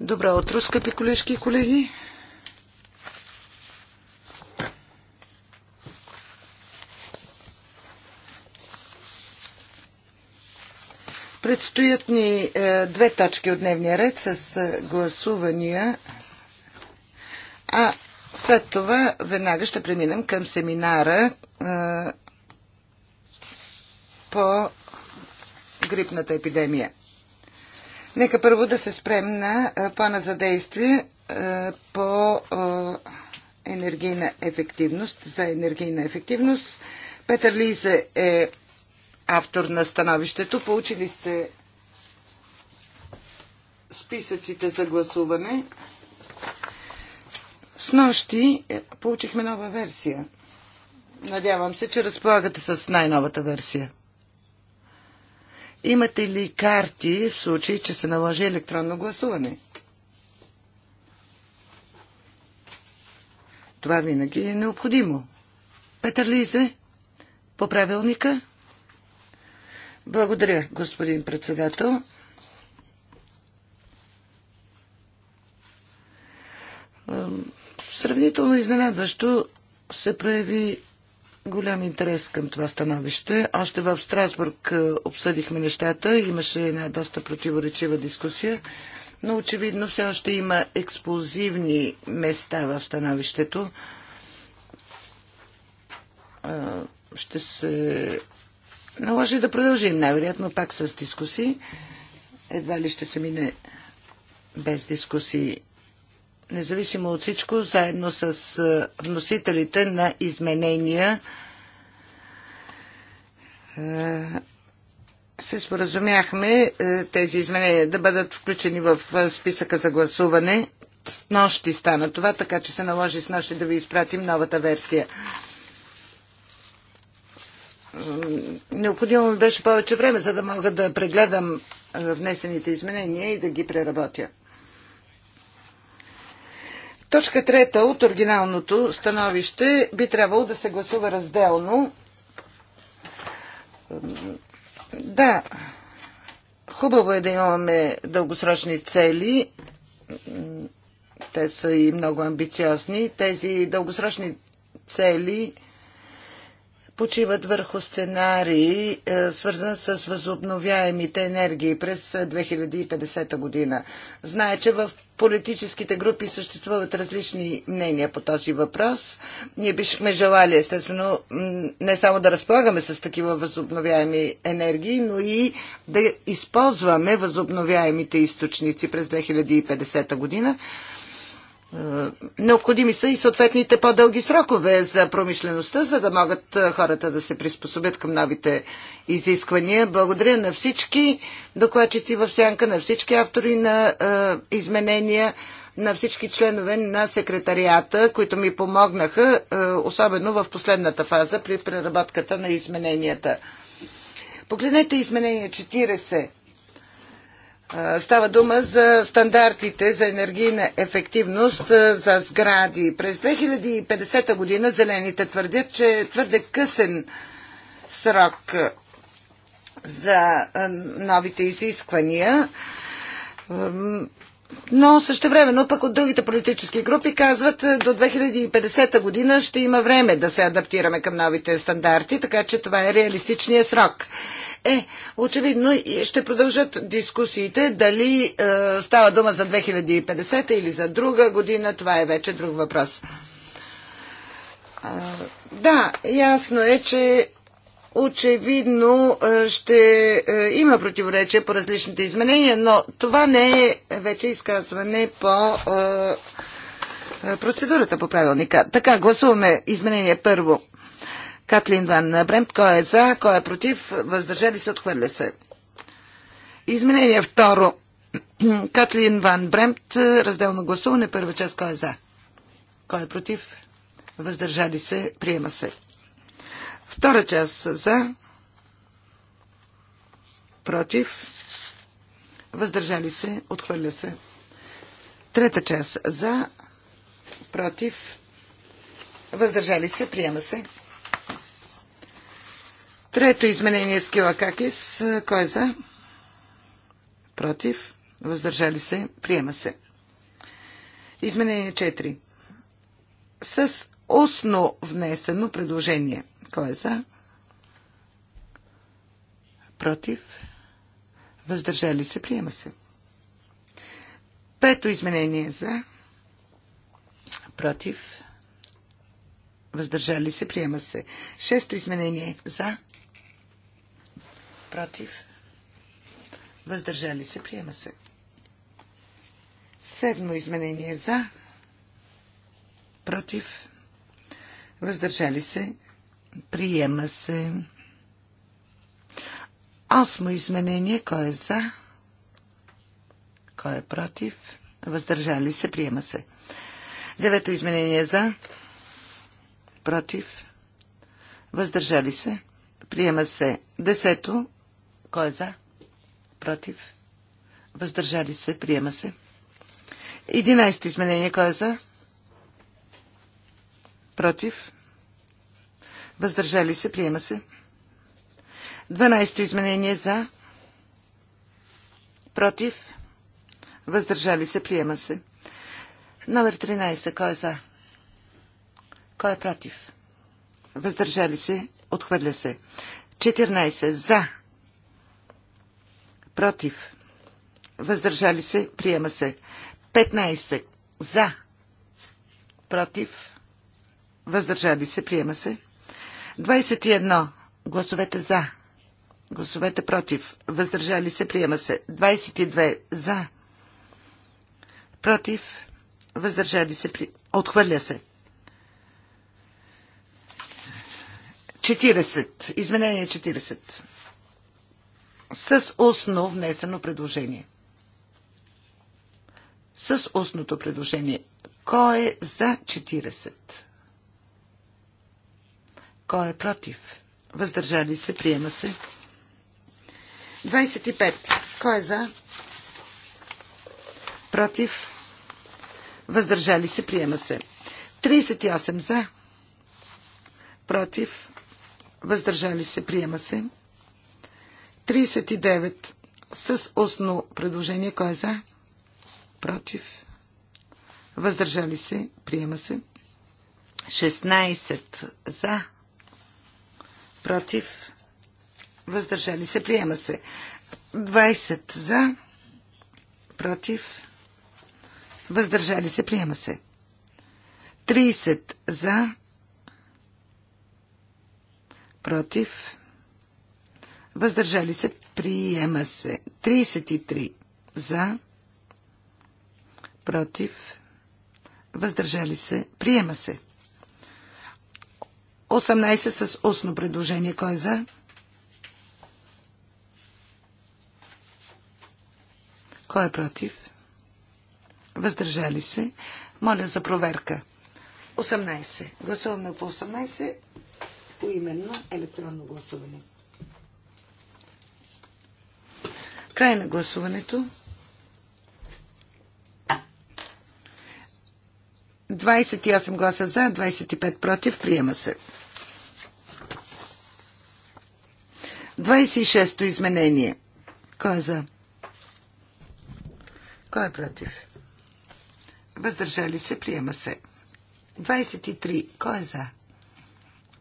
Добро утро, скъпи колежки и колеги. Предстоят ни е, две точки от дневния ред с е, гласувания, а след това веднага ще преминем към семинара е, по грипната епидемия. Нека първо да се спрем на плана за действие по енергийна ефективност, за енергийна ефективност. Петър Лизе е автор на становището. Получили сте списъците за гласуване. С нощи е, получихме нова версия. Надявам се, че разполагате с най-новата версия. Имате ли карти в случай, че се наложи електронно гласуване? Това винаги е необходимо. Петър Лизе, по правилника? Благодаря, господин председател. Сравнително изненадващо се прояви голям интерес към това становище. Още в Страсбург е, обсъдихме нещата, имаше една доста противоречива дискусия, но очевидно все още има експлозивни места в становището. Е, ще се наложи да продължим най-вероятно пак с дискусии. Едва ли ще се мине без дискусии независимо от всичко, заедно с вносителите на изменения се споразумяхме тези изменения да бъдат включени в списъка за гласуване. С нощи стана това, така че се наложи с нощи да ви изпратим новата версия. Необходимо ми беше повече време, за да мога да прегледам внесените изменения и да ги преработя. Точка трета от оригиналното становище би трябвало да се гласува разделно. Да, хубаво е да имаме дългосрочни цели. Те са и много амбициозни. Тези дългосрочни цели почиват върху сценарии, е, свързан с възобновяемите енергии през 2050 е, година. Знае, че в политическите групи съществуват различни мнения по този въпрос. Ние бихме желали, естествено, не само да разполагаме с такива възобновяеми енергии, но и да използваме възобновяемите източници през 2050 година. Е, необходими са и съответните по-дълги срокове за промишлеността, за да могат е, хората да се приспособят към новите изисквания. Благодаря на всички докладчици в сянка, на всички автори на е, изменения, на всички членове на секретарията, които ми помогнаха, особено в последната фаза при преработката на измененията. Погледнете изменение 40 Става дума за стандартите за енергийна ефективност за сгради. През 2050 година зелените твърдят, че е твърде късен срок за новите изисквания. Но също времено, пък от другите политически групи казват до 2050 година ще има време да се адаптираме към новите стандарти, така че това е реалистичният срок. Е, очевидно ще продължат дискусиите дали е, става дума за 2050 или за друга година. Това е вече друг въпрос. А, да, ясно е, че очевидно е, ще е, има противоречие по различните изменения, но това не е вече изказване по е, процедурата по правилника. Така, гласуваме изменение първо. Катлин Ван Бремт. Кой е за, кой е против, въздържали се, отхвърля се. Изменение второ. Катлин Ван Бремт, разделно гласуване, първа част, кой е за? Кой е против? Въздържали се, приема се. Втора част за, против, въздържали се, отхвърля се. Трета част за, против, въздържали се, приема се. Трето изменение с Килакакис. Кой е за? Против. Въздържали се. Приема се. Изменение 4. С устно внесено предложение. Кой е за? Против. Въздържали се. Приема се. Пето изменение за. Против. Въздържали се. Приема се. Шесто изменение за против, въздържали се, приема се. Седмо изменение за, против, въздържали се, приема се. Осмо изменение, кой е за, кой е против, въздържали се, приема се. Девето изменение е за, против, въздържали се, приема се. Десето кой е за? Против? Въздържали се? Приема се. 11 изменение. Кой е за? Против? Въздържали се? Приема се. 12 изменение за? Против? Въздържали се? Приема се. Номер 13. Кой е за? Кой е против? Въздържали се? Отхвърля се. 14. За против, въздържали се, приема се. 15 за, против, въздържали се, приема се. 21 гласовете за, гласовете против, въздържали се, приема се. 22 за, против, въздържали се, при... отхвърля се. 40. Изменение 40 с устно внесено предложение. С устното предложение. Кой е за 40? Кой е против? Въздържали се, приема се. 25. Кой е за? Против? Въздържали се, приема се. 38 за. Против? Въздържали се, приема се. 39 с устно предложение. Кой е за? Против. Въздържали се. Приема се. 16 за. Против. Въздържали се. Приема се. 20 за. Против. Въздържали се. Приема се. 30 за. Против въздържали се, приема се. 33 за, против, въздържали се, приема се. 18 с устно предложение. Кой е за? Кой е против? Въздържали се. Моля за проверка. 18. Гласуваме по 18 поименно електронно гласуване. Край на гласуването. 28 гласа за, 25 против. Приема се. 26-то изменение. Кой е за? Кой е против? Въздържали се. Приема се. 23. Кой е за?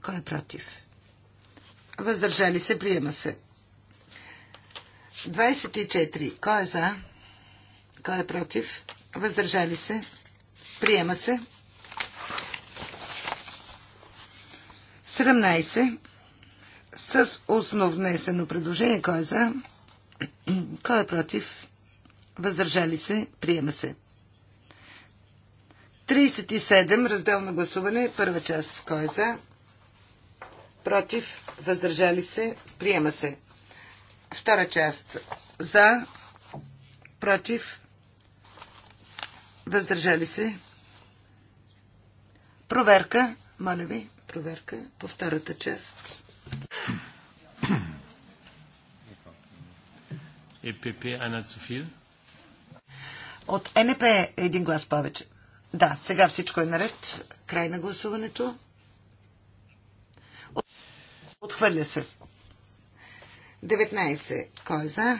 Кой е против? Въздържали се. Приема се. 24. Кой е за? Кой е против? Въздържали се? Приема се. 17. С основнесено предложение. Кой е за? Кой е против? Въздържали се? Приема се. 37. Разделно гласуване. Първа част. Кой е за? Против? Въздържали се? Приема се. Втора част. За, против, въздържали се. Проверка, моля ви, проверка по втората част. ЕПП една Цуфил. От НП е един глас повече. Да, сега всичко е наред. Край на гласуването. Отхвърля се. 19. Кой е за?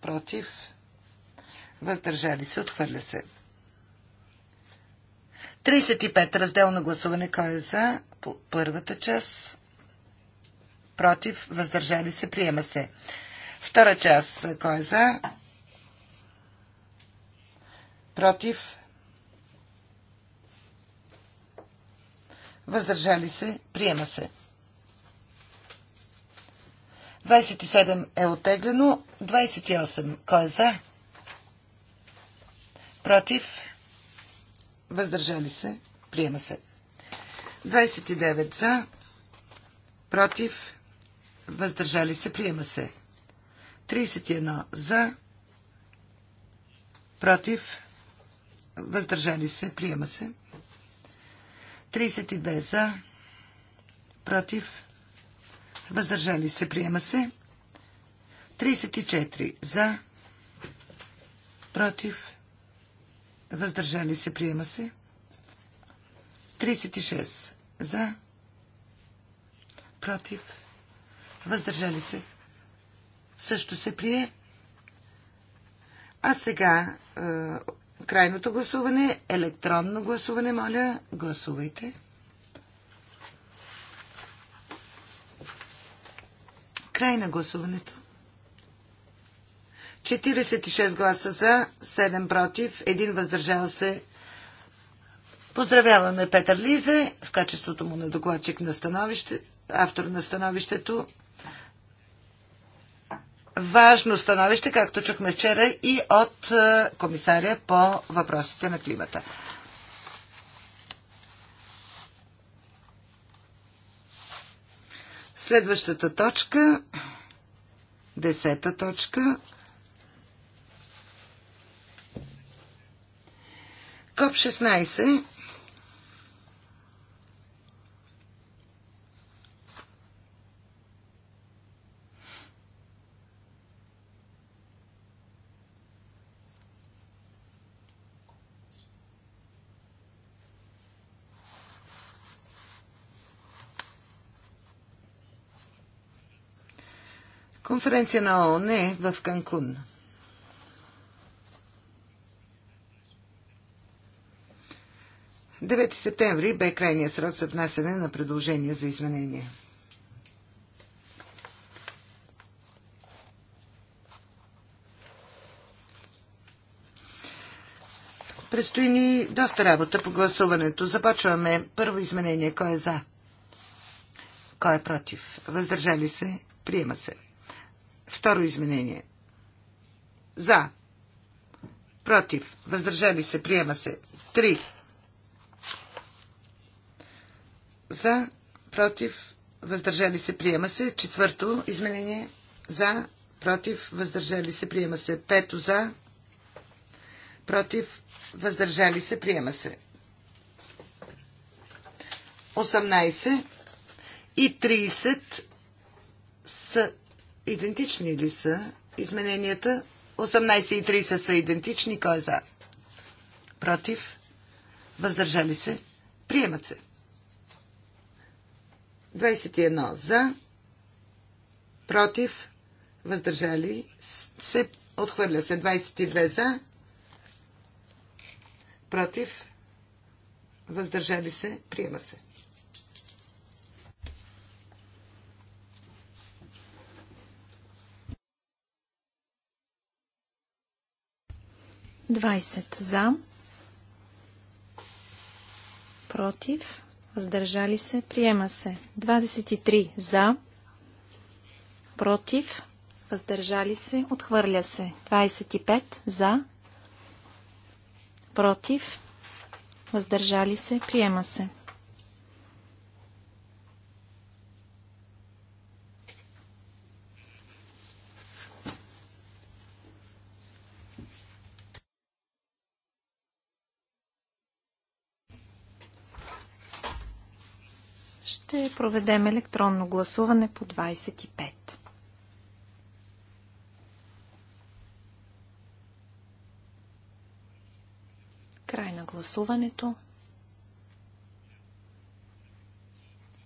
Против? Въздържали се? Отхвърля се. 35. Разделно гласуване. Кой е за? По първата част. Против? Въздържали се? Приема се. Втора част. Кой е за? Против? Въздържали се? Приема се. 27 е отеглено. 28. Кой е за? Против? Въздържали се? Приема се. 29 за. Против? Въздържали се? Приема се. 31 за. Против? Въздържали се? Приема се. 32 за. Против? въздържали се, приема се. 34 за, против, въздържали се, приема се. 36 за, против, въздържали се, също се прие. А сега е, крайното гласуване, електронно гласуване, моля, гласувайте. Край на гласуването. 46 гласа за, 7 против, 1 въздържал се. Поздравяваме Петър Лизе в качеството му на докладчик на становище, автор на становището. Важно становище, както чухме вчера и от е, комисаря по въпросите на климата. Следващата точка, десета точка, КОП 16 конференция на ООН е в Канкун. Девети септември бе крайния срок за внасяне на предложения за изменение. Предстои ни доста работа по гласуването. Започваме. Първо изменение. Кой е за? Кой е против? Въздържали се? Приема се. Второ изменение. За. Против. Въздържали се. Приема се. 3. За. Против. Въздържали се. Приема се. Четвърто изменение. За. Против. Въздържали се. Приема се. Пето. За. Против. Въздържали се. Приема се. 18 и 30 са Идентични ли са измененията? 18 и 30 са идентични. Кой е за? Против? Въздържали се? Приемат се. 21 за. Против? Въздържали се? Отхвърля се. 22 за. Против? Въздържали се? Приема се. 20 за, против, въздържали се, приема се. 23 за, против, въздържали се, отхвърля се. 25 за, против, въздържали се, приема се. Ще проведем електронно гласуване по 25. Край на гласуването.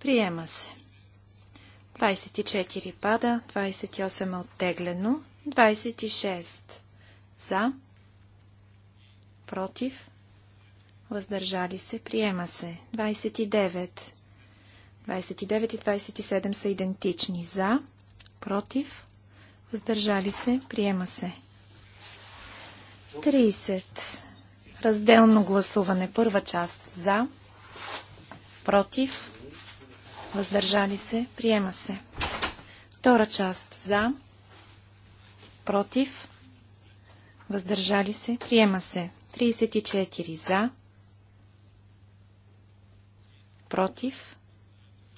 Приема се. 24 пада, 28 е оттеглено, 26 за, против, въздържали се, приема се. 29 29 и 27 са идентични. За, против, въздържали се, приема се. 30. Разделно гласуване. Първа част. За, против, въздържали се, приема се. Втора част. За, против, въздържали се, приема се. 34. За, против,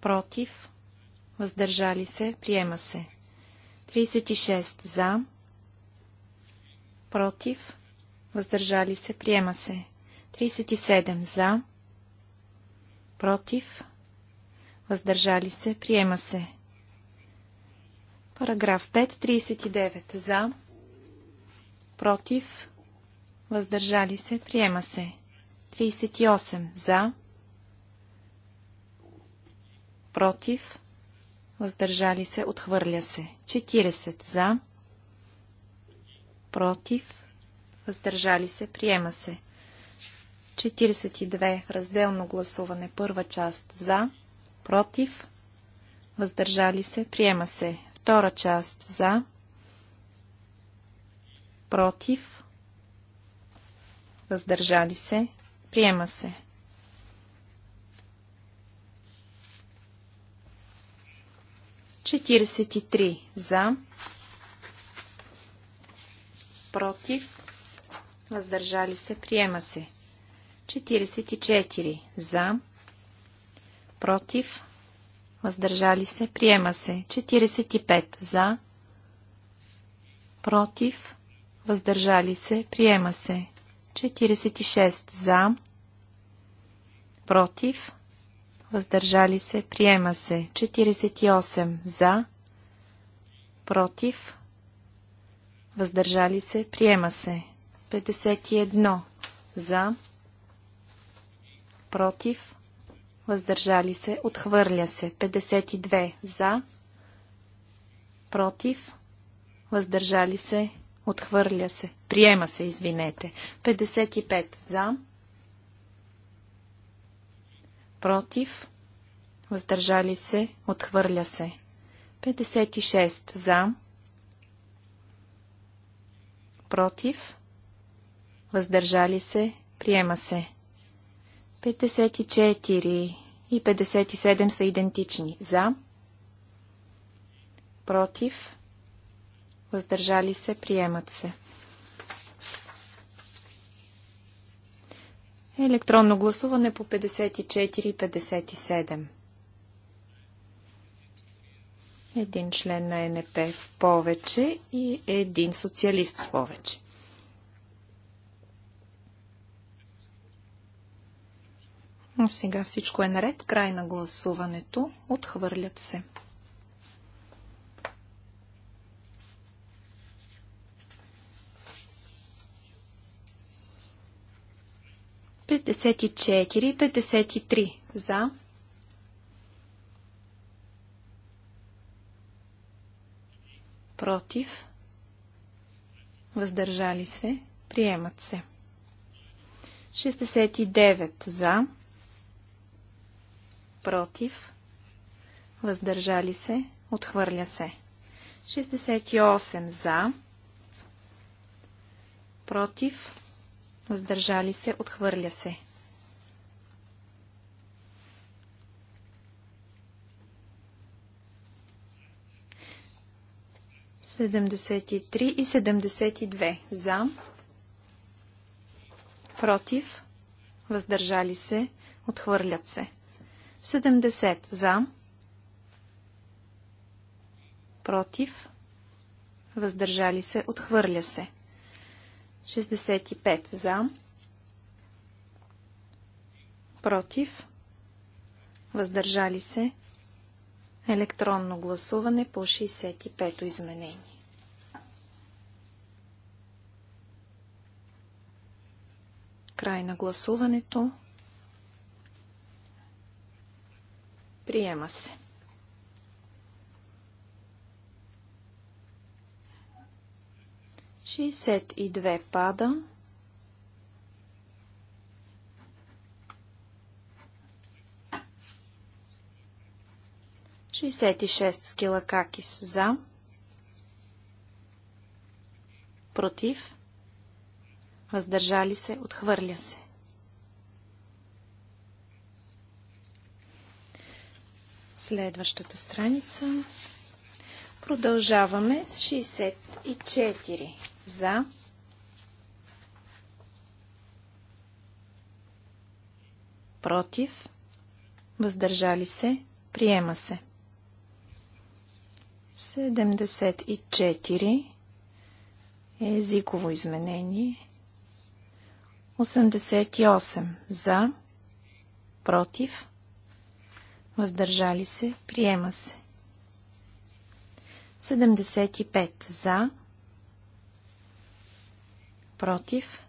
против, въздържали се, приема се. 36 за, против, въздържали се, приема се. 37 за, против, въздържали се, приема се. Параграф 5, 39 за, против, въздържали се, приема се. 38 за, против, въздържали се, отхвърля се. 40 за, против, въздържали се, приема се. 42 разделно гласуване, първа част за, против, въздържали се, приема се. Втора част за, против, въздържали се, приема се. 43 за, против, въздържали се, приема се. 44 за, против, въздържали се, приема се. 45 за, против, въздържали се, приема се. 46 за, против, въздържали се, приема се. 48 за, против, въздържали се, приема се. 51 за, против, въздържали се, отхвърля се. 52 за, против, въздържали се, отхвърля се, приема се, извинете. 55 за, против, против, въздържали се, отхвърля се. 56 за, против, въздържали се, приема се. 54 и 57 са идентични. За, против, въздържали се, приемат се. Електронно гласуване по 54 57. Един член на НП в повече и един социалист в повече. Сега всичко е наред. Край на гласуването. Отхвърлят се. 54 53 за. Против. Въздържали се. Приемат се. 69 за. Против. Въздържали се. Отхвърля се. 68 за. Против въздържали се, отхвърля се. Седемдесет и три и седемдесет и две за, против, въздържали се, отхвърлят се. 70 за, против, въздържали се, отхвърля се. 65 за, против, въздържали се, електронно гласуване по 65-то изменение. Край на гласуването. Приема се. 62 пада. Шестьдесят и шест скилакакис за. Против. Въздържали се. Отхвърля се. Следващата страница. Продължаваме с 64 за. Против. Въздържали се. Приема се. 74 езиково изменение. 88 за. Против. Въздържали се. Приема се. 75 за, против,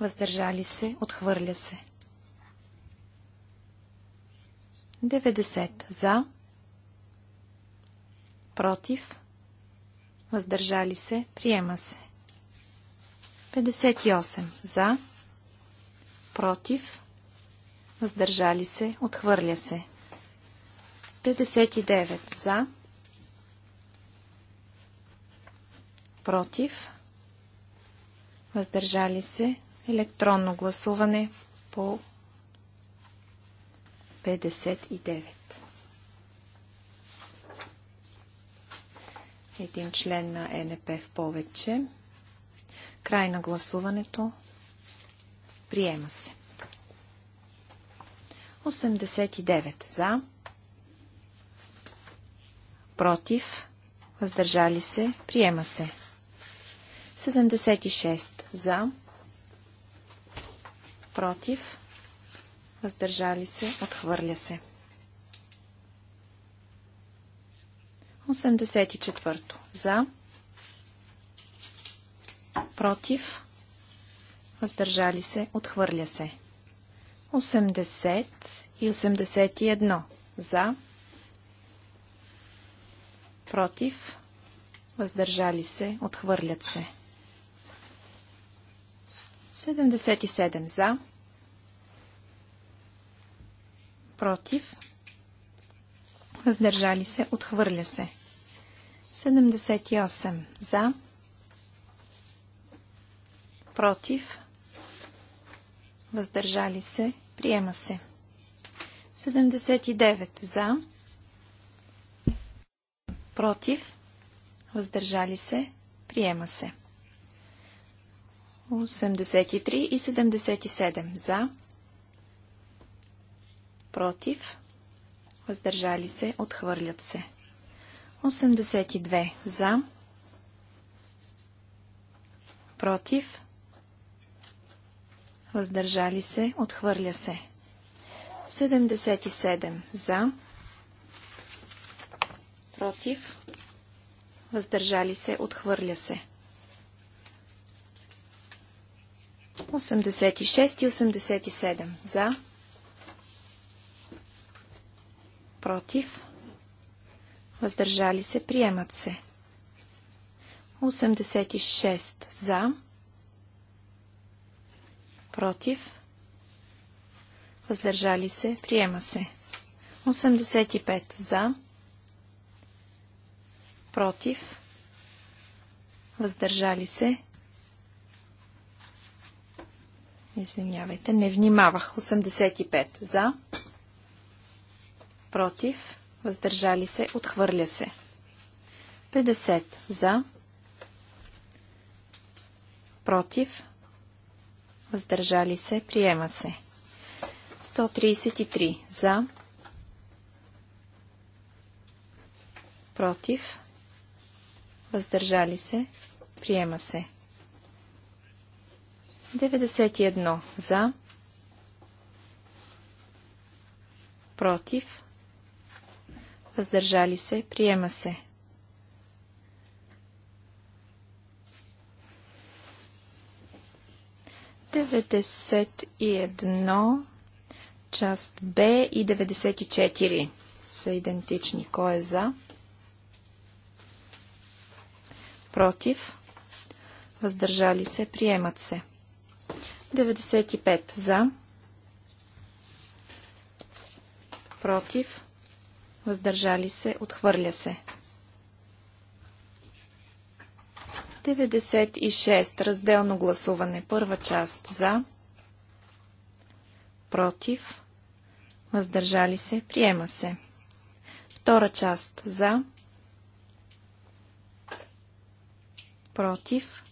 въздържали се, отхвърля се. 90 за, против, въздържали се, приема се. 58 за, против, въздържали се, отхвърля се. 59 за, против, против, въздържали се, електронно гласуване по 59. Един член на НП в повече. Край на гласуването. Приема се. 89 за. Против. Въздържали се. Приема се. 76 за, против, въздържали се, отхвърля се. 84 за, против, въздържали се, отхвърля се. 80 и 81 за, против, въздържали се, отхвърлят се. 77 за. Против. Въздържали се. Отхвърля се. 78 за. Против. Въздържали се. Приема се. 79 за. Против. Въздържали се. Приема се. 83 и 77 за, против, въздържали се, отхвърлят се. 82 за, против, въздържали се, отхвърля се. 77 за, против, въздържали се, отхвърля се. 86 и 87 за, против, въздържали се, приемат се. 86 за, против, въздържали се, приема се. 85 за, против, въздържали се, Извинявайте, не внимавах. 85 за, против, въздържали се, отхвърля се. 50 за, против, въздържали се, приема се. 133 за, против, въздържали се, приема се. 91 за, против, въздържали се, приема се. Деветдесет и едно, част Б и 94 са идентични. Кой е за? Против? Въздържали се? Приемат се. 95 за, против, въздържали се, отхвърля се. 96. Разделно гласуване. Първа част за, против, въздържали се, приема се. Втора част за, против,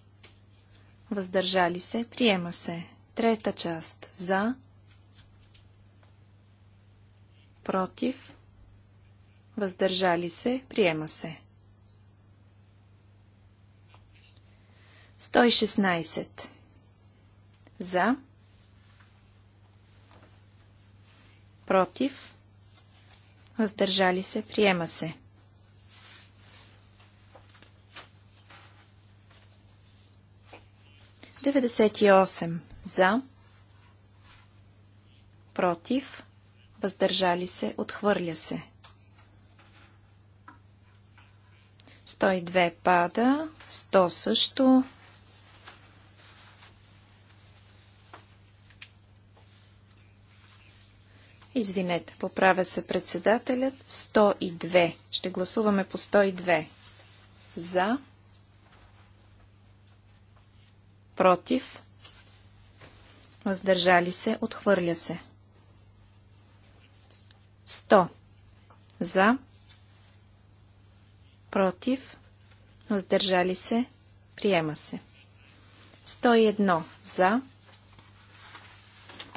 въздържали се, приема се. Трета част. За. Против. Въздържали се. Приема се. 116. За. Против. Въздържали се. Приема се. Деветдесет за, против, въздържали се, отхвърля се. 102 пада, 100 също. Извинете, поправя се председателят. 102. Ще гласуваме по 102. За. Против въздържали се, отхвърля се. 100 за, против, въздържали се, приема се. 101 за,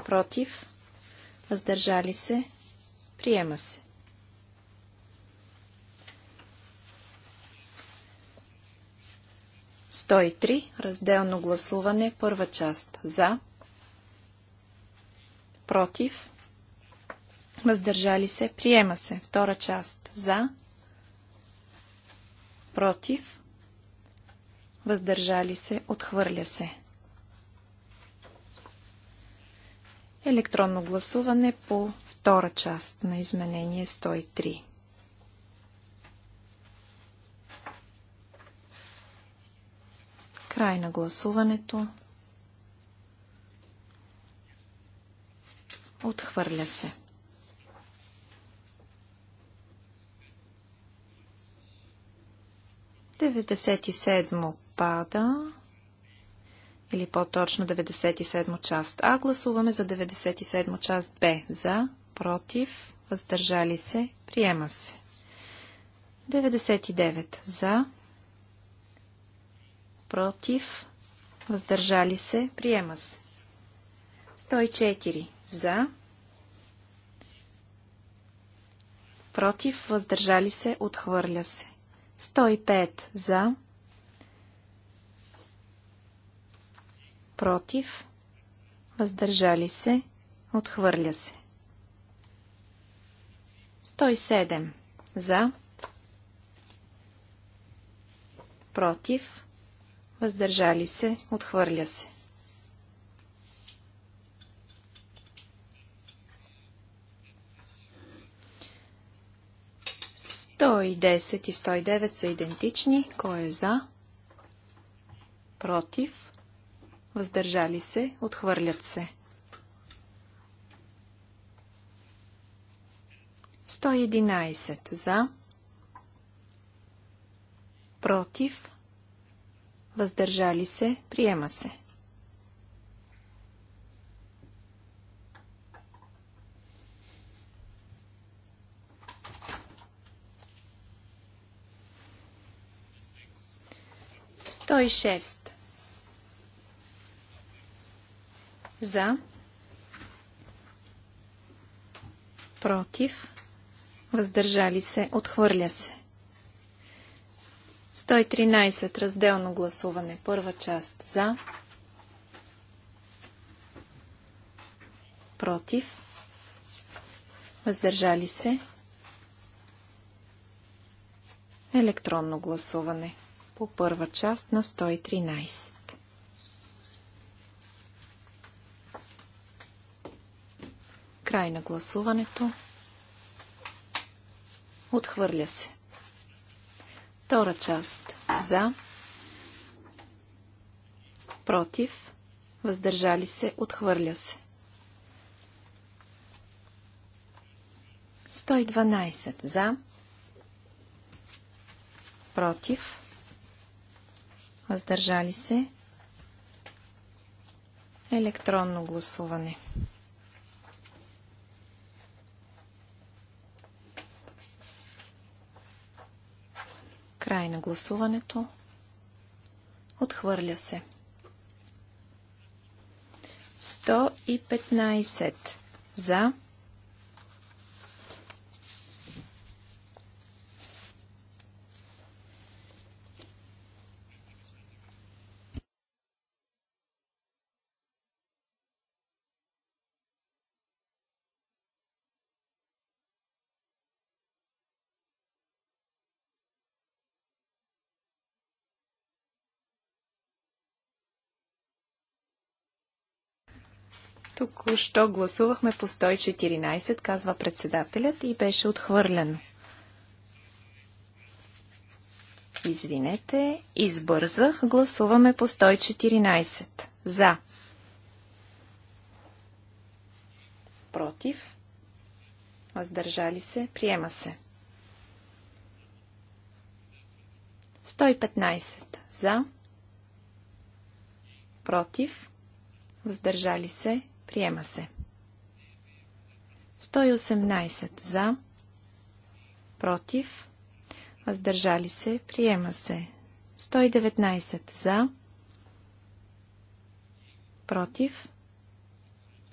против, въздържали се, приема се. 103, Разделно гласуване. Първа част. За против, въздържали се, приема се. Втора част за, против, въздържали се, отхвърля се. Електронно гласуване по втора част на изменение 103. Край на гласуването. Отхвърля се. Деветдесет и седмо пада или по-точно 97 част А. Гласуваме за 97 част Б. За, против, въздържали се, приема се. 99 за, против, въздържали се, приема се. 104 за, против, въздържали се, отхвърля се. 105 за, против, въздържали се, отхвърля се. 107 за, против, въздържали се, отхвърля се. 110 и 109 са идентични. Кой е за? Против? Въздържали се? Отхвърлят се. 111 за. Против? Въздържали се? Приема се. 106. За. Против. Въздържали се. Отхвърля се. 113. Разделно гласуване. Първа част. За. Против. Въздържали се. Електронно гласуване. 114 по първа част на 113. Край на гласуването. Отхвърля се. Втора част. За. Против. Въздържали се. Отхвърля се. 112. За. Против въздържали се, електронно гласуване. Край на гласуването. Отхвърля се. 115 за Току-що гласувахме по 114, казва председателят и беше отхвърлен. Извинете, избързах. Гласуваме по 114. За. Против. Въздържали се. Приема се. 115. За. Против. Въздържали се. Приема се. 118 за. Против. Въздържали се. Приема се. 119 за. Против.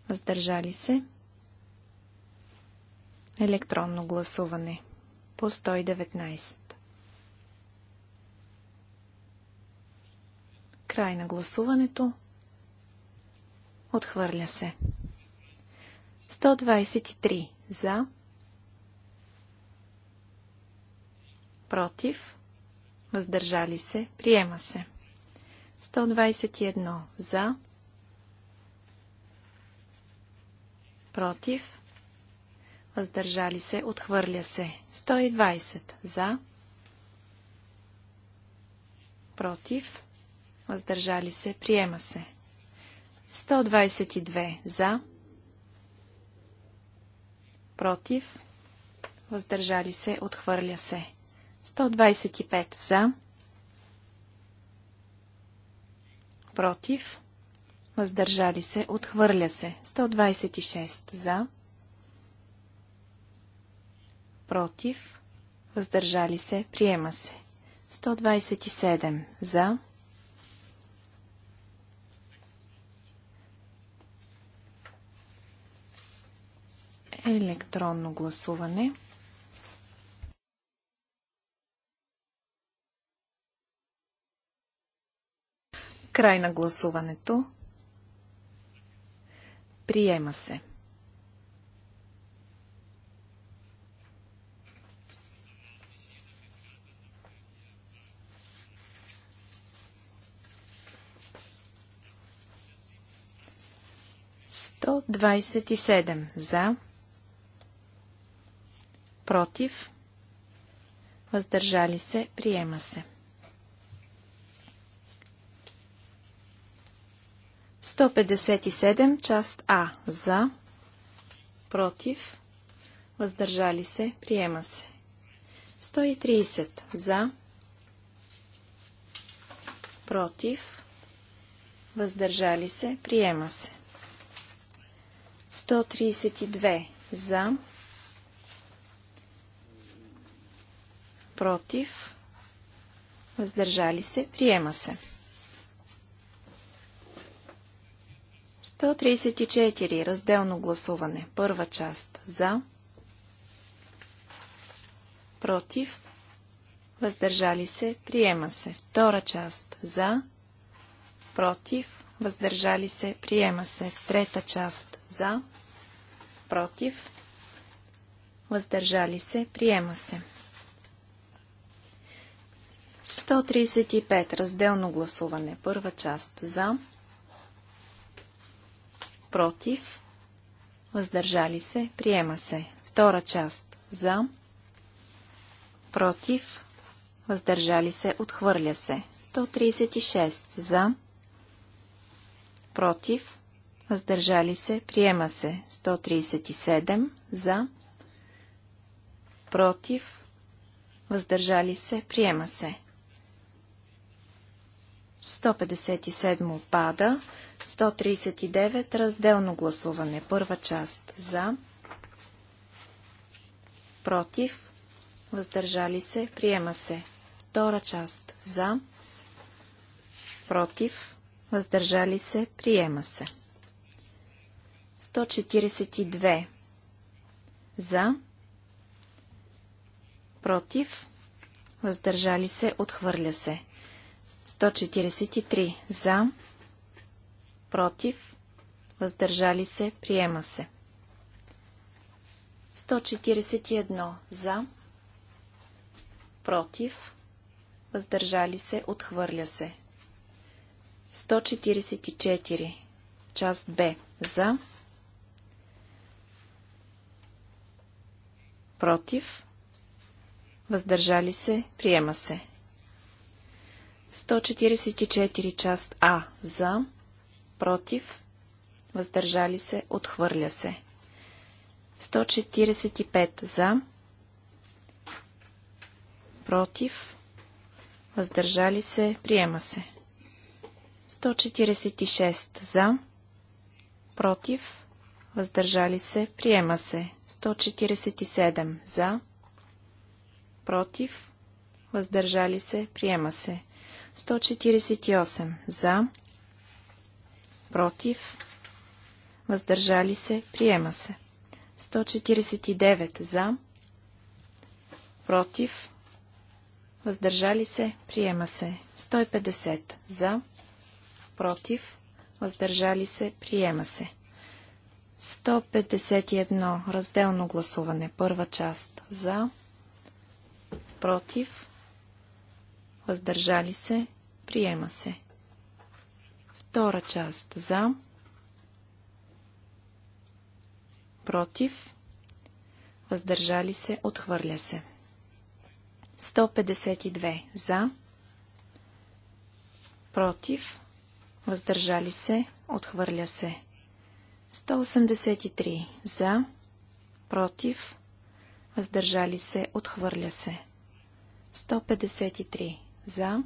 Въздържали се. Електронно гласуване по 119. Край на гласуването. Отхвърля се. 123 за. Против. Въздържали се. Приема се. 121 за. Против. Въздържали се. Отхвърля се. 120 за. Против. Въздържали се. Приема се. 122 за, против, въздържали се, отхвърля се. 125 за, против, въздържали се, отхвърля се. 126 за, против, въздържали се, приема се. 127 за, против, електронно гласуване. Край на гласуването. Приема се. Сто двадесет и седем за против, въздържали се, приема се. 157, част А, за, против, въздържали се, приема се. 130, за, против, въздържали се, приема се. 132, за, против, против, въздържали се, приема се. 134. Разделно гласуване. Първа част. За. Против. Въздържали се. Приема се. Втора част. За. Против. Въздържали се. Приема се. Трета част. За. Против. Въздържали се. Приема се. 135. Разделно гласуване. Първа част за. Против. Въздържали се. Приема се. Втора част за. Против. Въздържали се. Отхвърля се. 136. За. Против. Въздържали се. Приема се. 137. За. Против. Въздържали се. Приема се. 157 пада. 139 разделно гласуване. Първа част за. Против. Въздържали се. Приема се. Втора част за. Против. Въздържали се. Приема се. 142 за. Против. Въздържали се. Отхвърля се. 143 за, против, въздържали се, приема се. 141 за, против, въздържали се, отхвърля се. 144, част Б, за, против, въздържали се, приема се. 144 част А за, против, въздържали се, отхвърля се. 145 за, против, въздържали се, приема се. 146 за, против, въздържали се, приема се. 147 за, против, въздържали се, приема се. 148 за, против, въздържали се, приема се. 149 за, против, въздържали се, приема се. 150 за, против, въздържали се, приема се. 151 разделно гласуване, първа част за, против, въздържали се, приема се. Втора част за, против, въздържали се, отхвърля се. 152 за, против, въздържали се, отхвърля се. 183 за, против, въздържали се, отхвърля се. 153 за,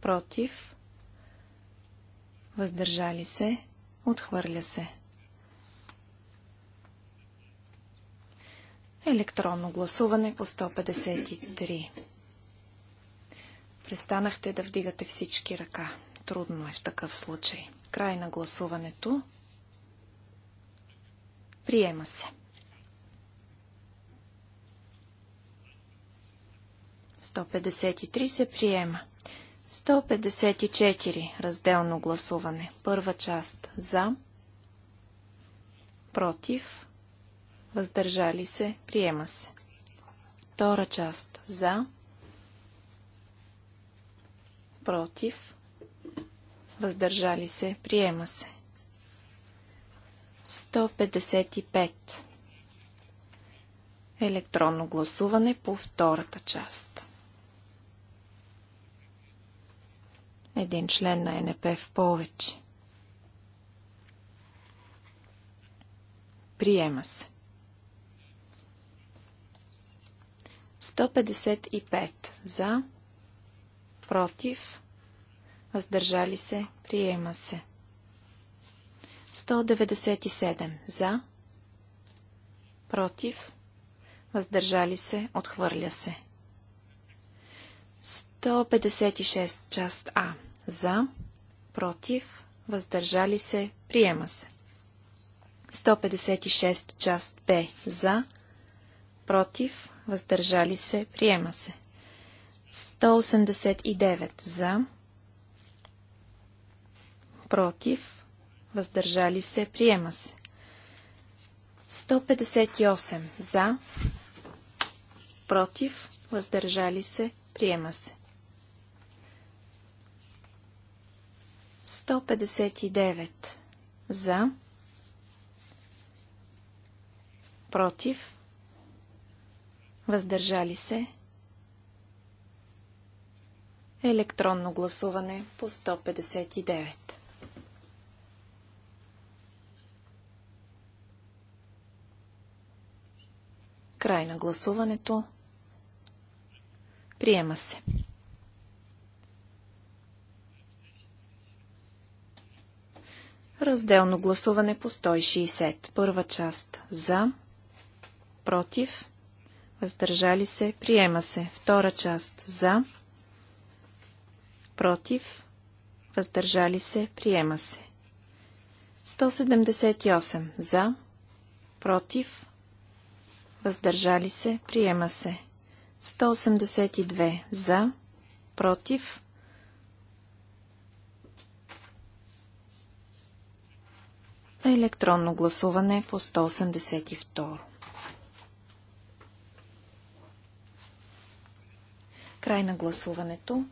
против, въздържали се, отхвърля се. Електронно гласуване по 153. Престанахте да вдигате всички ръка. Трудно е в такъв случай. Край на гласуването. Приема се. 153 се приема. 154. Разделно гласуване. Първа част. За. Против. Въздържали се. Приема се. Втора част. За. Против. Въздържали се. Приема се. 155. Електронно гласуване по втората част. един член на НП в повече. Приема се. 155 за, против, въздържали се, приема се. 197 за, против, въздържали се, отхвърля се. 156 част А за, против, въздържали се, приема се. 156 част Б за, против, въздържали се, приема се. 189 за, против, въздържали се, приема се. 158 за, против, въздържали се, приема се. 159 за, против, въздържали се, електронно гласуване по 159. Край на гласуването. Приема се. Разделно гласуване по 160. Първа част за, против, въздържали се, приема се. Втора част за, против, въздържали се, приема се. 178 за, против, въздържали се, приема се. 182 за, против, Електронно гласуване по 182. Край на гласуването.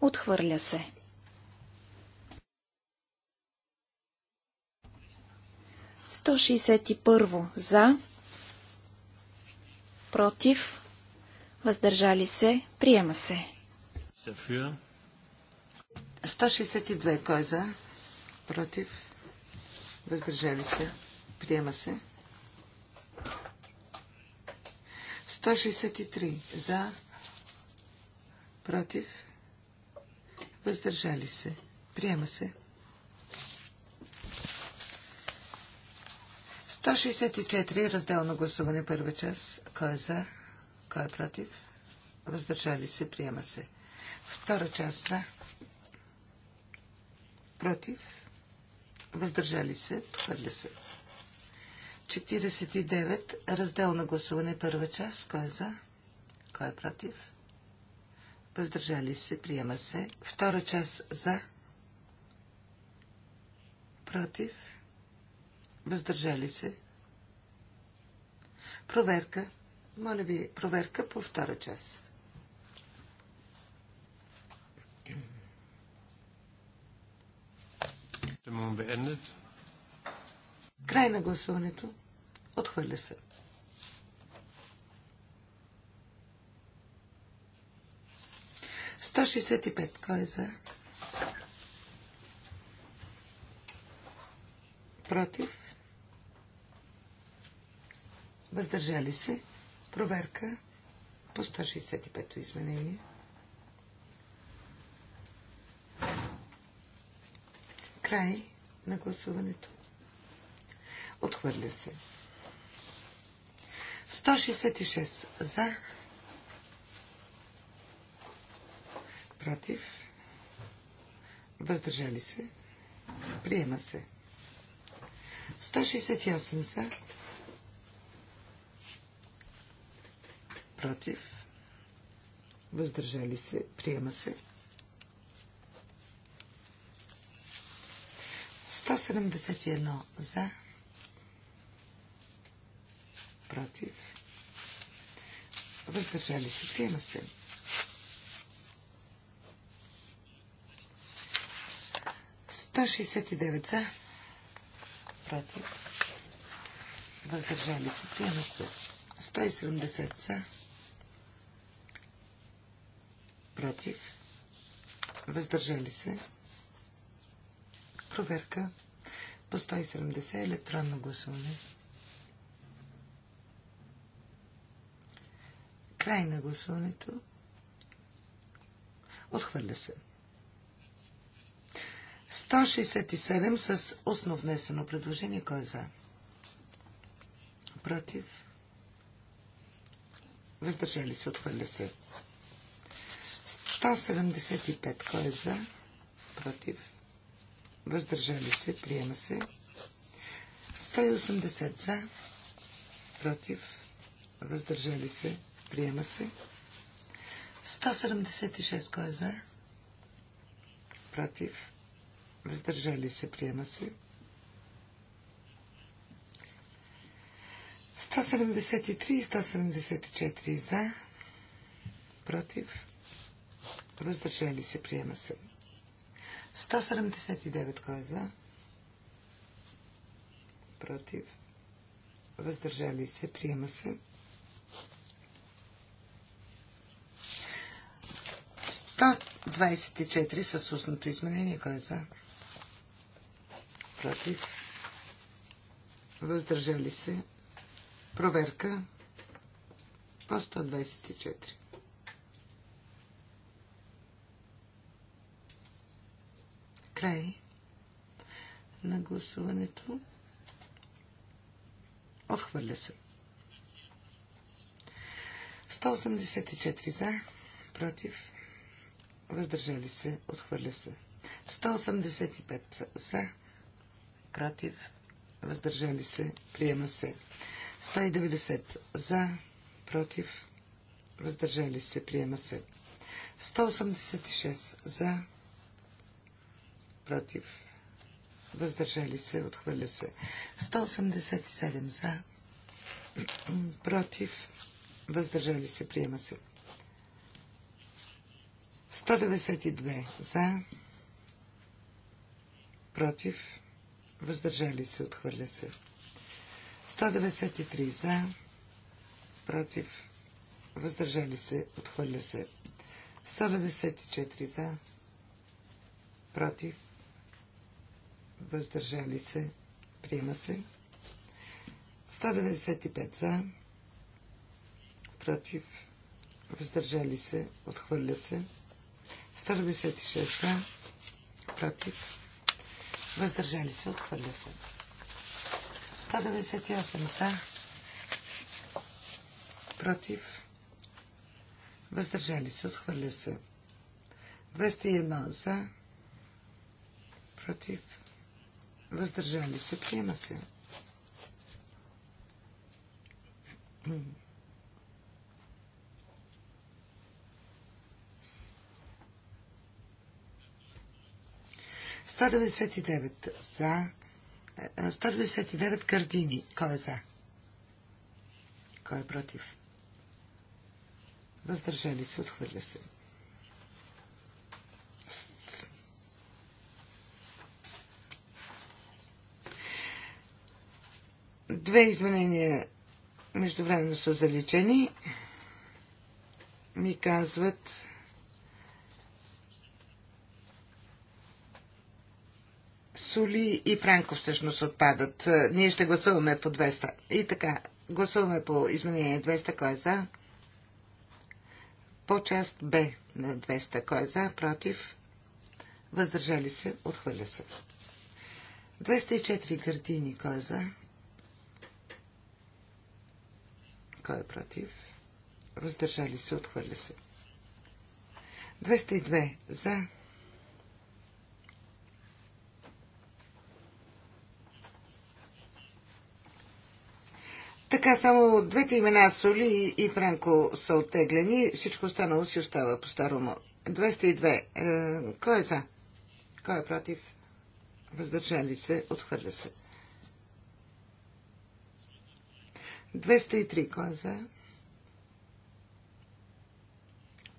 Отхвърля се. Сто шестдесет и първо за, против, въздържали се, приема се. Dafür. 162. Кой е за? Против? Въздържали се? Приема се. 163. За? Против? Въздържали се? Приема се. 164. Разделно гласуване. Първа част. Кой е за? Кой е против? Въздържали се? Приема се. Втора част. За? против, въздържали се, хвърля се. 49. Раздел на гласуване първа част. Кой е за? Кой е против? Въздържали се, приема се. Втора част за. Против. Въздържали се. Проверка. Моля ви, проверка по втора част. Er Край на гласуването. Отхвърля се. Сто шестдесет и пет. Кой е за? Против? Въздържали се. Проверка по 165-то изменение. Край на гласуването. Отхвърля се. 166 за. Против. Въздържали се. Приема се. 168 за. Против. Въздържали се. Приема се. 171 за, против, въздържали се, приема се. Сто за, против, въздържали се, приема се. 170 за, против, въздържали се, Проверка по 170 електронно гласуване. Край на гласуването. Отхвърля се. 167 с устно внесено предложение. Кой е за? Против? Въздържали се. Отхвърля се. 175. Кой е за? Против? въздържали се, приема се. 180 за, против, въздържали се, приема се. 176 кой е за, против, въздържали се, приема се. 173 и 174 за, против, въздържали се, приема се. 179 кой е за? Против. Въздържали се. Приема се. 124 с устното изменение. Кой е за? Против. Въздържали се. Проверка по 124. Край на гласуването. Отхвърля се. 184 за, против, въздържали се, отхвърля се. 185 за, против, въздържали се, приема се. 190 за, против, въздържали се, приема се. 186 за, против, въздържали се, отхвърля се. 187 за, против, въздържали се, приема се. 192 за, против, въздържали се, отхвърля се. 193 за, против, въздържали се, отхвърля се. 194 за, против, въздържали се, приема се. 195 за, против, въздържали се, отхвърля се. 196 за, против, въздържали се, отхвърля се. 198 за, против, въздържали се, отхвърля се. 201 за, против, въздържали се, приема се. Сто за. 199 картини. Кой е за? Кой е против? Въздържали се, отхвърля се. 199. Две изменения междувременно са заличени. Ми казват, Соли и Франко всъщност отпадат. Ние ще гласуваме по 200. И така, гласуваме по изменение 200. Кой е за? По част Б на 200. Кой е за? Против? Въздържали се? Отхвърля се. 204 гърдини. Кой е за? Кой е против? Въздържали се, отхвърля се. 202 за. Така, само двете имена Соли и Франко са оттеглени. Всичко останало си остава по-старому. 202. Е, кой е за? Кой е против? Въздържали се, отхвърля се. 203. 203. Кой е за?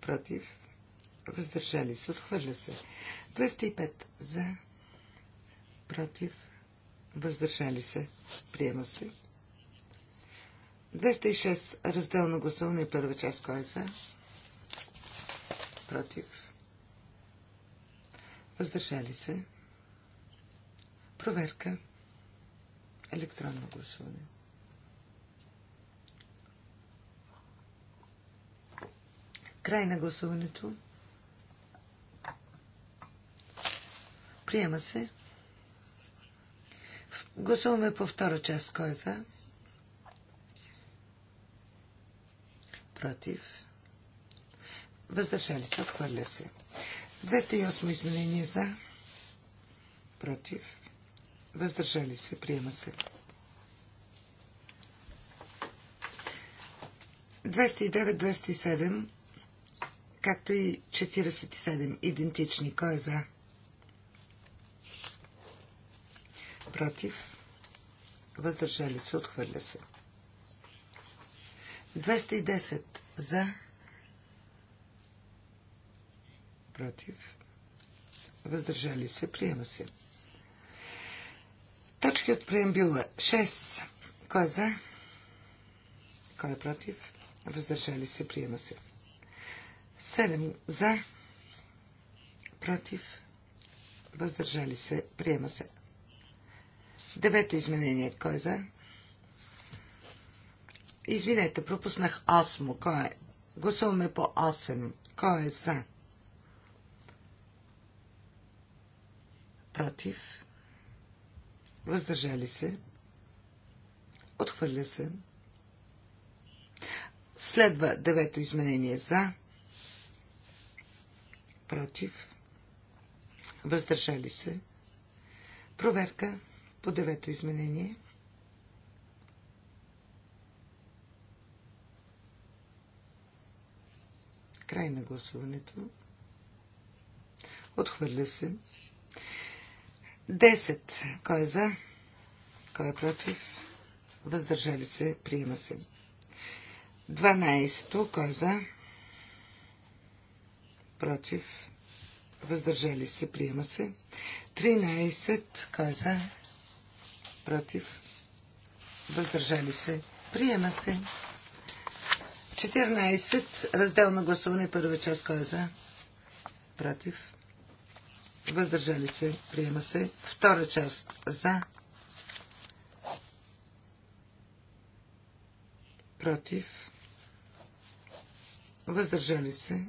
Против. Въздържали се. Отхвърля се. 205. За. Против. Въздържали се. Приема се. 206. Разделно гласуване. Първа част. Кой е за? Против. Въздържали се. Проверка. Електронно гласуване. Край на гласуването. Приема се. Гласуваме по втора част. Кой е за? Против. Въздържали се. Отхвърля се. 208 изменение за. Против. Въздържали се. Приема се. 209-207 както и 47 идентични. Кой е за? Против? Въздържали се, отхвърля се. 210 за. Против? Въздържали се, приема се. Точки от преембюла 6. Кой е за? Кой е против? Въздържали се, приема се. 211. 7 за, против, въздържали се, приема се. Девето изменение, кой е за? Извинете, пропуснах 8. Кой е? Гласуваме по 8. Кой е за? Против. Въздържали се. Отхвърля се. Следва девето изменение за против, въздържали се. Проверка по девето изменение. Край на гласуването. Отхвърля се. 10. Кой е за? Кой е против? Въздържали се. Приема се. 12. Кой е за? против, въздържали се, приема се. 13, кой е за, против, въздържали се, приема се. 14, Раздел на гласуване, първа част, кой е за, против, въздържали се, приема се. Втора част, за, против, въздържали се,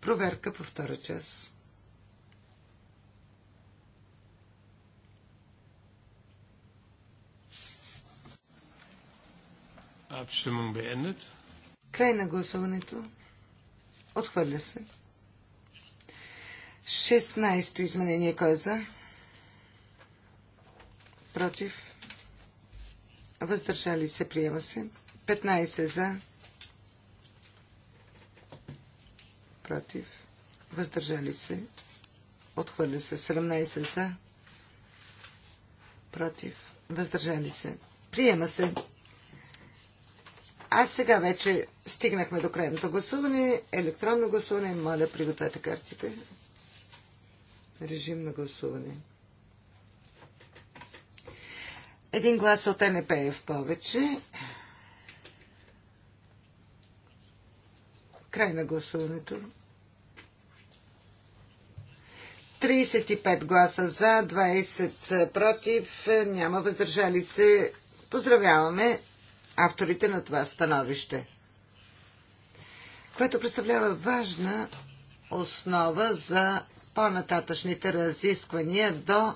Проверка по втора част. Abstimmung beendet. Край на гласуването. Отхвърля се. 16-то изменение. Кой е за? Против. Въздържали се. Приема се. 15 за. против, въздържали се, отхвърля се 17 за, против, въздържали се, приема се. А сега вече стигнахме до крайното гласуване, електронно гласуване, моля пригответе картите. Режим на гласуване. Един глас от НП е в повече. Край на гласуването. 35 гласа за, 20 против, няма въздържали се. Поздравяваме авторите на това становище, което представлява важна основа за по-нататъчните разисквания до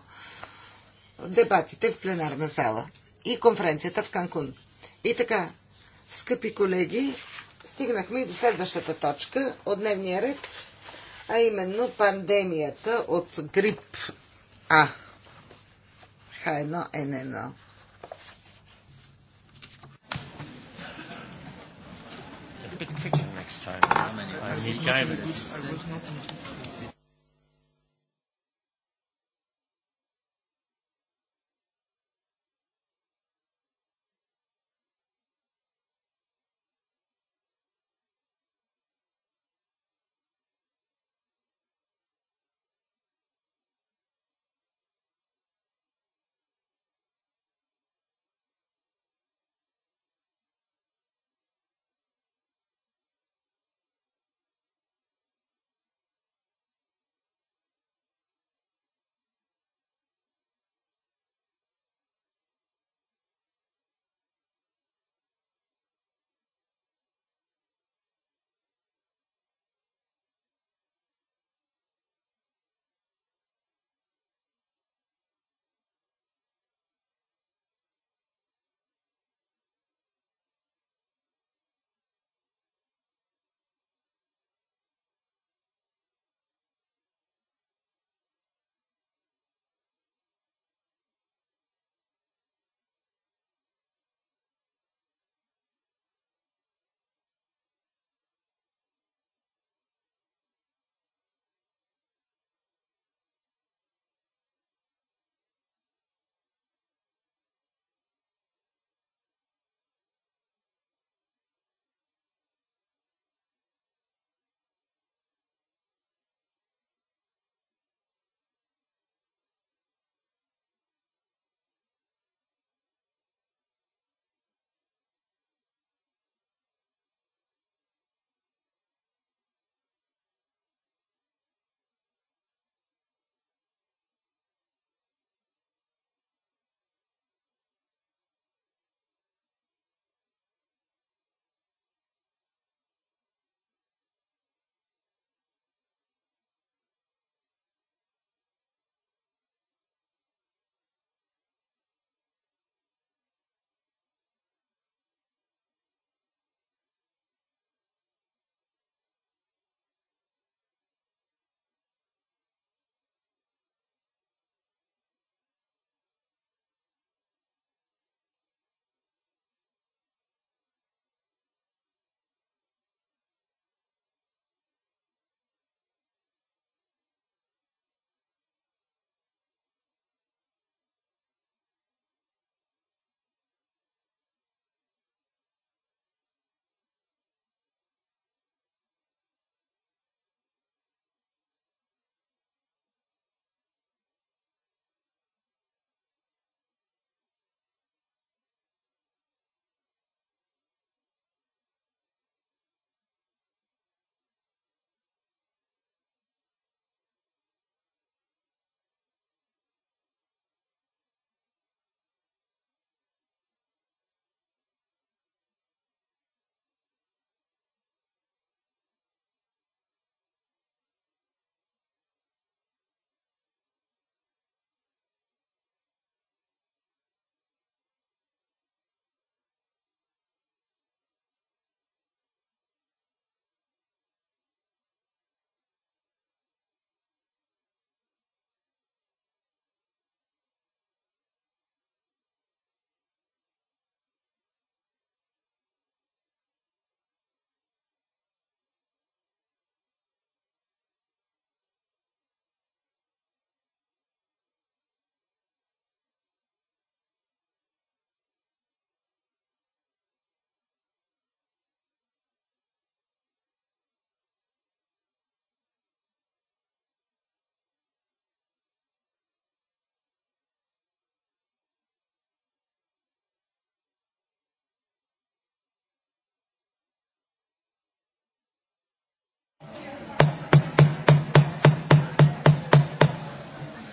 дебатите в пленарна зала и конференцията в Канкун. И така, скъпи колеги, стигнахме и до следващата точка от дневния ред а именно пандемията от грип А. H1N1. Next time. How many? I need guidance.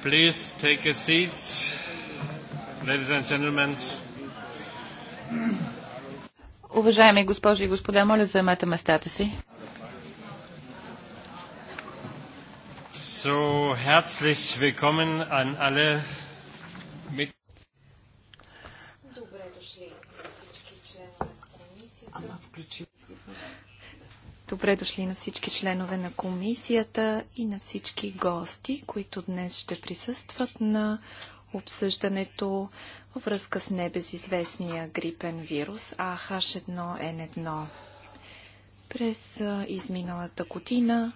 Please take a seat, ladies and gentlemen. Уважаеми госпожи и господа, моля заемете местата си. So, herzlich willkommen an alle Добре дошли на всички членове на комисията и на всички гости, които днес ще присъстват на обсъждането във връзка с небезизвестния грипен вирус AH1N1. През изминалата година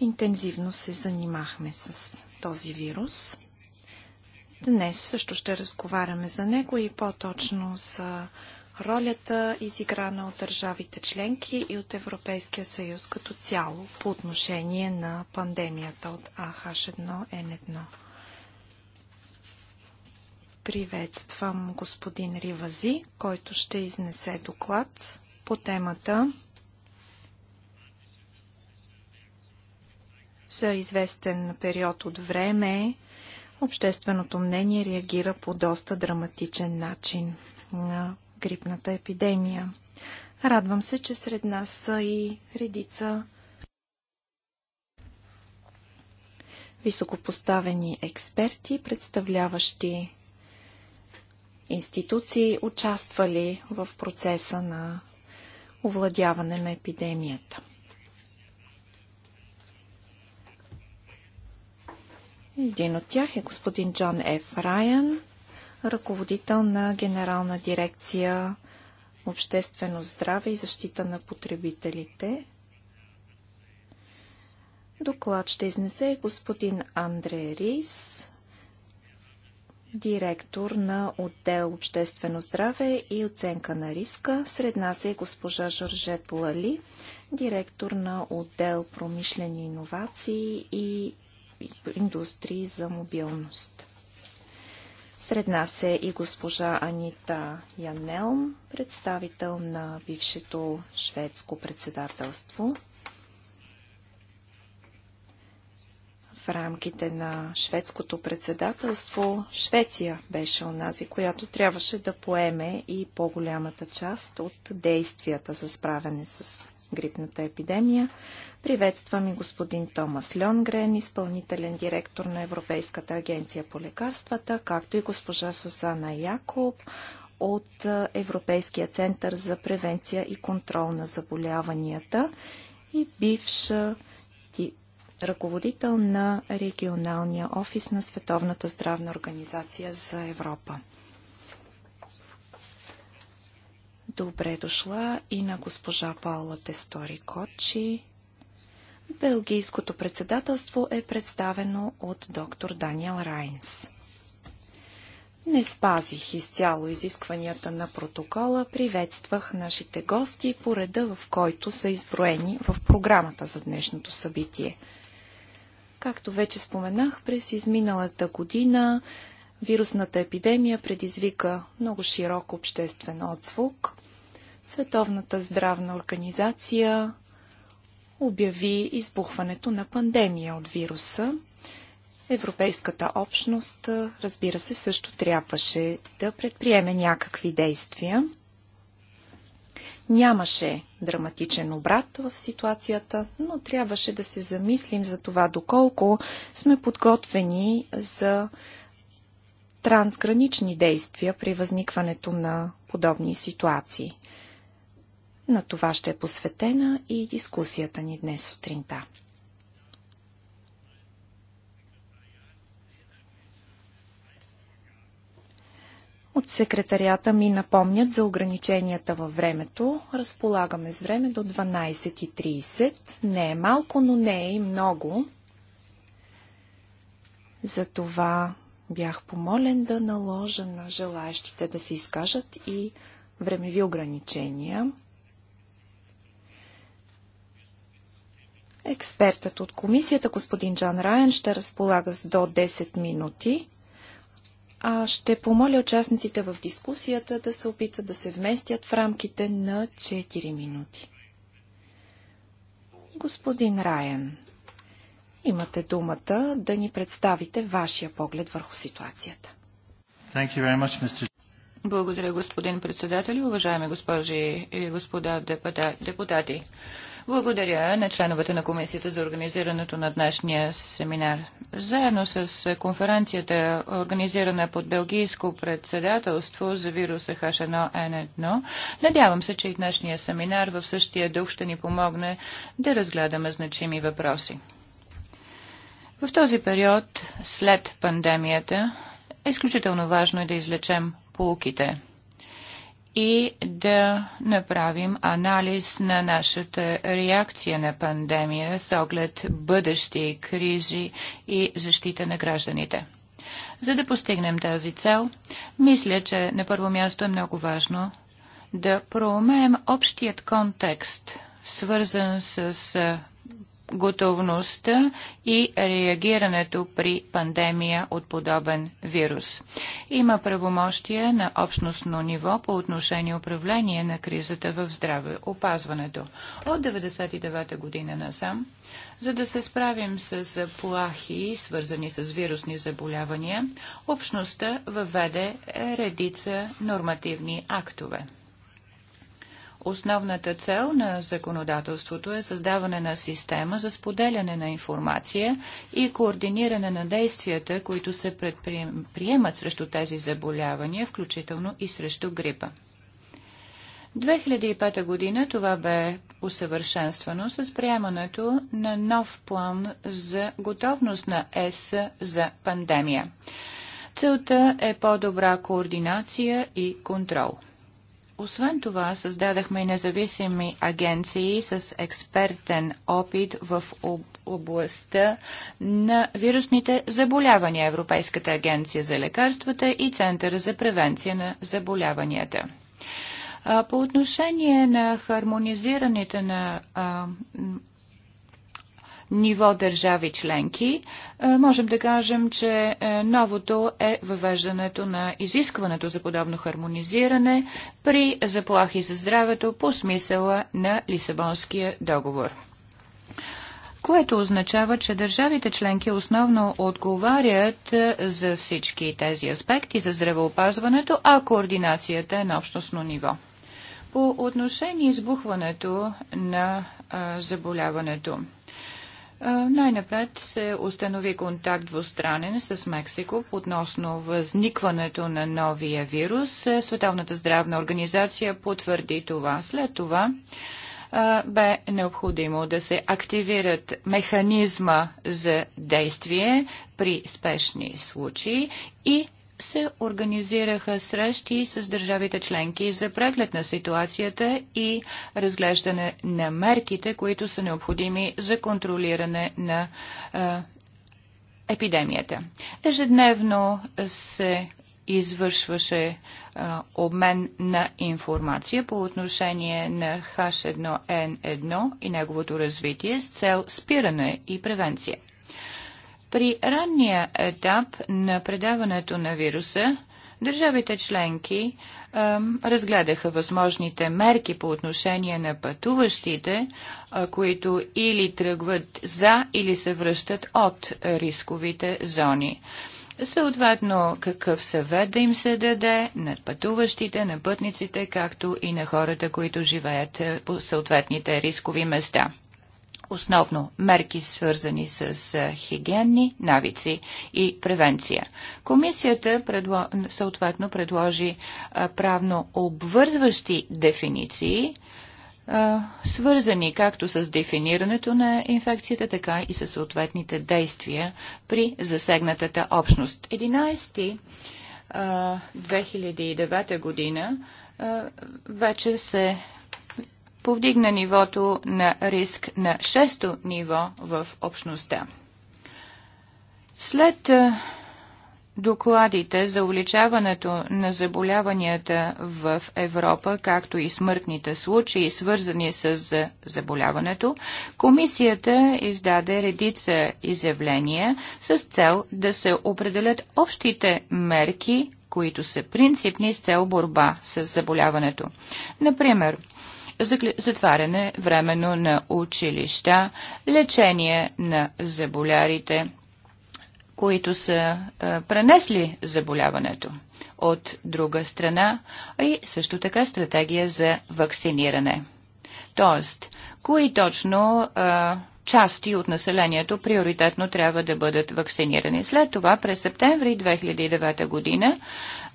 интензивно се занимахме с този вирус. Днес също ще разговаряме за него и по-точно за ролята, изиграна от държавите членки и от Европейския съюз като цяло по отношение на пандемията от АХ1Н1. Приветствам господин Ривази, който ще изнесе доклад по темата за известен период от време общественото мнение реагира по доста драматичен начин на грипната епидемия. Радвам се, че сред нас са и редица високопоставени експерти, представляващи институции, участвали в процеса на овладяване на епидемията. Един от тях е господин Джон Ф. Райан, ръководител на Генерална дирекция Обществено здраве и защита на потребителите. Доклад ще изнесе господин Андре Рис, директор на отдел Обществено здраве и оценка на риска. Сред нас е госпожа Жоржет Лали, директор на отдел Промишлени иновации и индустрии за мобилност. Сред нас е и госпожа Анита Янелм, представител на бившето шведско председателство. В рамките на шведското председателство Швеция беше онази, която трябваше да поеме и по-голямата част от действията за справяне с грипната епидемия. Приветствам и господин Томас Льонгрен, изпълнителен директор на Европейската агенция по лекарствата, както и госпожа Сусана Якоб от е, Европейския център за превенция и контрол на заболяванията и бивш ръководител на регионалния офис на Световната здравна организация за Европа. Добре дошла и на госпожа Паула Тестори Кочи. Белгийското председателство е представено от доктор Даниел Райнс. Не спазих изцяло изискванията на протокола, приветствах нашите гости по реда, в който са изброени в програмата за днешното събитие. Както вече споменах, през изминалата година Вирусната епидемия предизвика много широк обществен отзвук. Световната здравна организация обяви избухването на пандемия от вируса. Европейската общност, разбира се, също трябваше да предприеме някакви действия. Нямаше драматичен обрат в ситуацията, но трябваше да се замислим за това доколко сме подготвени за трансгранични действия при възникването на подобни ситуации. На това ще е посветена и дискусията ни днес сутринта. От секретарията ми напомнят за ограниченията във времето. Разполагаме с време до 12.30. Не е малко, но не е и много. Затова Бях помолен да наложа на желаящите да се изкажат и времеви ограничения. Експертът от комисията, господин Джан Райан, ще разполага с до 10 минути. А ще помоля участниците в дискусията да се опитат да се вместят в рамките на 4 минути. Господин Райан, Имате думата да ни представите вашия поглед върху ситуацията. Much, Благодаря, господин председател, уважаеми госпожи и господа депутати. Благодаря на членовете на комисията за организирането на днешния семинар. Заедно с конференцията, организирана под Белгийско председателство за вируса H1N1, надявам се, че и днешния семинар в същия дух ще ни помогне да разгледаме значими въпроси. В този период, след пандемията, е изключително важно е да извлечем полуките и да направим анализ на нашата реакция на пандемия с оглед бъдещи кризи и защита на гражданите. За да постигнем тази цел, мисля, че на първо място е много важно да проумеем общият контекст, свързан с готовността и реагирането при пандемия от подобен вирус. Има правомощия на общностно ниво по отношение управление на кризата в здраве, опазването. От 1999 година насам, за да се справим с плахи, свързани с вирусни заболявания, общността въведе редица нормативни актове. Основната цел на законодателството е създаване на система за споделяне на информация и координиране на действията, които се предприемат срещу тези заболявания, включително и срещу грипа. 2005 година това бе усъвършенствано с приемането на нов план за готовност на ЕС за пандемия. Целта е по-добра координация и контрол. Освен това, създадахме и независими агенции с експертен опит в областта на вирусните заболявания, Европейската агенция за лекарствата и Центъра за превенция на заболяванията. По отношение на хармонизираните на а, ниво държави членки, е, можем да кажем, че е, новото е въвеждането на изискването за подобно хармонизиране при заплахи за здравето по смисъла на Лисабонския договор което означава, че държавите членки основно отговарят е, за всички тези аспекти за здравеопазването, а координацията е на общностно ниво. По отношение избухването на а, заболяването. Най-напред се установи контакт двустранен с Мексико относно възникването на новия вирус. Е, Световната здравна организация потвърди това. След това бе необходимо да се активират механизма за действие при спешни случаи и се организираха срещи с държавите членки за преглед на ситуацията и разглеждане на мерките, които са необходими за контролиране на а, епидемията. Ежедневно се извършваше а, обмен на информация по отношение на H1N1 и неговото развитие с цел спиране и превенция. При ранния етап на предаването на вируса, държавите членки а, разгледаха възможните мерки по отношение на пътуващите, а, които или тръгват за, или се връщат от рисковите зони. Съответно, какъв съвет да им се даде на пътуващите, на пътниците, както и на хората, които живеят е, по съответните рискови места. Основно мерки свързани с хигиенни навици и превенция. Комисията предло... съответно предложи правно обвързващи дефиниции, свързани както с дефинирането на инфекцията, така и с съответните действия при засегнатата общност. 11 2009 година вече се повдигна нивото на риск на шесто ниво в общността. След е, докладите за увеличаването на заболяванията в Европа, както и смъртните случаи, свързани с заболяването, комисията издаде редица изявления с цел да се определят общите мерки които са принципни с цел борба с заболяването. Например, затваряне временно на училища, лечение на заболярите, които са пренесли заболяването от друга страна, и също така стратегия за вакциниране. Тоест, кои точно а, части от населението приоритетно трябва да бъдат вакцинирани. След това през септември 2009 година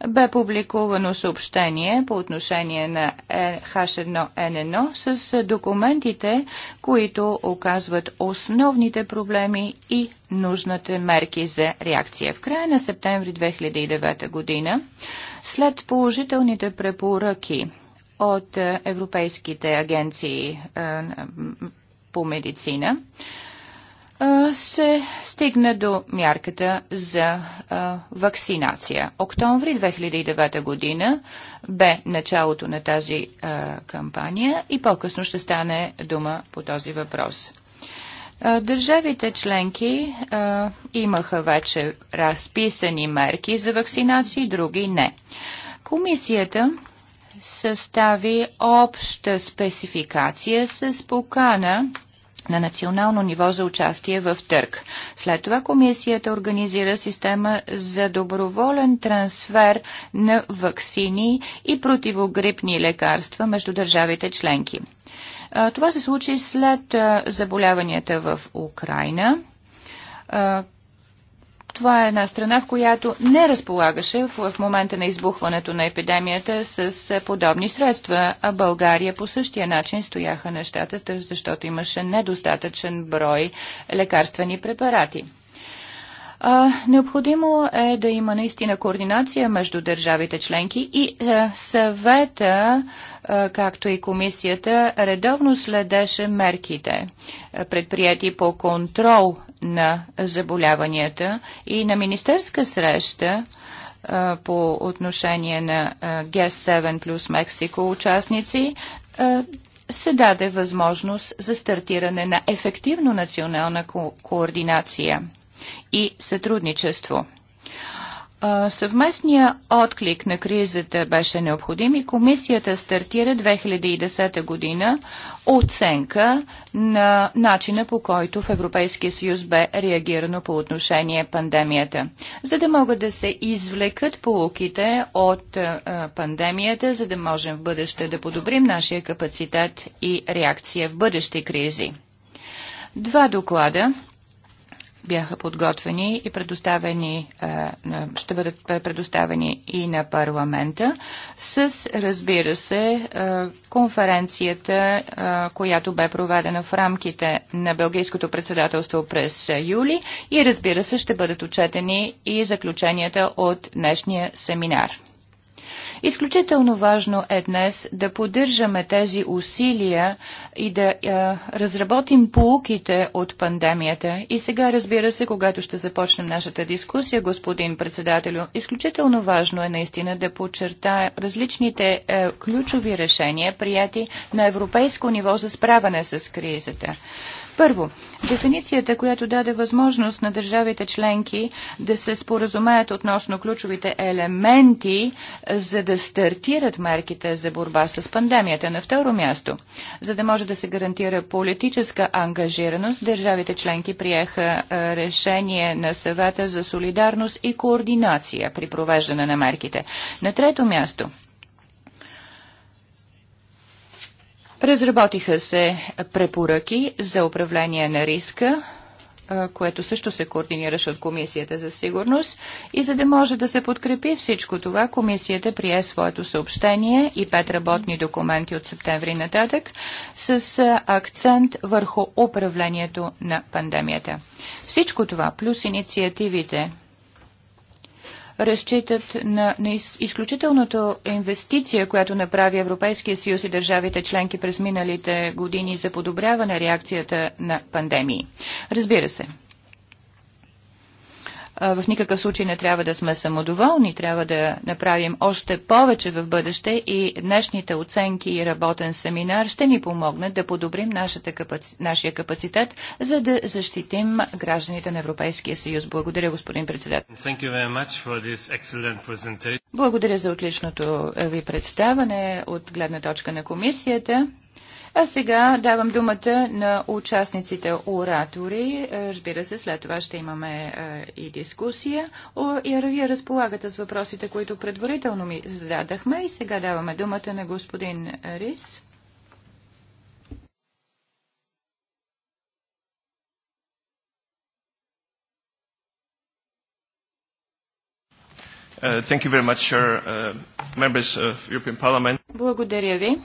бе публикувано съобщение по отношение на H1N1 с документите, които оказват основните проблеми и нужните мерки за реакция. В края на септември 2009 година, след положителните препоръки от европейските агенции е, по медицина, се стигна до мярката за а, вакцинация. Октомври 2009 година бе началото на тази а, кампания и по-късно ще стане дума по този въпрос. А, държавите членки а, имаха вече разписани мерки за вакцинации, други не. Комисията състави обща спецификация с покана на национално ниво за участие в търг. След това комисията организира система за доброволен трансфер на ваксини и противогрипни лекарства между държавите членки. Това се случи след заболяванията в Украина това е една страна, в която не разполагаше в, в момента на избухването на епидемията с е, подобни средства, а България по същия начин стояха нещата, защото имаше недостатъчен брой лекарствени препарати. А, необходимо е да има наистина координация между държавите членки и а, е, съвета, а, е, както и комисията, редовно следеше мерките, е, предприяти по контрол на заболяванията и на министерска среща по отношение на ГЕС-7 плюс Мексико участници се даде възможност за стартиране на ефективно национална ко- координация и сътрудничество. Съвместният отклик на кризата беше необходим и комисията стартира 2010 година оценка на начина по който в Европейския съюз бе реагирано по отношение пандемията. За да могат да се извлекат полуките от пандемията, за да можем в бъдеще да подобрим нашия капацитет и реакция в бъдещи кризи. Два доклада бяха подготвени и предоставени, е, ще бъдат предоставени и на парламента, с, разбира се, е, конференцията, е, която бе проведена в рамките на Белгийското председателство през юли и, разбира се, ще бъдат отчетени и заключенията от днешния семинар. Изключително важно е днес да поддържаме тези усилия и да е, разработим полуките от пандемията. И сега, разбира се, когато ще започнем нашата дискусия, господин председателю, изключително важно е наистина да подчертая различните е, ключови решения, прияти на европейско ниво за справяне с кризата. Първо, дефиницията, която даде възможност на държавите членки да се споразумеят относно ключовите елементи, за да стартират мерките за борба с пандемията. На второ място, за да може да се гарантира политическа ангажираност, държавите членки приеха е, решение на съвета за солидарност и координация при провеждане на мерките. На трето място, Разработиха се препоръки за управление на риска, което също се координираше от Комисията за сигурност. И за да може да се подкрепи всичко това, Комисията прие своето съобщение и пет работни документи от септември нататък с акцент върху управлението на пандемията. Всичко това, плюс инициативите, разчитат на, на изключителната инвестиция, която направи Европейския съюз и държавите членки през миналите години за подобряване реакцията на пандемии. Разбира се, в никакъв случай не трябва да сме самодоволни, трябва да направим още повече в бъдеще и днешните оценки и работен семинар ще ни помогнат да подобрим нашата капаци... нашия капацитет, за да защитим гражданите на Европейския съюз. Благодаря, господин председател. Благодаря за отличното ви представане от гледна точка на комисията. А сега давам думата на участниците оратори. Е, разбира се, след това ще имаме е, и дискусия. И вие разполагате с въпросите, които предварително ми зададахме. И сега даваме думата на господин Рис. Uh, much, sir, uh, Благодаря ви.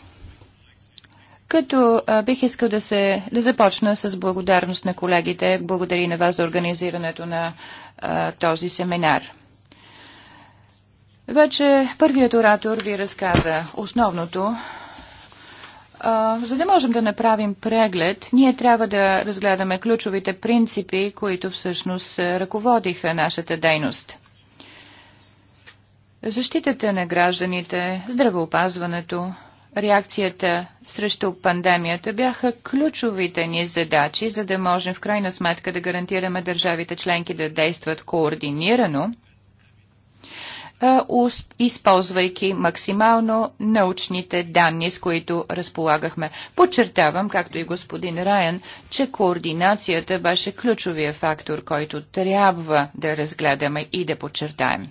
Като а, бих искал да, се, да започна с благодарност на колегите. Благодаря на вас за организирането на а, този семинар. Вече първият оратор ви разказа основното. А, за да можем да направим преглед, ние трябва да разгледаме ключовите принципи, които всъщност ръководиха нашата дейност. Защитата на гражданите, здравеопазването, реакцията срещу пандемията бяха ключовите ни задачи, за да можем в крайна сметка да гарантираме държавите членки да действат координирано, използвайки максимално научните данни, с които разполагахме. Подчертавам, както и господин Райан, че координацията беше ключовия фактор, който трябва да разгледаме и да подчертаем.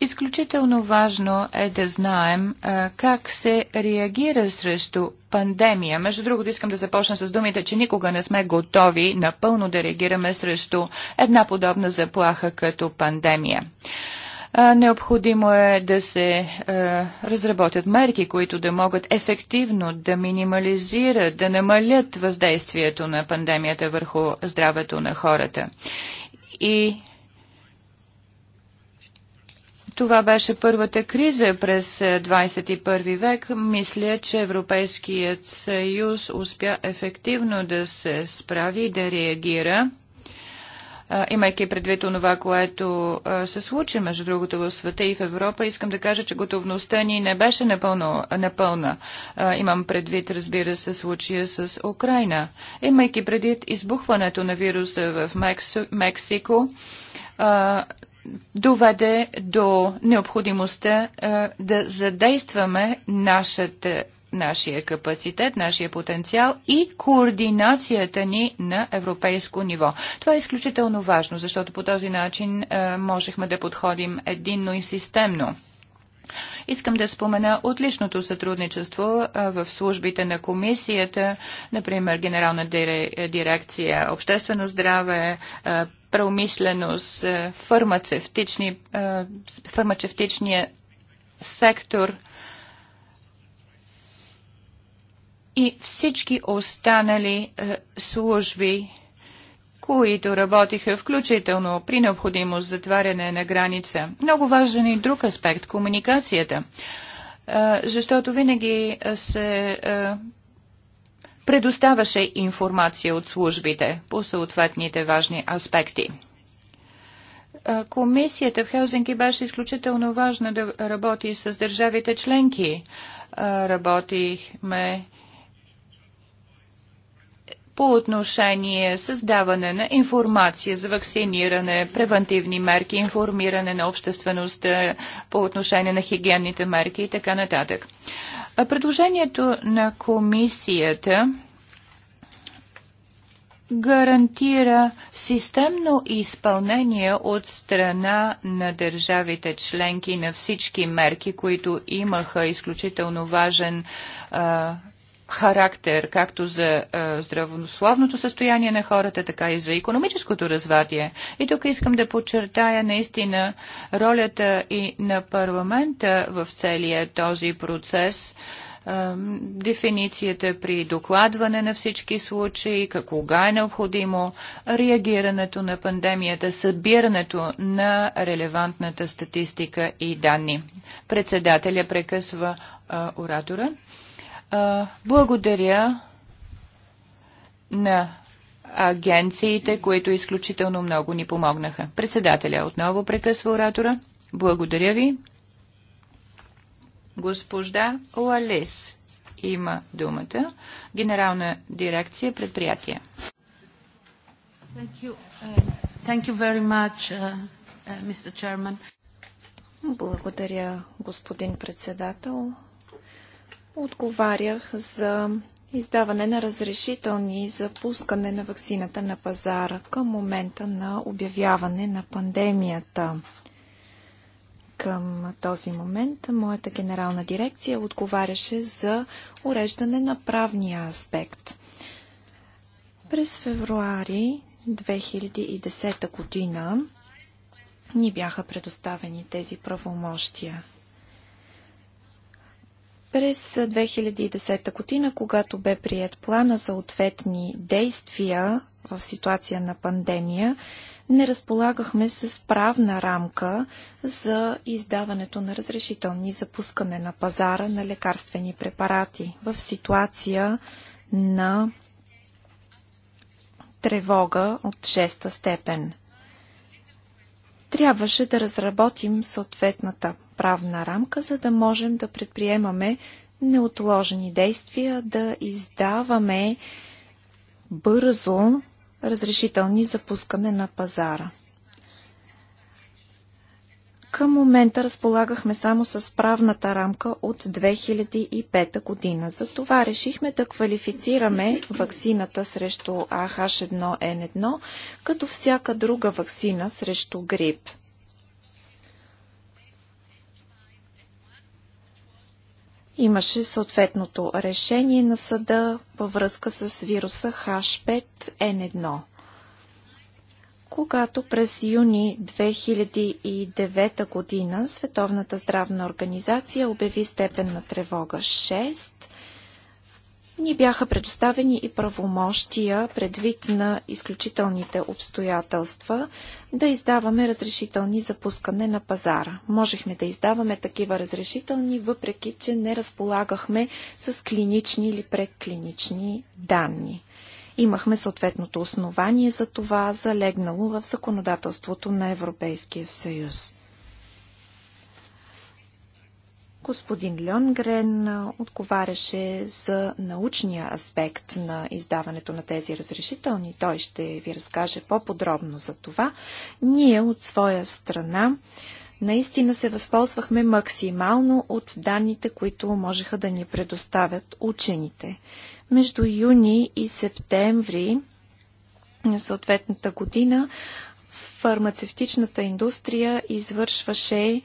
Изключително важно е да знаем а, как се реагира срещу пандемия. Между другото, искам да започна с думите, че никога не сме готови напълно да реагираме срещу една подобна заплаха като пандемия. А, необходимо е да се а, разработят мерки, които да могат ефективно да минимализират, да намалят въздействието на пандемията върху здравето на хората. И това беше първата криза през 21 е, век. Мисля, че Европейският съюз успя ефективно да се справи и да реагира имайки предвид онова, което се случи, между другото, в света и в Европа, искам да кажа, че готовността ни не беше напълно, напълна. Имам предвид, разбира се, случая с Украина. Имайки предвид избухването на вируса в Мексико, доведе до необходимостта е, да задействаме нашата нашия капацитет, нашия потенциал и координацията ни на европейско ниво. Това е изключително важно, защото по този начин е, можехме да подходим единно и системно. Искам да спомена отличното сътрудничество в службите на комисията, например Генерална е, дирекция Обществено здраве, промишленост, фармацевтични, фармацевтичния сектор и всички останали служби които работиха включително при необходимост затваряне на граница. Много важен и друг аспект – комуникацията, защото винаги се предоставаше информация от службите по съответните важни аспекти. Комисията в Хелзинки беше изключително важна да работи с държавите членки. Работихме по отношение създаване на информация за вакциниране, превентивни мерки, информиране на обществеността по отношение на хигиенните мерки и така нататък. Предложението на комисията гарантира системно изпълнение от страна на държавите членки на всички мерки, които имаха изключително важен а, характер, както за а, е, здравословното състояние на хората, така и за економическото развитие. И тук искам да подчертая наистина ролята и на парламента в целия този процес е, дефиницията при докладване на всички случаи, кога е необходимо реагирането на пандемията, събирането на релевантната статистика и данни. Председателя прекъсва а, е, оратора. Благодаря на агенциите, които изключително много ни помогнаха. Председателя отново прекъсва оратора. Благодаря ви. Госпожда Лалес има думата. Генерална дирекция предприятия. Uh, uh, uh, благодаря, господин председател отговарях за издаване на разрешителни за пускане на ваксината на пазара към момента на обявяване на пандемията. Към този момент моята генерална дирекция отговаряше за уреждане на правния аспект. През февруари 2010 година ни бяха предоставени тези правомощия. През 2010 година, когато бе прият плана за ответни действия в ситуация на пандемия, не разполагахме с правна рамка за издаването на разрешителни за пускане на пазара на лекарствени препарати в ситуация на тревога от шеста степен – трябваше да разработим съответната правна рамка, за да можем да предприемаме неотложени действия, да издаваме бързо разрешителни за пускане на пазара. Към момента разполагахме само с правната рамка от 2005 година. Затова решихме да квалифицираме ваксината срещу AH1N1 като всяка друга ваксина срещу грип. Имаше съответното решение на съда във връзка с вируса H5N1 когато през юни 2009 година Световната здравна организация обяви степен на тревога 6, ни бяха предоставени и правомощия предвид на изключителните обстоятелства да издаваме разрешителни за пускане на пазара. Можехме да издаваме такива разрешителни, въпреки че не разполагахме с клинични или предклинични данни. Имахме съответното основание за това, залегнало в законодателството на Европейския съюз. Господин Льонгрен отговаряше за научния аспект на издаването на тези разрешителни. Той ще ви разкаже по-подробно за това. Ние от своя страна наистина се възползвахме максимално от данните, които можеха да ни предоставят учените между юни и септември на съответната година фармацевтичната индустрия извършваше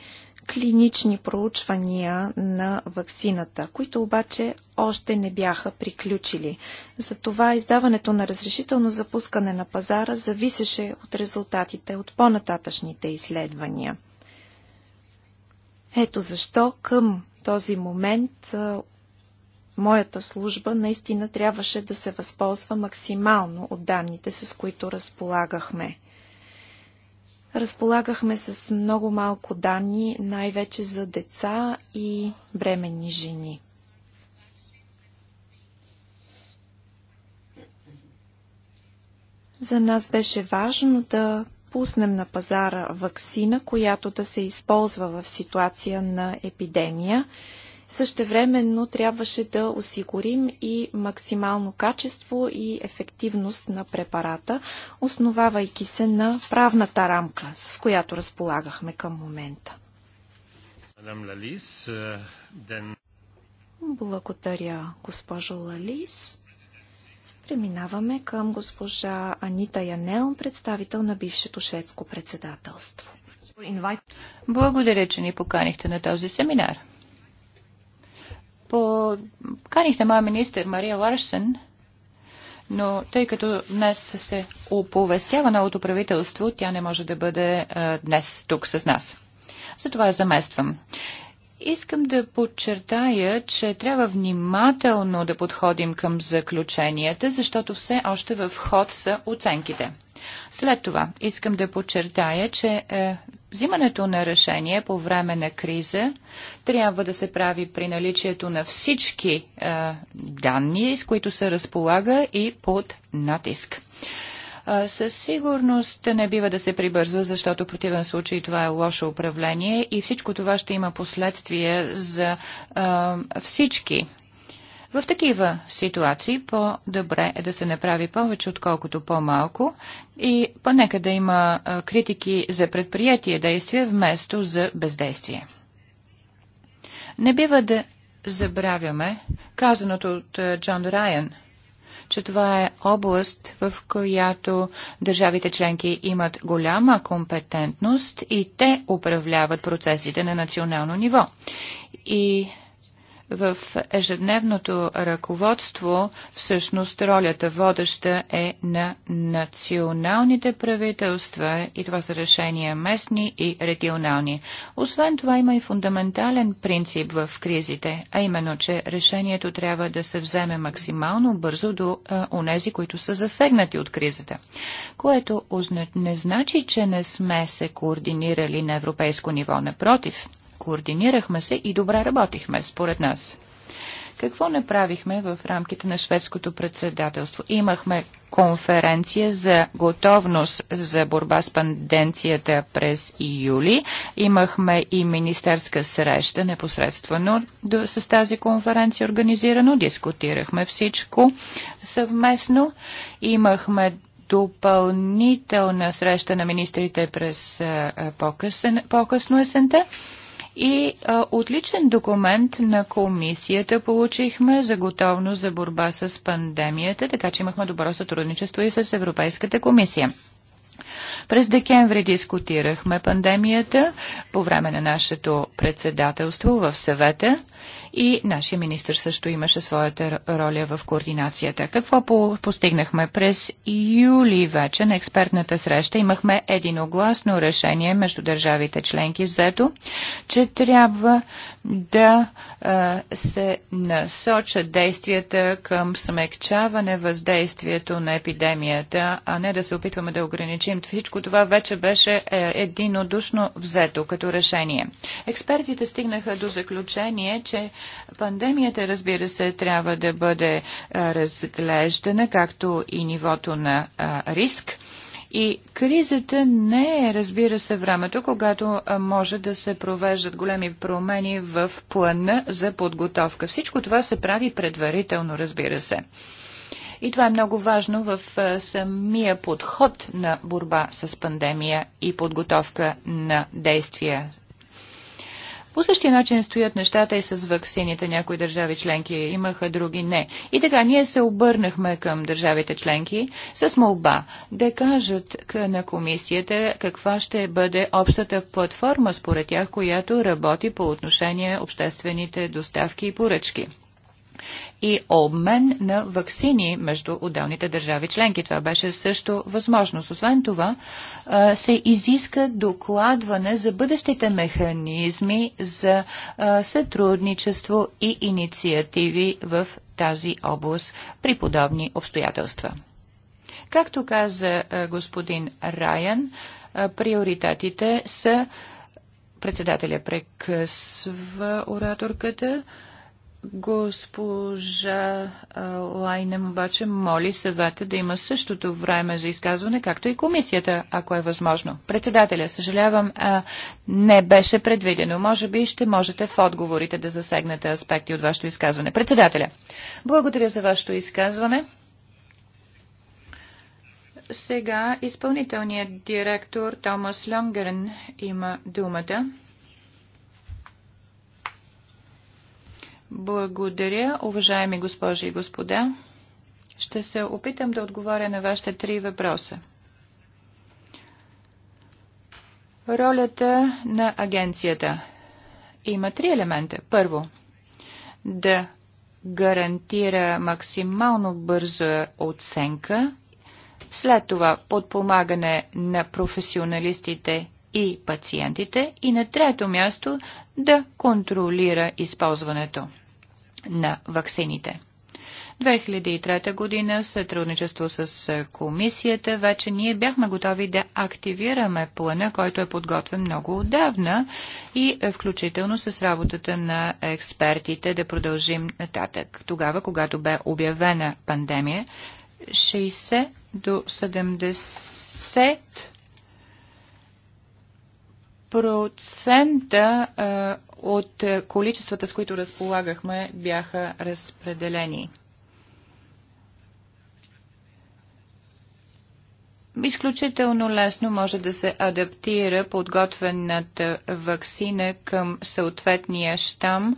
клинични проучвания на ваксината, които обаче още не бяха приключили. Затова издаването на разрешително запускане на пазара зависеше от резултатите от по-нататъчните изследвания. Ето защо към този момент моята служба наистина трябваше да се възползва максимално от данните, с които разполагахме. Разполагахме с много малко данни, най-вече за деца и бременни жени. За нас беше важно да пуснем на пазара ваксина, която да се използва в ситуация на епидемия Същевременно трябваше да осигурим и максимално качество и ефективност на препарата, основавайки се на правната рамка, с която разполагахме към момента. Е, Благодаря, госпожо Лалис. Преминаваме към госпожа Анита Янел, представител на бившето шведско председателство. Благодаря, че ни поканихте на този семинар. Поканихте моя министр Мария Ларсен, но тъй като днес се оповестява новото правителство, тя не може да бъде а, днес тук с нас. Затова я замествам. Искам да подчертая, че трябва внимателно да подходим към заключенията, защото все още в ход са оценките. След това искам да подчертая, че е, Взимането на решение по време на криза трябва да се прави при наличието на всички е, данни, с които се разполага и под натиск. Е, със сигурност не бива да се прибързва, защото в противен случай това е лошо управление и всичко това ще има последствия за е, всички в такива ситуации по-добре е да се направи повече, отколкото по-малко и понека да има критики за предприятие действие вместо за бездействие. Не бива да забравяме казаното от Джон Райан – че това е област, в която държавите членки имат голяма компетентност и те управляват процесите на национално ниво. И в ежедневното ръководство всъщност ролята водеща е на националните правителства и това са решения местни и регионални. Освен това има и фундаментален принцип в кризите, а именно, че решението трябва да се вземе максимално бързо до а, онези, които са засегнати от кризата, което не значи, че не сме се координирали на европейско ниво. Напротив, Координирахме се и добре работихме, според нас. Какво направихме в рамките на шведското председателство? Имахме конференция за готовност за борба с панденцията през юли. Имахме и министерска среща непосредствено с тази конференция организирано. Дискутирахме всичко съвместно. Имахме допълнителна среща на министрите през по-късно есента. И а, отличен документ на комисията получихме за готовност за борба с пандемията, така че имахме добро сътрудничество и с Европейската комисия. През декември дискутирахме пандемията по време на нашето председателство в съвета и нашия министр също имаше своята роля в координацията. Какво по постигнахме? През юли вече на експертната среща имахме единогласно решение между държавите членки взето, че трябва да а, се насочат действията към смекчаване въздействието на епидемията, а не да се опитваме да ограничим. Всичко това вече беше е, единодушно взето като решение. Експертите стигнаха до заключение, че Пандемията, разбира се, трябва да бъде разглеждана, както и нивото на риск. И кризата не е, разбира се, времето, когато може да се провеждат големи промени в плана за подготовка. Всичко това се прави предварително, разбира се. И това е много важно в самия подход на борба с пандемия и подготовка на действия по същия начин стоят нещата и с ваксините. Някои държави членки имаха, други не. И така, ние се обърнахме към държавите членки с молба да кажат на комисията каква ще бъде общата платформа според тях, която работи по отношение обществените доставки и поръчки и обмен на вакцини между отделните държави членки. Това беше също възможност. Освен това, се изиска докладване за бъдещите механизми за сътрудничество и инициативи в тази област при подобни обстоятелства. Както каза господин Райан, приоритетите са председателя прекъсва ораторката. Госпожа Лайнем обаче моли съвета да има същото време за изказване, както и комисията, ако е възможно. Председателя, съжалявам, а, не беше предвидено. Може би ще можете в отговорите да засегнете аспекти от вашето изказване. Председателя, благодаря за вашето изказване. Сега изпълнителният директор Томас Лонгерен има думата. Благодаря, уважаеми госпожи и господа. Ще се опитам да отговоря на вашите три въпроса. Ролята на агенцията има три елемента. Първо, да гарантира максимално бърза оценка, след това подпомагане на професионалистите и пациентите и на трето място да контролира използването на ваксините. 2003 година в сътрудничество с комисията вече ние бяхме готови да активираме плана, който е подготвен много отдавна и включително с работата на експертите да продължим нататък. Тогава, когато бе обявена пандемия, 60 до 70 процента от е, количествата, с които разполагахме, бяха разпределени. Изключително лесно може да се адаптира подготвената вакцина към съответния щам.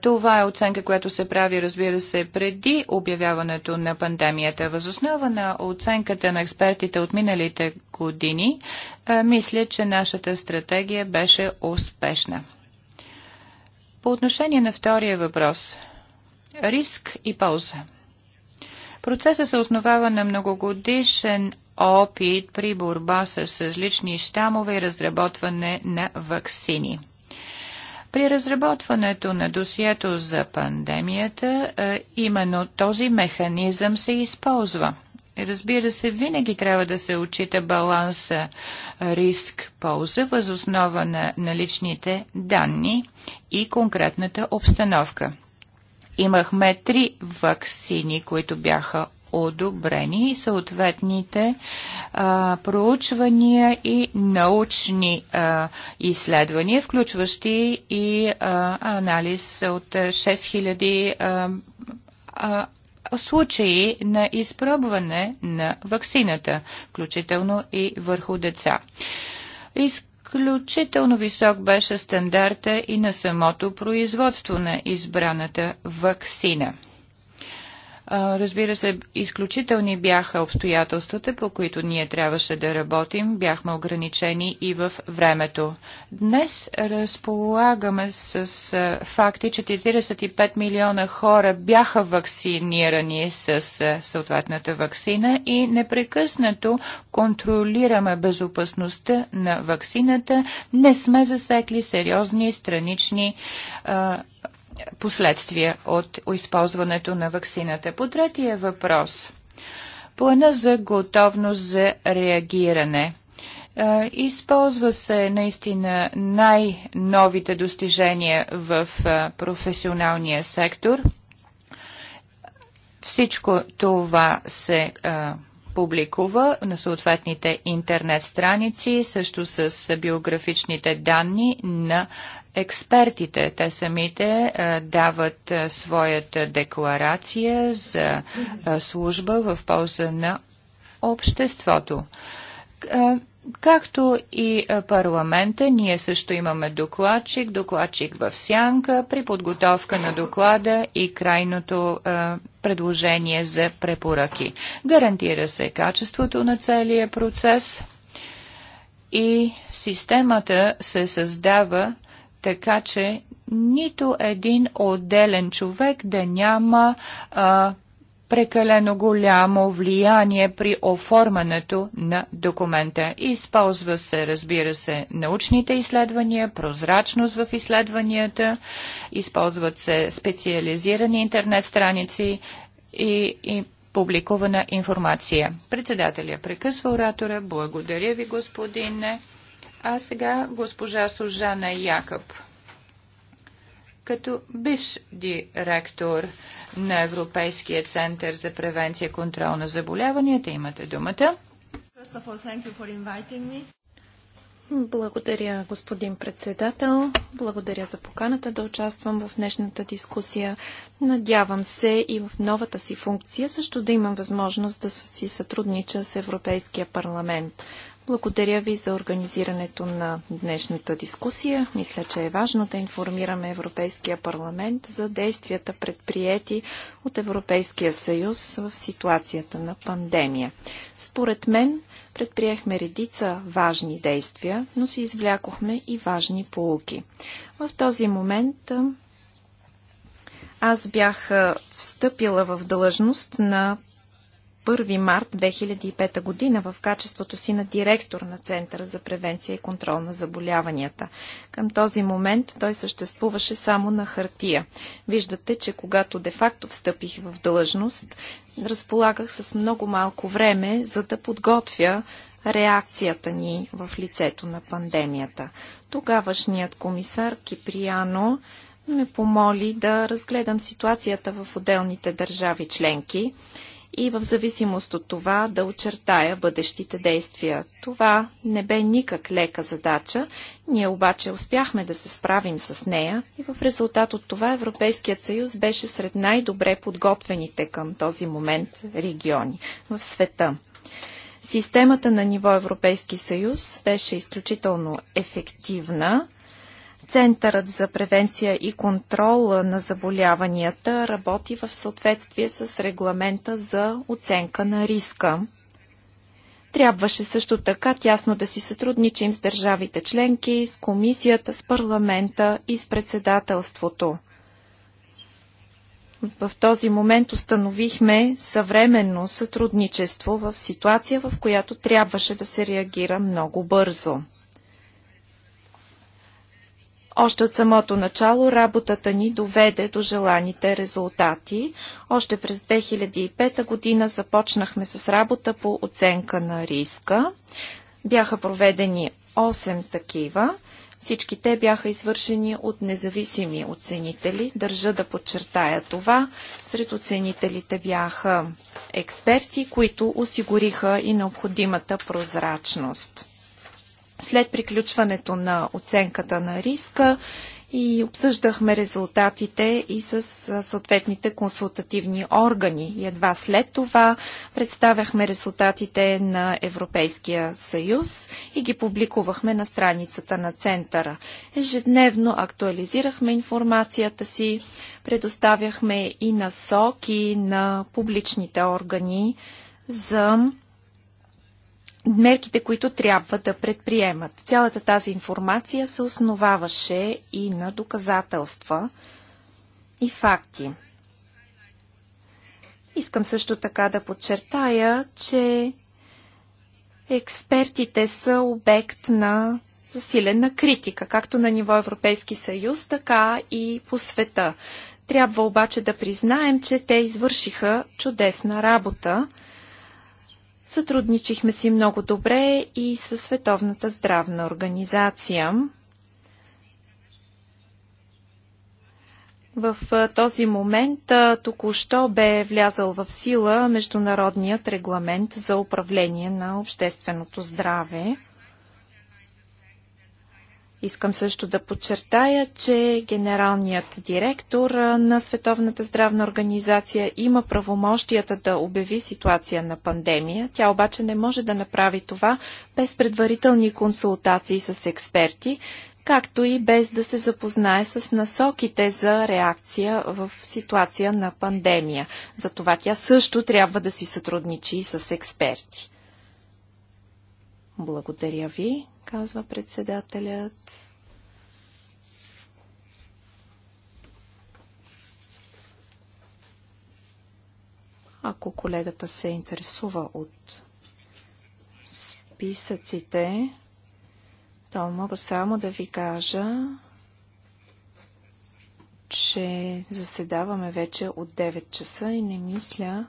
Това е оценка, която се прави, разбира се, преди обявяването на пандемията. Възоснова на оценката на експертите от миналите години, мисля, че нашата стратегия беше успешна. По отношение на втория въпрос – риск и полза. Процесът се основава на многогодишен опит при борба с различни щамове и разработване на вакцини. При разработването на досието за пандемията, е, именно този механизъм се използва – Разбира се, винаги трябва да се отчита баланса риск-полза въз основа на наличните данни и конкретната обстановка. Имахме три вакцини, които бяха одобрени и съответните а, проучвания и научни а, изследвания, включващи и а, анализ от 6000 а, а, случаи на изпробване на ваксината, включително и върху деца. Изключително висок беше стандарта и на самото производство на избраната ваксина. Разбира се, изключителни бяха обстоятелствата, по които ние трябваше да работим. Бяхме ограничени и в времето. Днес разполагаме с факти, че 45 милиона хора бяха вакцинирани с съответната вакцина и непрекъснато контролираме безопасността на вакцината. Не сме засекли сериозни странични а, последствия от използването на ваксината. По третия въпрос. Плана за готовност за реагиране. Използва се наистина най-новите достижения в професионалния сектор. Всичко това се публикува на съответните интернет страници, също с биографичните данни на експертите. Те самите е, дават е, своята декларация за е, служба в полза на обществото. Както и парламента, ние също имаме докладчик, докладчик в сянка при подготовка на доклада и крайното предложение за препоръки. Гарантира се качеството на целия процес и системата се създава така че нито един отделен човек да няма а, прекалено голямо влияние при оформянето на документа. Използва се, разбира се, научните изследвания, прозрачност в изследванията, използват се специализирани интернет страници и, и публикувана информация. Председателя прекъсва оратора. Благодаря ви, господине. А сега госпожа Сужана Якъб. Като бивш директор на Европейския център за превенция и контрол на заболяванията, имате думата. Благодаря, господин председател. Благодаря за поканата да участвам в днешната дискусия. Надявам се и в новата си функция също да имам възможност да си сътруднича с Европейския парламент. Благодаря ви за организирането на днешната дискусия. Мисля, че е важно да информираме Европейския парламент за действията предприяти от Европейския съюз в ситуацията на пандемия. Според мен предприехме редица важни действия, но си извлякохме и важни полуки. В този момент аз бях встъпила в длъжност на 1 март 2005 година в качеството си на директор на Центъра за превенция и контрол на заболяванията. Към този момент той съществуваше само на хартия. Виждате, че когато де-факто встъпих в длъжност, разполагах с много малко време, за да подготвя реакцията ни в лицето на пандемията. Тогавашният комисар Киприяно ме помоли да разгледам ситуацията в отделните държави членки и в зависимост от това да очертая бъдещите действия. Това не бе никак лека задача, ние обаче успяхме да се справим с нея и в резултат от това Европейският съюз беше сред най-добре подготвените към този момент региони в света. Системата на ниво Европейски съюз беше изключително ефективна – Центърът за превенция и контрол на заболяванията работи в съответствие с регламента за оценка на риска. Трябваше също така тясно да си сътрудничим с държавите членки, с комисията, с парламента и с председателството. В този момент установихме съвременно сътрудничество в ситуация, в която трябваше да се реагира много бързо. Още от самото начало работата ни доведе до желаните резултати. Още през 2005 година започнахме с работа по оценка на риска. Бяха проведени 8 такива. Всички те бяха извършени от независими оценители. Държа да подчертая това. Сред оценителите бяха експерти, които осигуриха и необходимата прозрачност след приключването на оценката на риска и обсъждахме резултатите и с съответните консултативни органи. И едва след това представяхме резултатите на Европейския съюз и ги публикувахме на страницата на центъра. Ежедневно актуализирахме информацията си, предоставяхме и насоки на публичните органи за мерките, които трябва да предприемат. Цялата тази информация се основаваше и на доказателства и факти. Искам също така да подчертая, че експертите са обект на засилена критика, както на ниво Европейски съюз, така и по света. Трябва обаче да признаем, че те извършиха чудесна работа. Сътрудничихме си много добре и със Световната здравна организация. В този момент току-що бе влязал в сила Международният регламент за управление на общественото здраве. Искам също да подчертая, че генералният директор на Световната здравна организация има правомощията да обяви ситуация на пандемия. Тя обаче не може да направи това без предварителни консултации с експерти, както и без да се запознае с насоките за реакция в ситуация на пандемия. Затова тя също трябва да си сътрудничи с експерти. Благодаря ви, казва председателят. Ако колегата се интересува от списъците, то мога само да ви кажа, че заседаваме вече от 9 часа и не мисля,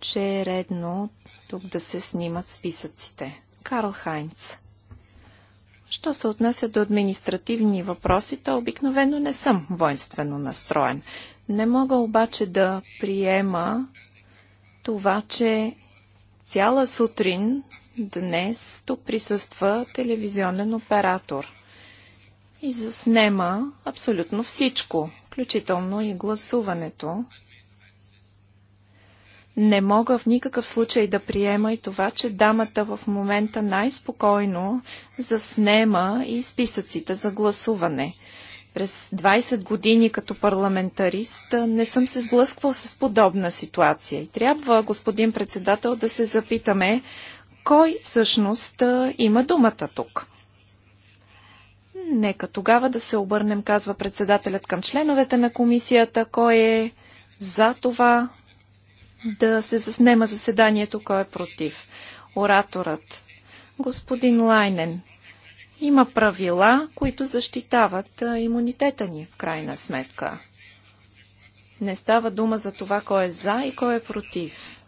че е редно тук да се снимат списъците. Карл Хайнц. Що се отнася до административни въпроси, то обикновено не съм воинствено настроен. Не мога обаче да приема това, че цяла сутрин днес тук присъства телевизионен оператор и заснема абсолютно всичко, включително и гласуването, не мога в никакъв случай да приема и това, че дамата в момента най-спокойно заснема и списъците за гласуване. През 20 години като парламентарист не съм се сблъсквал с подобна ситуация. И трябва, господин председател, да се запитаме кой всъщност има думата тук. Нека тогава да се обърнем, казва председателят към членовете на комисията, кой е за това да се заснема заседанието, кой е против. Ораторът. Господин Лайнен, има правила, които защитават имунитета ни, в крайна сметка. Не става дума за това, кой е за и кой е против.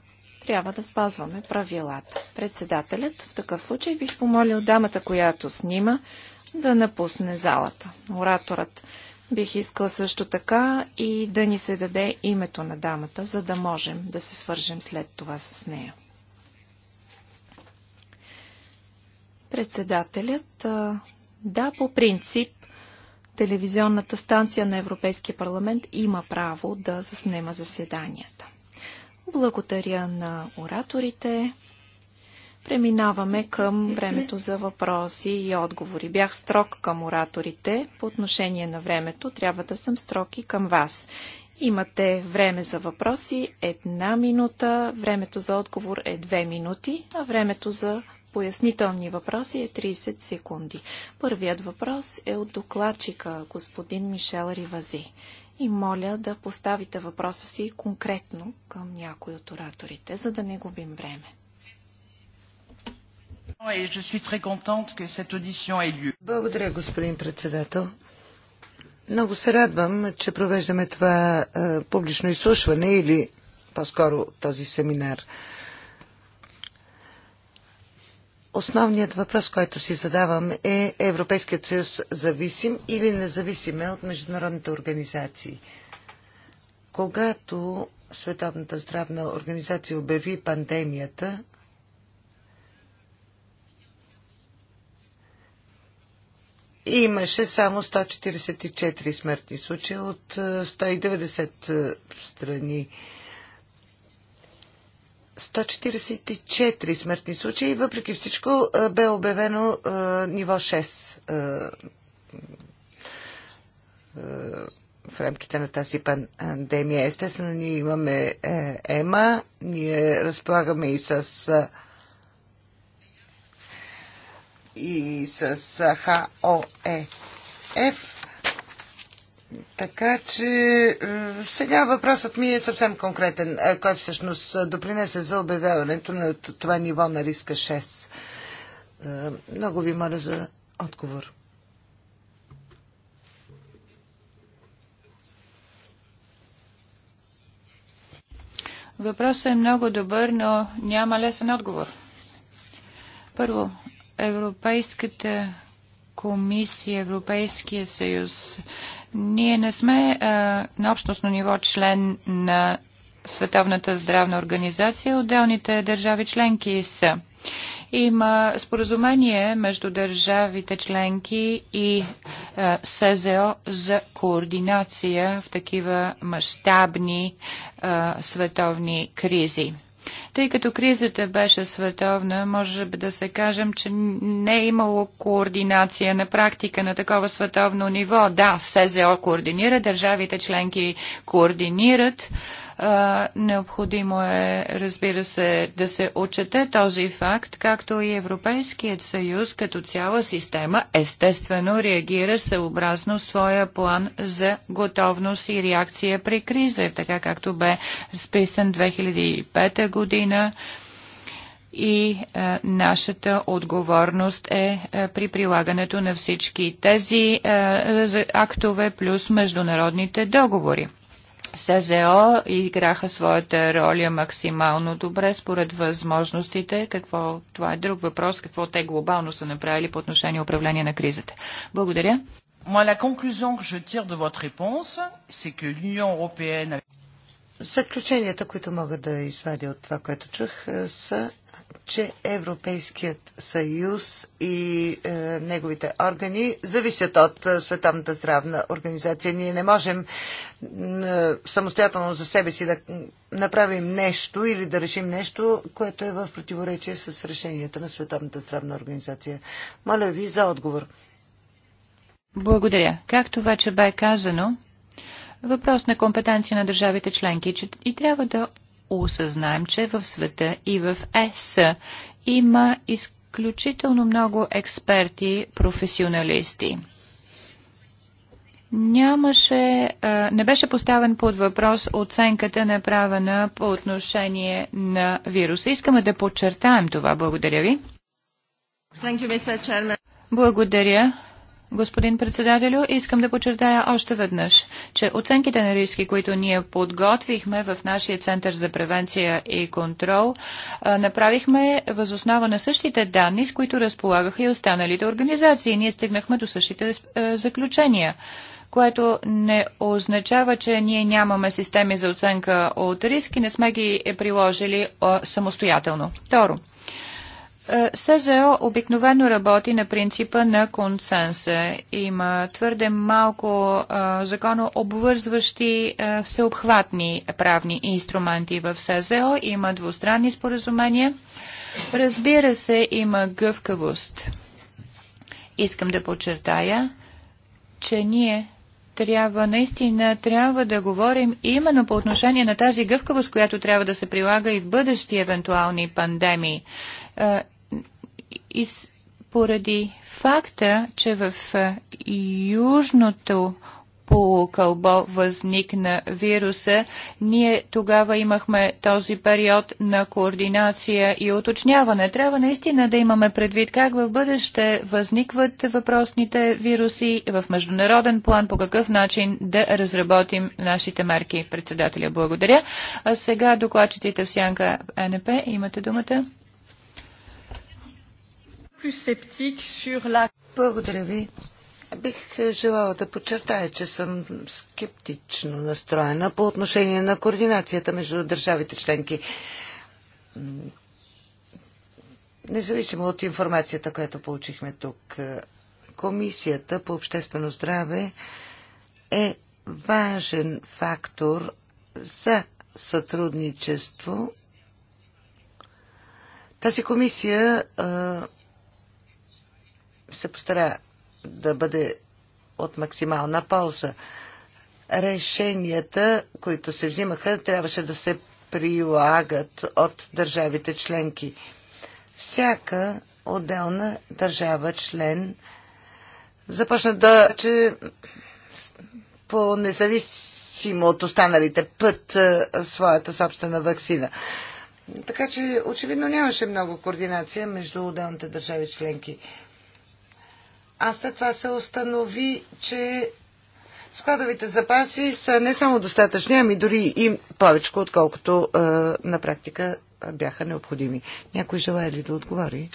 Трябва да спазваме правилата. Председателят в такъв случай бих помолил дамата, която снима, да напусне залата. Ораторът. Бих искал също така и да ни се даде името на дамата, за да можем да се свържем след това с нея. Председателят, да, по принцип, телевизионната станция на Европейския парламент има право да заснема заседанията. Благодаря на ораторите. Преминаваме към времето за въпроси и отговори. Бях строг към ораторите. По отношение на времето трябва да съм строг и към вас. Имате време за въпроси една минута, времето за отговор е две минути, а времето за пояснителни въпроси е 30 секунди. Първият въпрос е от докладчика, господин Мишел Ривази. И моля да поставите въпроса си конкретно към някой от ораторите, за да не губим време. Благодаря, господин председател. Много се радвам, че провеждаме това е, публично изслушване или по-скоро този семинар. Основният въпрос, който си задавам е Европейският съюз зависим или независим е от международните организации. Когато Световната здравна организация обяви пандемията, Имаше само 144 смъртни случая от 190 е, е, страни. 144 смъртни случаи. Въпреки всичко е, бе обявено е, ниво 6 е, е, в рамките на тази пандемия. Естествено, ние имаме ЕМА, ние разполагаме и с и с ХОЕФ. Така че е, сега въпросът ми е съвсем конкретен, е, кой всъщност допринесе за обявяването на това ниво на риска 6. Е, много ви моля за отговор. Въпросът е много добър, но няма лесен отговор. Първо, Европейската комисия, Европейския съюз. Ние не сме а, на общностно ниво член на Световната здравна организация. Отделните държави членки са. Има споразумение между държавите членки и а, СЗО за координация в такива мащабни световни кризи. Тъй като кризата беше световна, може би да се кажем, че не е имало координация на практика на такова световно ниво. Да, СЗО координира, държавите членки координират Необходимо е, разбира се, да се отчете този факт, както и Европейският съюз като цяла система естествено реагира съобразно своя план за готовност и реакция при криза, така както бе списан 2005 година и е, нашата отговорност е, е при прилагането на всички тези е, актове плюс международните договори. СЗО играха своята роля максимално добре според възможностите. Какво, това е друг въпрос, какво те глобално са направили по отношение управление на кризата. Благодаря. Moi, la conclusion que je tire de votre réponse, c'est que l'Union européenne... Заключенията, които мога да извадя от това, което чух, е, са, че Европейският съюз и е, неговите органи зависят от е, Световната здравна организация. Ние не можем е, самостоятелно за себе си да направим нещо или да решим нещо, което е в противоречие с решенията на Световната здравна организация. Моля ви за отговор. Благодаря. Както вече бе казано, въпрос на компетенция на държавите членки че и трябва да осъзнаем, че в света и в ЕС има изключително много експерти, професионалисти. Нямаше, не беше поставен под въпрос оценката направена по отношение на вируса. Искаме да подчертаем това. Благодаря ви. Благодаря господин председателю. Искам да подчертая още веднъж, че оценките на риски, които ние подготвихме в нашия Център за превенция и контрол, направихме възоснова на същите данни, с които разполагаха и останалите организации. Ние стигнахме до същите заключения което не означава, че ние нямаме системи за оценка от риски, не сме ги приложили самостоятелно. Второ, СЗО обикновено работи на принципа на консенса. Има твърде малко законно обвързващи всеобхватни правни инструменти в СЗО. Има двустранни споразумения. Разбира се, има гъвкавост. Искам да подчертая, че ние трябва, наистина трябва да говорим именно по отношение на тази гъвкавост, която трябва да се прилага и в бъдещи евентуални пандемии. И поради факта, че в е, южното полукълбо възникна вируса, ние тогава имахме този период на координация и уточняване. Трябва наистина да имаме предвид как в бъдеще възникват въпросните вируси в международен план, по какъв начин да разработим нашите мерки. Председателя, благодаря. А сега докладчиците в Сянка НП, имате думата. Благодаря ви. Бих е, желала да подчертая, че съм скептично настроена по отношение на координацията между държавите членки. Независимо от информацията, която получихме тук, е, Комисията по обществено здраве е важен фактор за сътрудничество. Тази комисия е, се постара да бъде от максимална полза. Решенията, които се взимаха, трябваше да се прилагат от държавите членки. Всяка отделна държава член започна да че по независимо от останалите път е, своята собствена вакцина. Така че очевидно нямаше много координация между отделните държави членки а след това се установи, че складовите запаси са не само достатъчни, ами дори и повече, отколкото е, на практика бяха необходими. Някой желая ли да отговори?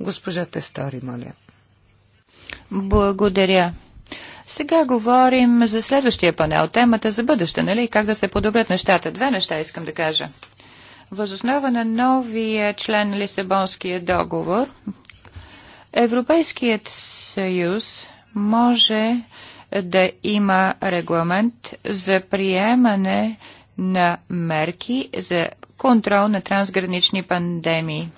Госпожа Тестори, моля. Благодаря. Сега говорим за следващия панел, темата за бъдеще, нали? Как да се подобрят нещата. Две неща искам да кажа. Възоснова на новия член Лисабонския договор, Европейският съюз може да има регламент за приемане на мерки за контрол на трансгранични пандемии.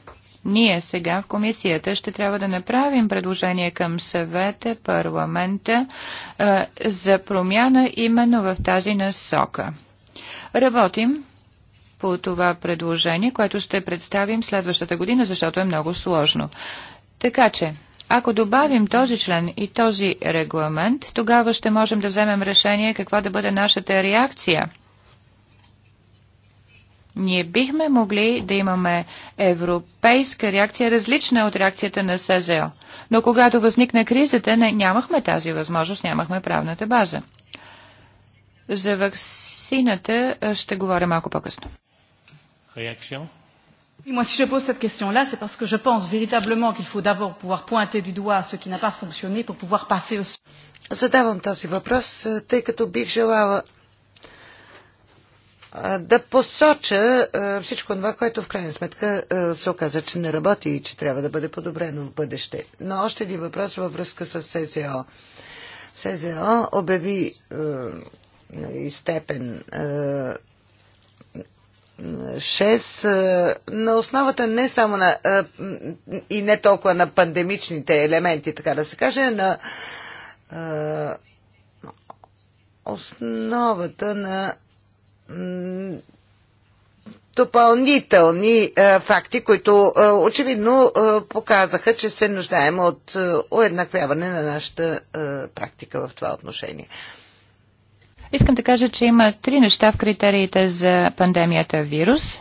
Ние сега в комисията ще трябва да направим предложение към съвета, парламента за промяна именно в тази насока. Работим по това предложение, което ще представим следващата година, защото е много сложно. Така че, ако добавим този член и този регламент, тогава ще можем да вземем решение каква да бъде нашата реакция. Ние бихме могли да имаме европейска реакция, различна от реакцията на СЗО. Но когато възникна кризата, не, нямахме тази възможност, нямахме правната база. За вакцината ще говоря малко по-късно. Реакция? Moi, si je pose cette question-là, c'est parce que je pense véritablement qu'il faut d'abord pouvoir pointer du doigt ce qui n'a pas fonctionné pour pouvoir passer au... Задавам този въпрос, е, тъй като бих желала е, да посоча е, всичко това, което в крайна сметка се оказа, че не работи и че трябва да бъде подобрено в бъдеще. Но още един въпрос във връзка с СЗО. СЗО обяви и нали, степен 6 на основата не само на и не толкова на пандемичните елементи, така да се каже, на основата на допълнителни факти, които очевидно показаха, че се нуждаем от уеднаквяване на нашата практика в това отношение. Искам да кажа, че има три неща в критериите за пандемията вирус.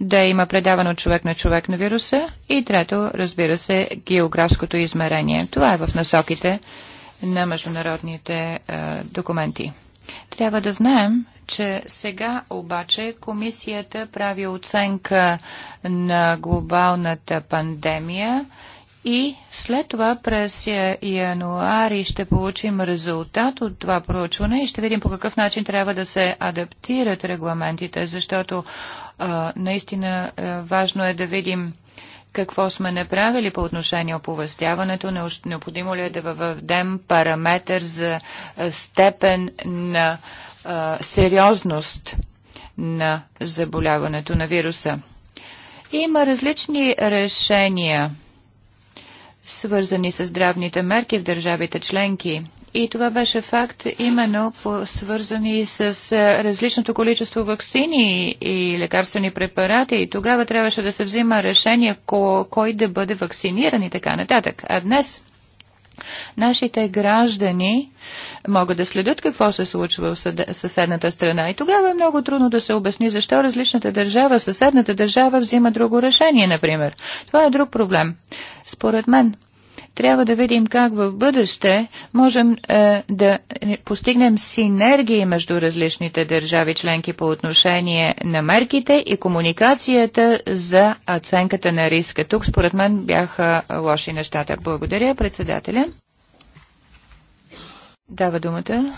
Да има предаване от човек на човек на вируса. И трето, разбира се, географското измерение. Това е в насоките на международните е, документи. Трябва да знаем, че сега обаче комисията прави оценка на глобалната пандемия – и след това през януари ще получим резултат от това проучване и ще видим по какъв начин трябва да се адаптират регламентите, защото а, наистина а, е, важно е да видим какво сме направили по отношение оповестяването, необходимо ли е да въведем параметър за е, степен на а, е, сериозност на заболяването на вируса. Има различни решения свързани с здравните мерки в държавите членки. И това беше факт именно по, свързани с различното количество вакцини и лекарствени препарати. И тогава трябваше да се взима решение кой да бъде вакциниран и така нататък. А днес Нашите граждани могат да следят какво се случва в съседната страна. И тогава е много трудно да се обясни защо различната държава, съседната държава взима друго решение, например. Това е друг проблем. Според мен, трябва да видим как в бъдеще можем е, да постигнем синергии между различните държави членки по отношение на мерките и комуникацията за оценката на риска. Тук според мен бяха лоши нещата. Благодаря, председателя. Дава думата.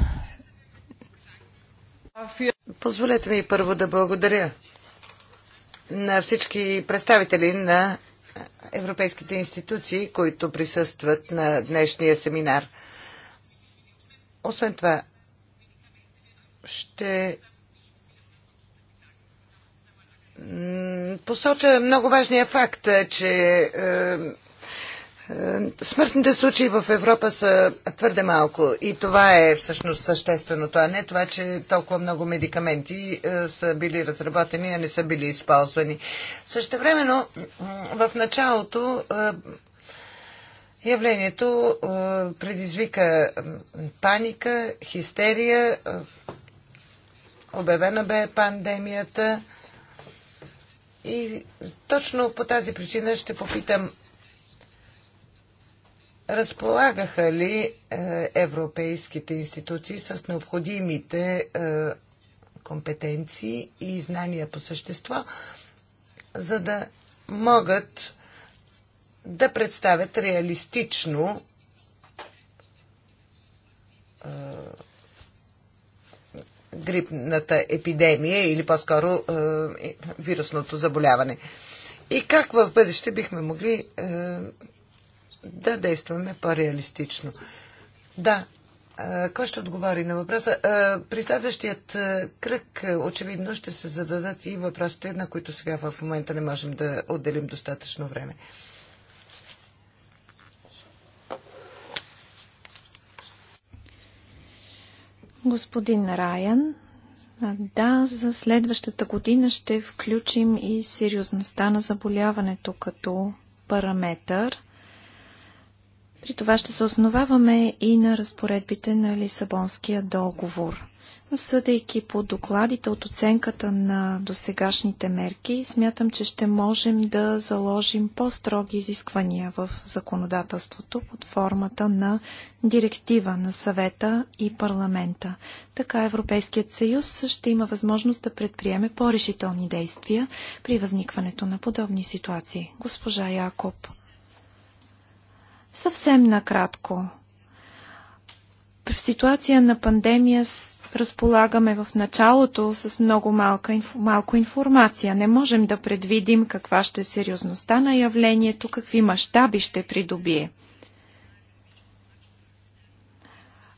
Позволете ми първо да благодаря на всички представители на европейските институции, които присъстват на днешния семинар. Освен това, ще посоча много важния факт, е, че е, е, смъртните случаи в Европа са твърде малко и това е всъщност същественото, а не това, че толкова много медикаменти е, са били разработени, а не са били използвани. Също времено, в началото е, явлението предизвика паника, хистерия, обявена бе пандемията. И точно по тази причина ще попитам разполагаха ли е, европейските институции с необходимите е, компетенции и знания по същество, за да могат да представят реалистично е, грипната епидемия или по-скоро вирусното заболяване. И как в бъдеще бихме могли да действаме по-реалистично. Да, кой ще отговори на въпроса? При следващият кръг очевидно ще се зададат и въпросите, на които сега в момента не можем да отделим достатъчно време. Господин Раян, да, за следващата година ще включим и сериозността на заболяването като параметър – при това ще се основаваме и на разпоредбите на Лисабонския договор. Но съдейки по докладите от оценката на досегашните мерки, смятам, че ще можем да заложим по-строги изисквания в законодателството под формата на директива на съвета и парламента. Така Европейският съюз ще има възможност да предприеме по-решителни действия при възникването на подобни ситуации. Госпожа Якоб. Съвсем накратко. В ситуация на пандемия разполагаме в началото с много малка, малко информация. Не можем да предвидим каква ще е сериозността на явлението, какви мащаби ще придобие.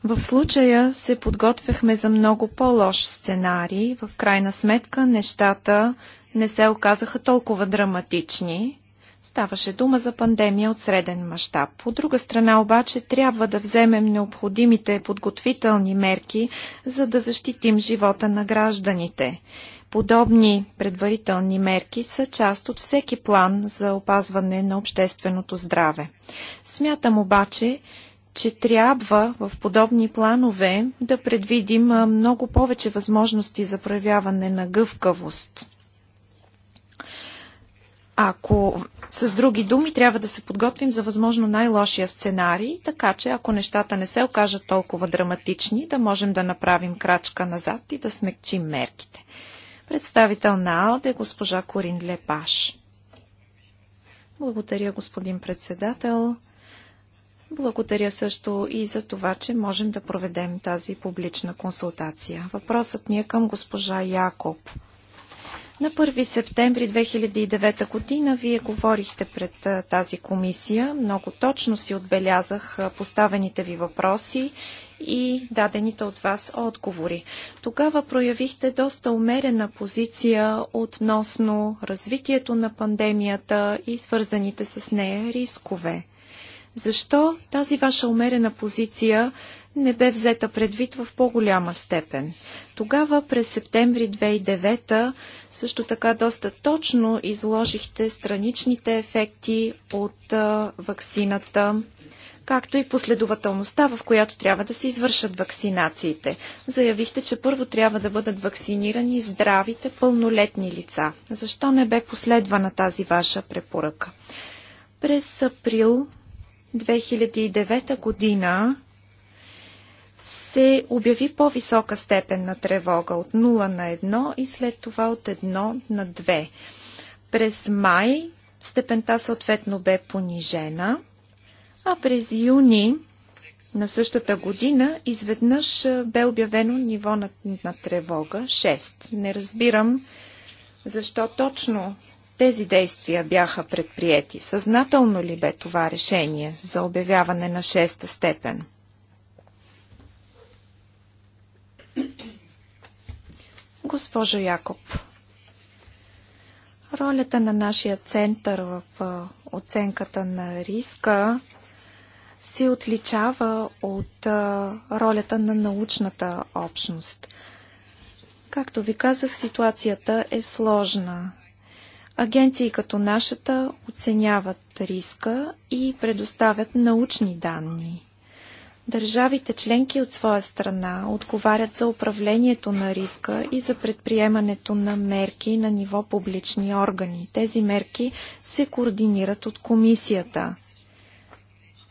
В случая се подготвяхме за много по-лош сценарий. В крайна сметка нещата не се оказаха толкова драматични. Ставаше дума за пандемия от среден мащаб. От друга страна обаче трябва да вземем необходимите подготвителни мерки, за да защитим живота на гражданите. Подобни предварителни мерки са част от всеки план за опазване на общественото здраве. Смятам обаче, че трябва в подобни планове да предвидим много повече възможности за проявяване на гъвкавост. Ако с други думи, трябва да се подготвим за възможно най-лошия сценарий, така че ако нещата не се окажат толкова драматични, да можем да направим крачка назад и да смекчим мерките. Представител на АЛДЕ, е госпожа Корин Лепаш. Благодаря, господин председател. Благодаря също и за това, че можем да проведем тази публична консултация. Въпросът ми е към госпожа Якоб. На 1 септември 2009 година вие говорихте пред тази комисия. Много точно си отбелязах поставените ви въпроси и дадените от вас отговори. Тогава проявихте доста умерена позиция относно развитието на пандемията и свързаните с нея рискове. Защо тази ваша умерена позиция не бе взета предвид в по-голяма степен. Тогава през септември 2009 също така доста точно изложихте страничните ефекти от а, ваксината както и последователността, в която трябва да се извършат вакцинациите. Заявихте, че първо трябва да бъдат вакцинирани здравите пълнолетни лица. Защо не бе последвана тази ваша препоръка? През април 2009 година се обяви по-висока степен на тревога от 0 на 1 и след това от 1 на 2. През май степента съответно бе понижена, а през юни на същата година изведнъж бе обявено ниво на, на тревога 6. Не разбирам защо точно тези действия бяха предприяти. Съзнателно ли бе това решение за обявяване на шеста степен? Госпожо Якоб, ролята на нашия център в оценката на риска се отличава от ролята на научната общност. Както ви казах, ситуацията е сложна. Агенции като нашата оценяват риска и предоставят научни данни. Държавите членки от своя страна отговарят за управлението на риска и за предприемането на мерки на ниво публични органи. Тези мерки се координират от комисията.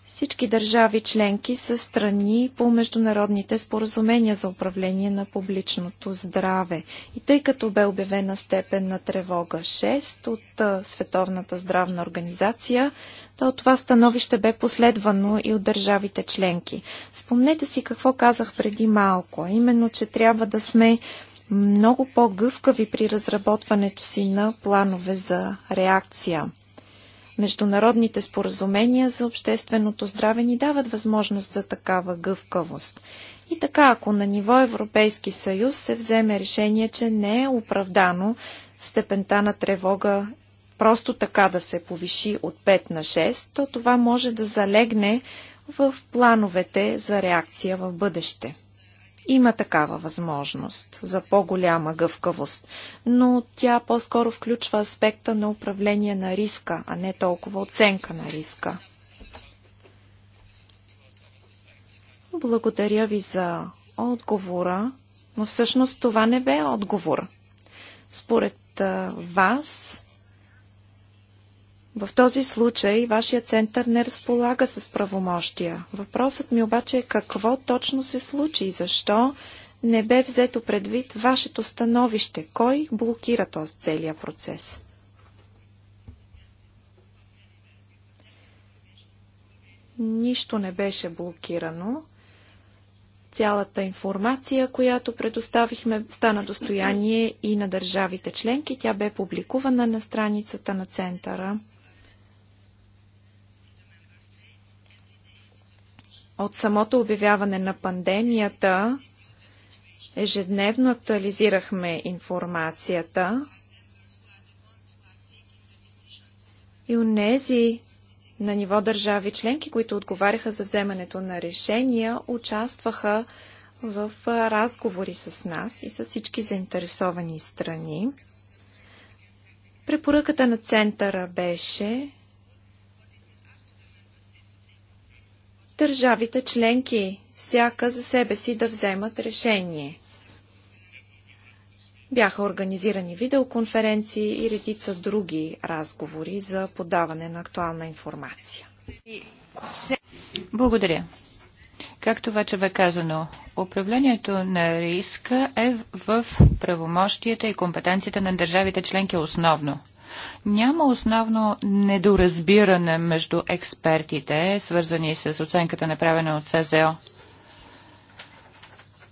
Всички държави членки са страни по международните споразумения за управление на публичното здраве. И тъй като бе обявена степен на тревога 6 от Световната здравна организация, то това становище бе последвано и от държавите членки. Спомнете си какво казах преди малко, именно, че трябва да сме много по-гъвкави при разработването си на планове за реакция. Международните споразумения за общественото здраве ни дават възможност за такава гъвкавост. И така, ако на ниво Европейски съюз се вземе решение, че не е оправдано степента на тревога просто така да се повиши от 5 на 6, то това може да залегне в плановете за реакция в бъдеще. Има такава възможност за по-голяма гъвкавост, но тя по-скоро включва аспекта на управление на риска, а не толкова оценка на риска. Благодаря ви за отговора, но всъщност това не бе отговор. Според вас, в този случай вашия център не разполага с правомощия. Въпросът ми обаче е какво точно се случи и защо не бе взето предвид вашето становище. Кой блокира този целия процес? Нищо не беше блокирано. Цялата информация, която предоставихме, стана достояние и на държавите членки. Тя бе публикувана на страницата на центъра. От самото обявяване на пандемията ежедневно актуализирахме информацията и у нези на ниво държави членки, които отговаряха за вземането на решения, участваха в разговори с нас и с всички заинтересовани страни. Препоръката на центъра беше държавите членки, всяка за себе си да вземат решение. Бяха организирани видеоконференции и редица други разговори за подаване на актуална информация. Благодаря. Както вече бе казано, управлението на риска е в правомощията и компетенцията на държавите членки основно. Няма основно недоразбиране между експертите, свързани с оценката направена от СЗО.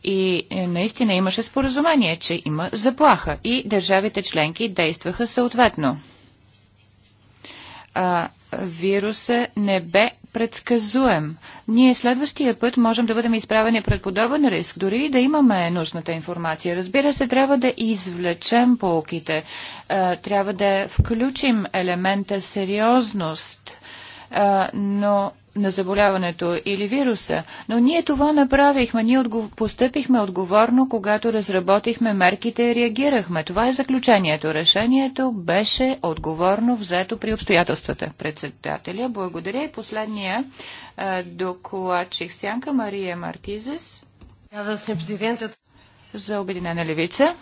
И е, наистина имаше споразумение, че има заплаха и държавите членки действаха съответно. А, вируса не бе предсказуем. Ние следващия път можем да бъдем изправени пред подобен риск, дори и да имаме нужната информация. Разбира се, трябва да извлечем полките, е, трябва да включим елемента сериозност, е, но на заболяването или вируса, но ние това направихме. Ние отгов... постъпихме отговорно, когато разработихме мерките и реагирахме. Това е заключението. Решението беше отговорно взето при обстоятелствата. Председателя, благодаря. И последния е, докладчик Сянка Мария Мартизес за Обединена левица.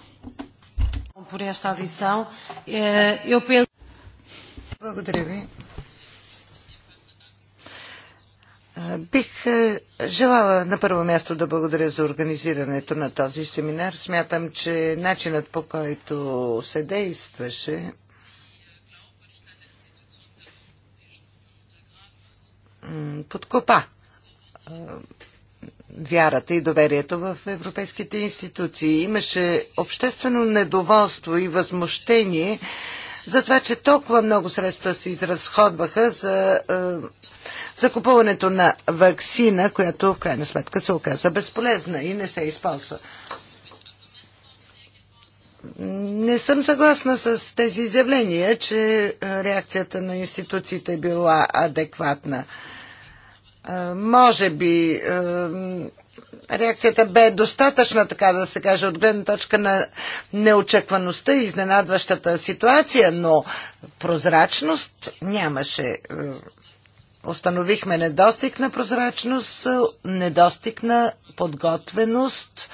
Благодаря ви. Бих желала на първо място да благодаря за организирането на този семинар. Смятам, че начинът по който се действаше подкопа вярата и доверието в европейските институции. Имаше обществено недоволство и възмущение за това, че толкова много средства се изразходваха за закупуването на вакцина, която в крайна сметка се оказа безполезна и не се използва. Не съм съгласна с тези изявления, че е, реакцията на институциите е била адекватна. Е, може би реакцията бе достатъчна, така да се каже, от гледна точка на неочакваността и изненадващата ситуация, но прозрачност нямаше установихме недостиг на прозрачност, недостиг на подготвеност.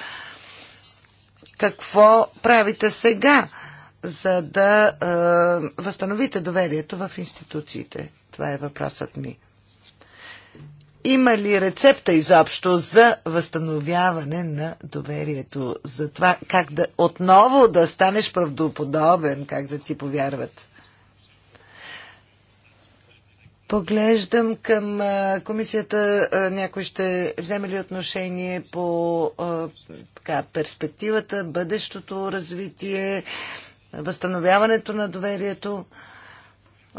Какво правите сега, за да е, възстановите доверието в институциите? Това е въпросът ми. Има ли рецепта изобщо за възстановяване на доверието? За това как да отново да станеш правдоподобен, как да ти повярват? Поглеждам към комисията. Някой ще вземе ли отношение по така, перспективата, бъдещото развитие, възстановяването на доверието?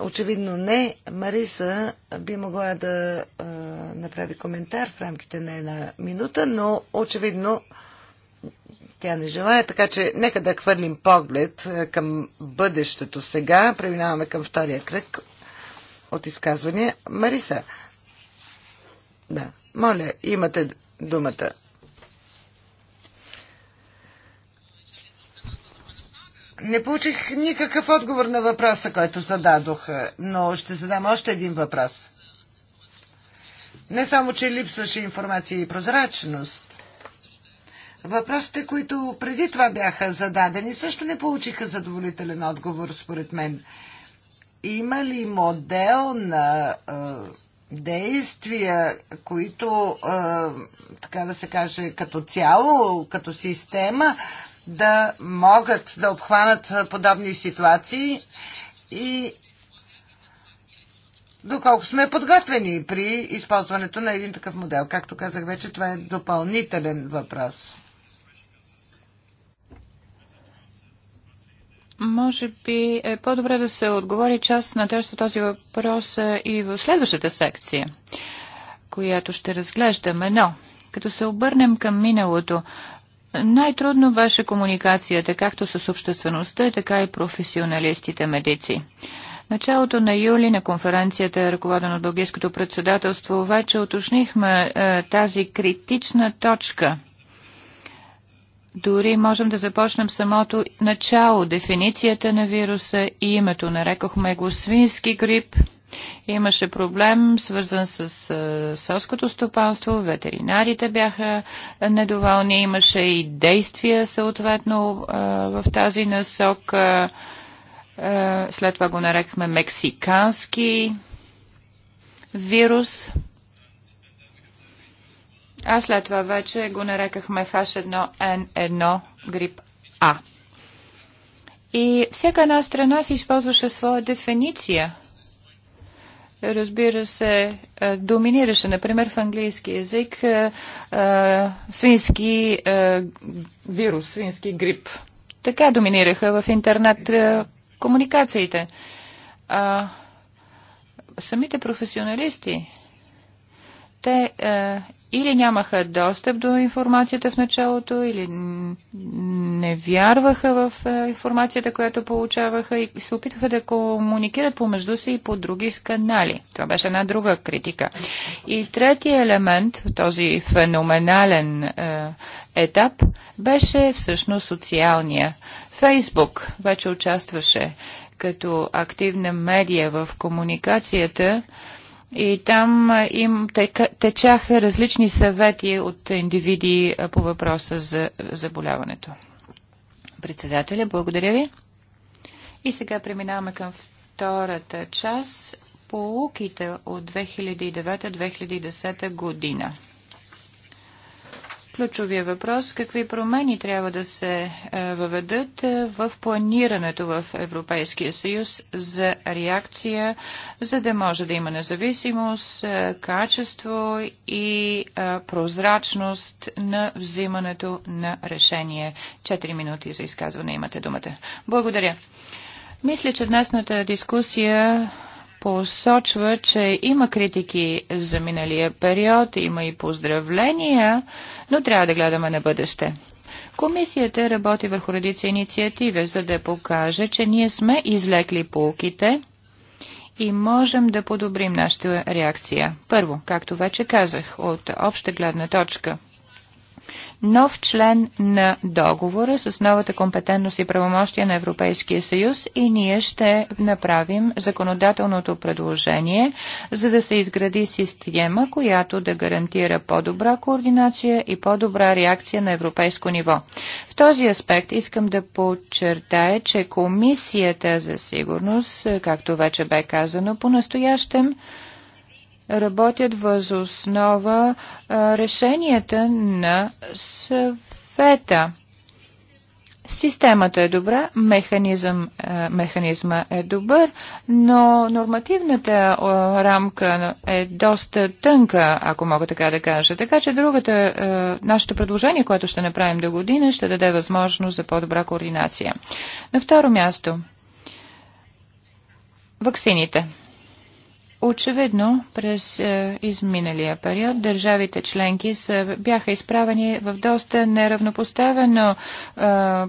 Очевидно не. Мариса би могла да а, направи коментар в рамките на една минута, но очевидно тя не желая, така че нека да хвърлим поглед към бъдещето сега. Преминаваме към втория кръг от изказвания. Мариса, да, моля, имате думата. Не получих никакъв отговор на въпроса, който зададох, но ще задам още един въпрос. Не само, че липсваше информация и прозрачност. Въпросите, които преди това бяха зададени, също не получиха задоволителен отговор, според мен. Има ли модел на действия, които, така да се каже, като цяло, като система, да могат да обхванат подобни ситуации и доколко сме подготвени при използването на един такъв модел. Както казах вече, това е допълнителен въпрос. Може би е по-добре да се отговори част на тежко този въпрос е, и в следващата секция, която ще разглеждаме. Но, като се обърнем към миналото, най-трудно беше комуникацията, както с обществеността, така и професионалистите медици. Началото на юли на конференцията, ръководена от Бългийското председателство, вече уточнихме е, тази критична точка – дори можем да започнем самото начало, дефиницията на вируса и името. Нарекохме го свински грип. Имаше проблем, свързан с селското стопанство, ветеринарите бяха недоволни, имаше и действия съответно в тази насока. След това го нарекахме мексикански вирус – а след това вече го нарекахме H1N1 грип А. И всяка една страна си използваше своя дефиниция. Разбира се, е, доминираше, например, в английски язик е, е, свински вирус, свински грип. Така доминираха в интернет комуникациите. самите професионалисти те е, или нямаха достъп до информацията в началото, или не вярваха в е, информацията, която получаваха и се опитаха да комуникират помежду си и по други канали. Това беше една друга критика. И третия елемент в този феноменален е, етап беше всъщност социалния. Фейсбук вече участваше като активна медия в комуникацията. И там им течаха различни съвети от индивиди по въпроса за заболяването. Председателя, благодаря ви. И сега преминаваме към втората част. Полуките от 2009-2010 година. Ключовия въпрос – какви промени трябва да се е, въведат е, в планирането в Европейския съюз за реакция, за да може да има независимост, е, качество и прозрачност на взимането на решение. Четири минути за изказване имате думата. Благодаря. Мисля, че днесната дискусия посочва, че има критики за миналия период, има и поздравления, но трябва да гледаме на бъдеще. Комисията работи върху редица инициативи, за да покаже, че ние сме излекли полките и можем да подобрим нашата реакция. Първо, както вече казах, от обща гледна точка – нов член на договора с новата компетентност и правомощия на Европейския съюз и ние ще направим законодателното предложение, за да се изгради система, която да гарантира по-добра координация и по-добра реакция на европейско ниво. В този аспект искам да подчертая, че Комисията за сигурност, както вече бе казано, по-настоящем работят въз основа решенията на съвета. Системата е добра, механизъм, механизма е добър, но нормативната рамка е доста тънка, ако мога така да кажа. Така че другата, нашето предложение, което ще направим до година, ще даде възможност за по-добра координация. На второ място, ваксините. Очевидно, през е, изминалия период държавите членки са, бяха изправени в доста неравнопоставено е,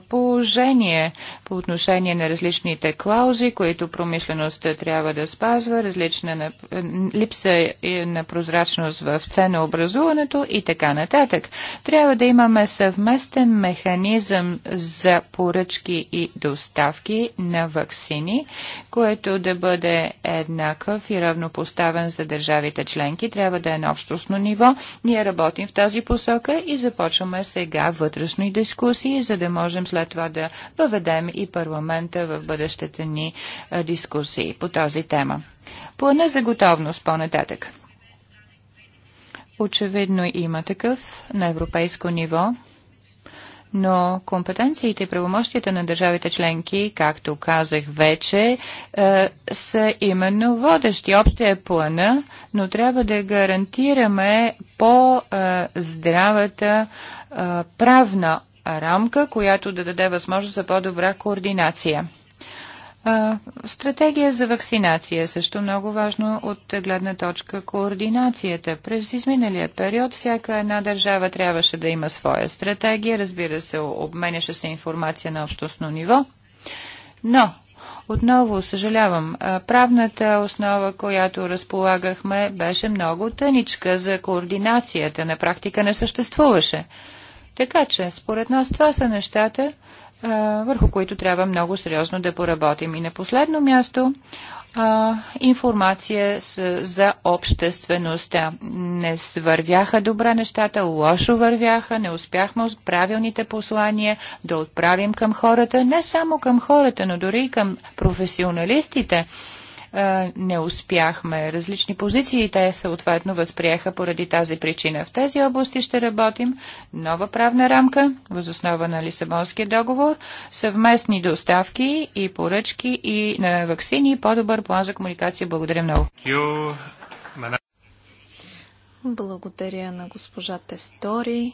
положение по отношение на различните клаузи, които промишлеността трябва да спазва, различна на, е, липса на прозрачност в ценообразуването и така нататък. Трябва да имаме съвместен механизъм за поръчки и доставки на вакцини, което да бъде еднакъв и равнопоставен за държавите членки. Трябва да е на общностно ниво. Ние работим в тази посока и започваме сега вътрешни дискусии, за да можем след това да въведем и парламента в бъдещите ни дискусии по тази тема. Плана за готовност по-нататък. Очевидно има такъв на европейско ниво но компетенциите и правомощията на държавите членки, както казах вече, е, са именно водещи. Общия е плана, но трябва да гарантираме по-здравата е, правна рамка, която да даде възможност за по-добра координация. Стратегия за вакцинация е също много важно от гледна точка координацията. През изминалия период всяка една държава трябваше да има своя стратегия. Разбира се, обменяше се информация на общностно ниво. Но отново съжалявам, правната основа, която разполагахме, беше много тъничка за координацията. На практика не съществуваше. Така че, според нас, това са нещата, върху които трябва много сериозно да поработим. И на последно място информация с, за обществеността. Не свървяха добре нещата, лошо вървяха, не успяхме с правилните послания да отправим към хората, не само към хората, но дори и към професионалистите. Е, не успяхме. Различни позиции те съответно възприеха поради тази причина. В тези области ще работим нова правна рамка, възоснова на Лисабонския договор, съвместни доставки и поръчки и на е, вакцини и по-добър план за комуникация. Благодаря много. Благодаря на госпожа Тестори.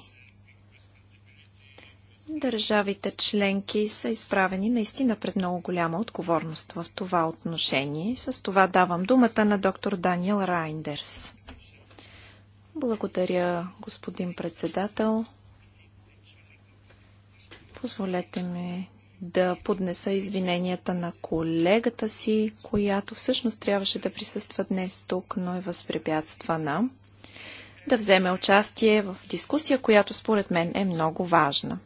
Държавите членки са изправени наистина пред много голяма отговорност в това отношение. С това давам думата на доктор Даниел Райндерс. Благодаря, господин председател. Позволете ми да поднеса извиненията на колегата си, която всъщност трябваше да присъства днес тук, но е възпрепятствана да вземе участие в дискусия, която според мен е много важна.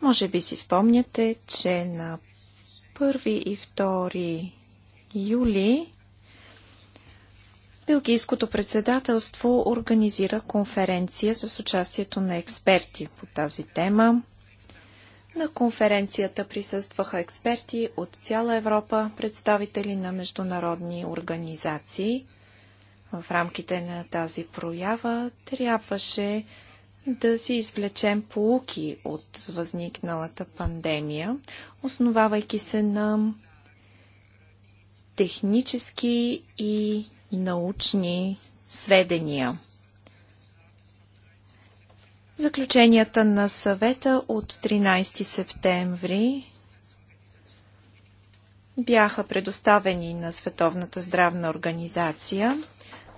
Може би си спомняте, че на 1 и 2 юли Белгийското председателство организира конференция с участието на експерти по тази тема. На конференцията присъстваха експерти от цяла Европа, представители на международни организации. В рамките на тази проява трябваше да си извлечем полуки от възникналата пандемия, основавайки се на технически и научни сведения. Заключенията на съвета от 13 септември бяха предоставени на Световната здравна организация.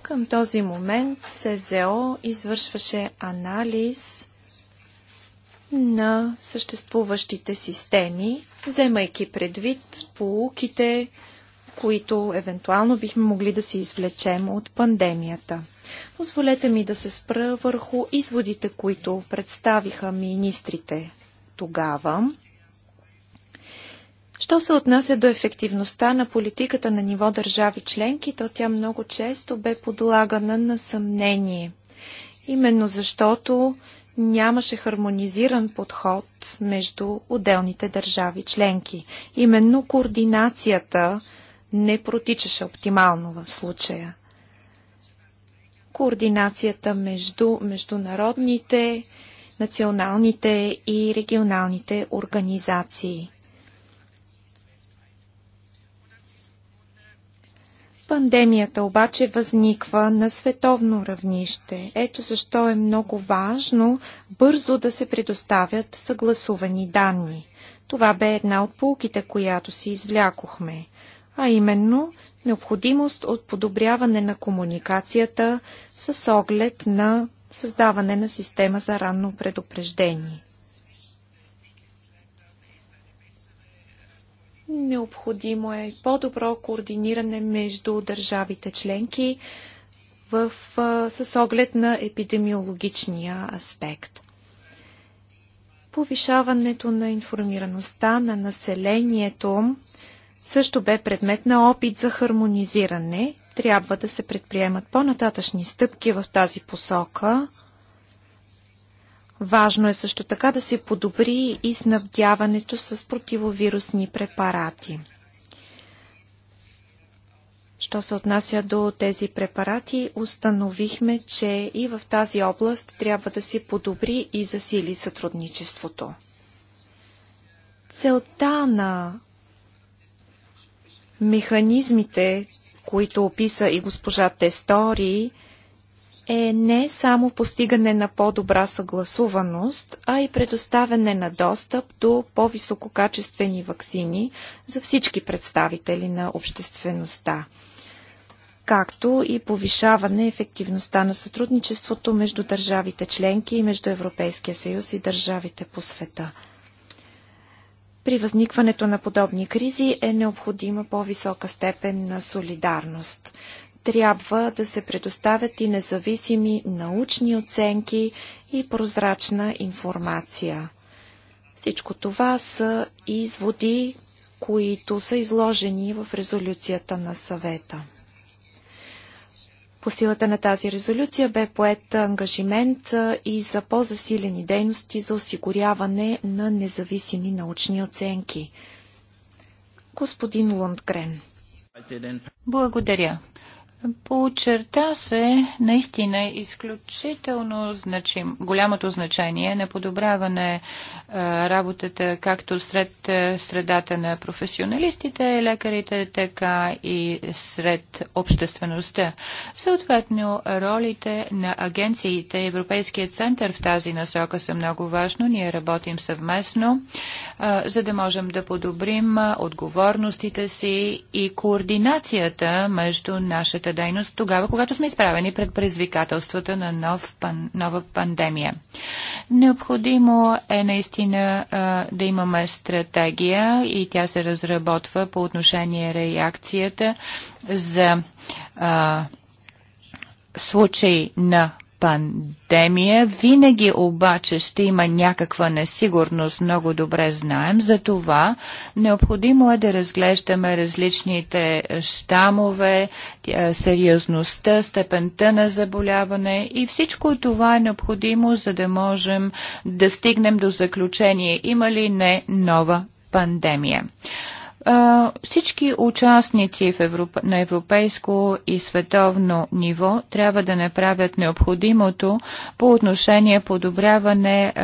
Към този момент СЗО извършваше анализ на съществуващите системи, вземайки предвид полуките, които евентуално бихме могли да се извлечем от пандемията. Позволете ми да се спра върху изводите, които представиха министрите тогава. Що се отнася до ефективността на политиката на ниво държави членки, то тя много често бе подлагана на съмнение. Именно защото нямаше хармонизиран подход между отделните държави членки. Именно координацията не протичаше оптимално в случая. Координацията между международните, националните и регионалните организации. Пандемията обаче възниква на световно равнище. Ето защо е много важно бързо да се предоставят съгласувани данни. Това бе една от полките, която си извлякохме, а именно необходимост от подобряване на комуникацията с оглед на създаване на система за ранно предупреждение. Необходимо е по-добро координиране между държавите членки в, с оглед на епидемиологичния аспект. Повишаването на информираността на населението също бе предмет на опит за хармонизиране. Трябва да се предприемат по-нататъчни стъпки в тази посока – Важно е също така да се подобри и снабдяването с противовирусни препарати. Що се отнася до тези препарати, установихме, че и в тази област трябва да се подобри и засили сътрудничеството. Целта на механизмите, които описа и госпожа Тестори, е не само постигане на по-добра съгласуваност, а и предоставяне на достъп до по-висококачествени вакцини за всички представители на обществеността, както и повишаване ефективността на сътрудничеството между държавите членки и между Европейския съюз и държавите по света. При възникването на подобни кризи е необходима по-висока степен на солидарност трябва да се предоставят и независими научни оценки и прозрачна информация. Всичко това са изводи, които са изложени в резолюцията на съвета. По силата на тази резолюция бе поет ангажимент и за по-засилени дейности за осигуряване на независими научни оценки. Господин Лундгрен. Благодаря. Поочерта се наистина изключително значим, голямото значение на подобряване а, е, работата както сред е, средата на професионалистите, лекарите, така и сред обществеността. Съответно, ролите на агенциите и Европейския център в тази насока са много важно. Ние работим съвместно, а, е, за да можем да подобрим отговорностите си и координацията между нашата дейност тогава, когато сме изправени пред предизвикателствата на нов, пан, нова пандемия. Необходимо е наистина а, да имаме стратегия и тя се разработва по отношение реакцията за а, случай на пандемия, винаги обаче ще има някаква несигурност, много добре знаем. За това необходимо е да разглеждаме различните щамове, сериозността, степента на заболяване и всичко това е необходимо, за да можем да стигнем до заключение има ли не нова пандемия всички участници в на европейско и световно ниво трябва да направят необходимото по отношение подобряване а,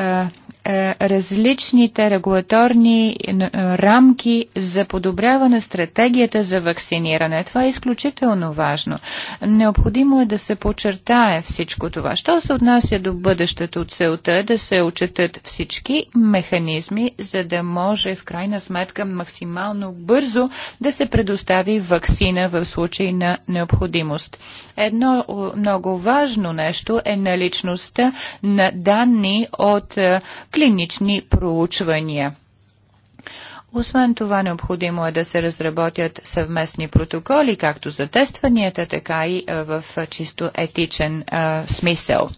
а, различните регулаторни рамки за подобряване стратегията за вакциниране. Това е изключително важно. Необходимо е да се подчертае всичко това. Що се отнася до бъдещето, целта е да се отчетат всички механизми, за да може в крайна сметка максимално бързо да се предостави вакцина в случай на необходимост. Едно много важно нещо е наличността на данни от е, клинични проучвания. Освен това, необходимо е да се разработят съвместни протоколи, както за тестванията, така и в чисто етичен а, смисъл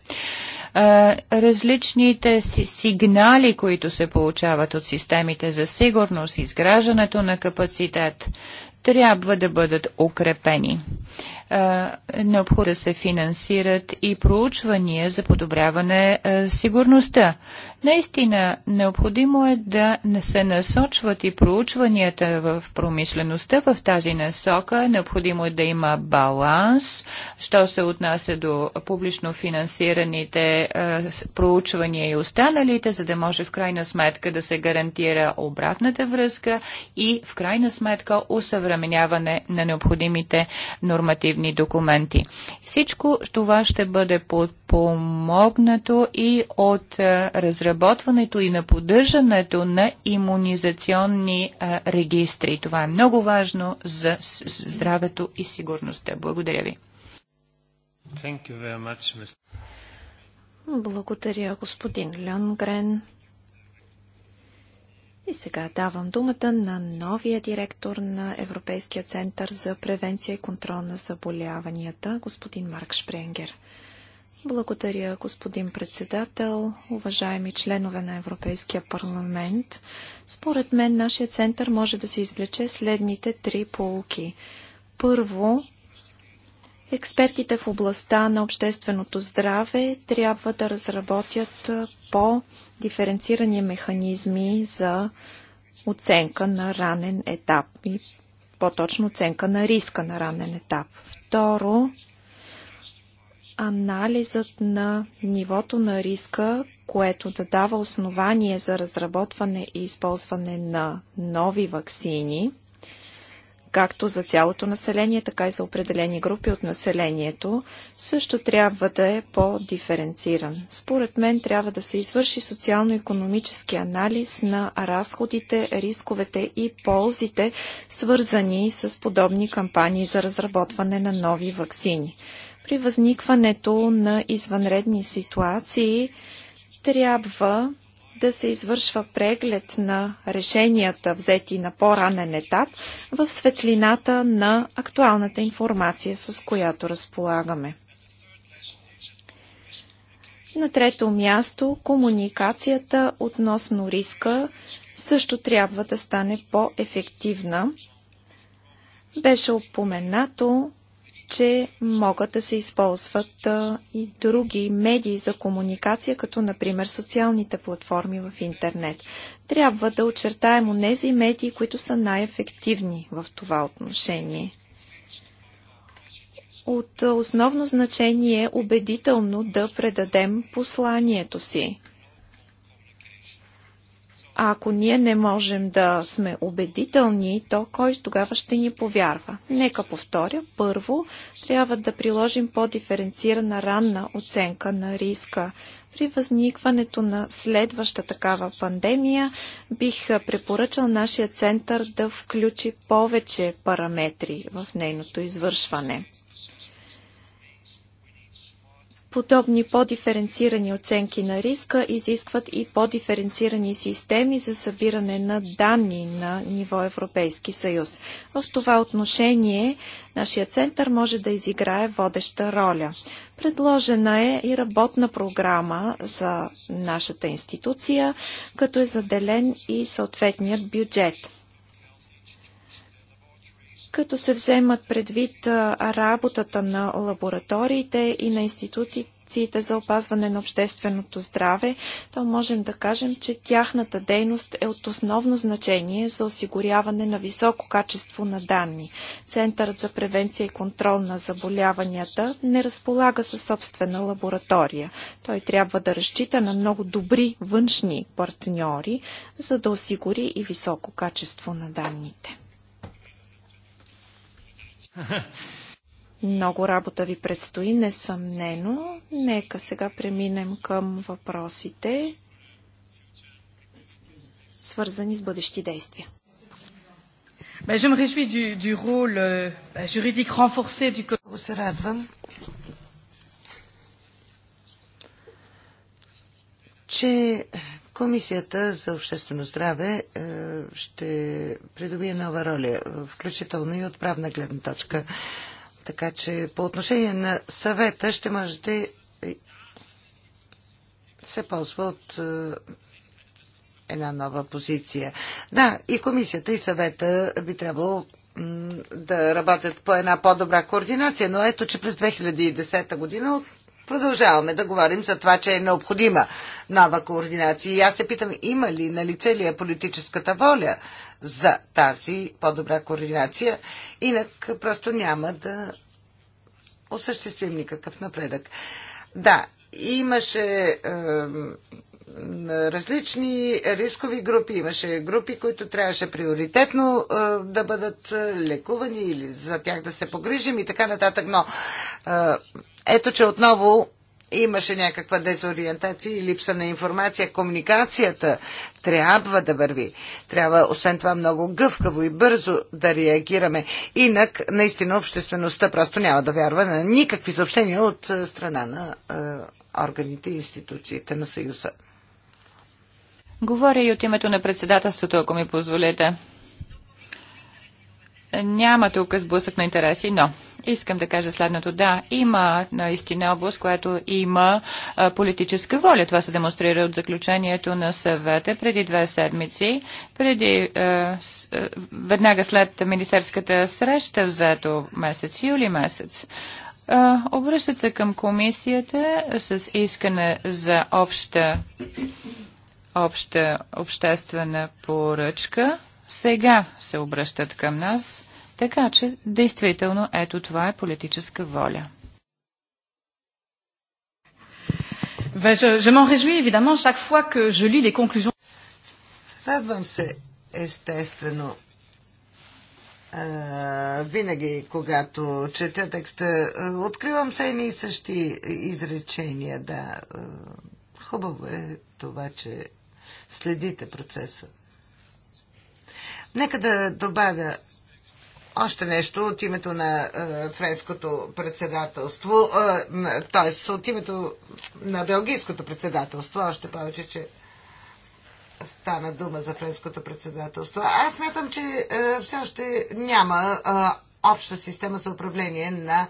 различните сигнали, които се получават от системите за сигурност, изграждането на капацитет, трябва да бъдат укрепени. Необходимо е да се финансират и проучвания за подобряване сигурността. Наистина, необходимо е да не се насочват и проучванията в промишлеността в тази насока. Необходимо е да има баланс, що се отнася до публично финансираните е, проучвания и останалите, за да може в крайна сметка да се гарантира обратната връзка и в крайна сметка усъвременяване на необходимите нормативни документи. Всичко това ще бъде подпомогнато и от е, разработването разработването и на поддържането на иммунизационни регистри. Това е много важно за здравето и сигурността. Благодаря ви. Much, Благодаря, господин Грен. И сега давам думата на новия директор на Европейския център за превенция и контрол на заболяванията, господин Марк Шпренгер. Благодаря, господин председател, уважаеми членове на Европейския парламент. Според мен нашия център може да се извлече следните три полуки. Първо, експертите в областта на общественото здраве трябва да разработят по-диференцирани механизми за оценка на ранен етап и по-точно оценка на риска на ранен етап. Второ, анализът на нивото на риска, което да дава основание за разработване и използване на нови ваксини, както за цялото население, така и за определени групи от населението, също трябва да е по-диференциран. Според мен трябва да се извърши социално-економически анализ на разходите, рисковете и ползите, свързани с подобни кампании за разработване на нови вакцини. При възникването на извънредни ситуации трябва да се извършва преглед на решенията, взети на по-ранен етап, в светлината на актуалната информация, с която разполагаме. На трето място, комуникацията относно риска също трябва да стане по-ефективна. Беше упоменато, че могат да се използват а, и други медии за комуникация, като например социалните платформи в интернет. Трябва да очертаем онези медии, които са най-ефективни в това отношение. От основно значение е убедително да предадем посланието си. А ако ние не можем да сме убедителни, то кой тогава ще ни повярва? Нека повторя. Първо, трябва да приложим по-диференцирана ранна оценка на риска. При възникването на следваща такава пандемия, бих препоръчал нашия център да включи повече параметри в нейното извършване. Подобни по-диференцирани оценки на риска изискват и по-диференцирани системи за събиране на данни на ниво Европейски съюз. В това отношение нашия център може да изиграе водеща роля. Предложена е и работна програма за нашата институция, като е заделен и съответният бюджет като се вземат предвид работата на лабораториите и на институциите за опазване на общественото здраве, то можем да кажем, че тяхната дейност е от основно значение за осигуряване на високо качество на данни. Центърът за превенция и контрол на заболяванията не разполага със собствена лаборатория. Той трябва да разчита на много добри външни партньори, за да осигури и високо качество на данните. Много работа ви предстои, несъмнено. Нека сега преминем към въпросите, свързани с бъдещи действия. Je me réjouis du, du rôle euh, juridique renforcé du че Комисията за обществено здраве е, ще придобие нова роля, включително и от правна гледна точка. Така че по отношение на съвета ще можете да се ползва от е, една нова позиция. Да, и комисията, и съвета би трябвало да работят по една по-добра координация, но ето, че през 2010 година продължаваме да говорим за това, че е необходима нова координация. И аз се питам, има ли на лице ли е политическата воля за тази по-добра координация? Инак просто няма да осъществим никакъв напредък. Да, имаше е, различни рискови групи. Имаше групи, които трябваше приоритетно да бъдат лекувани или за тях да се погрижим и така нататък. Но ето, че отново имаше някаква дезориентация и липса на информация. Комуникацията трябва да върви. Трябва, освен това, много гъвкаво и бързо да реагираме. Инак, наистина, обществеността просто няма да вярва на никакви съобщения от страна на органите и институциите на Съюза. Говоря и от името на председателството, ако ми позволите. Няма тук сблъсък на интереси, но искам да кажа следното. Да, има наистина област, която има политическа воля. Това се демонстрира от заключението на съвета преди две седмици, преди, веднага след министерската среща, взето месец юли месец. Обръщат се към комисията с искане за обща обща обществена поръчка, сега се обръщат към нас, така че действително ето това е политическа воля. Радвам се, естествено, а, винаги, когато чета текста, откривам се едни и същи изречения, да. Хубаво е това, че следите процеса. Нека да добавя още нещо от името на е, френското председателство, т.е. от името на белгийското председателство, още повече, че стана дума за френското председателство. Аз смятам, че е, все още няма е, обща система за управление на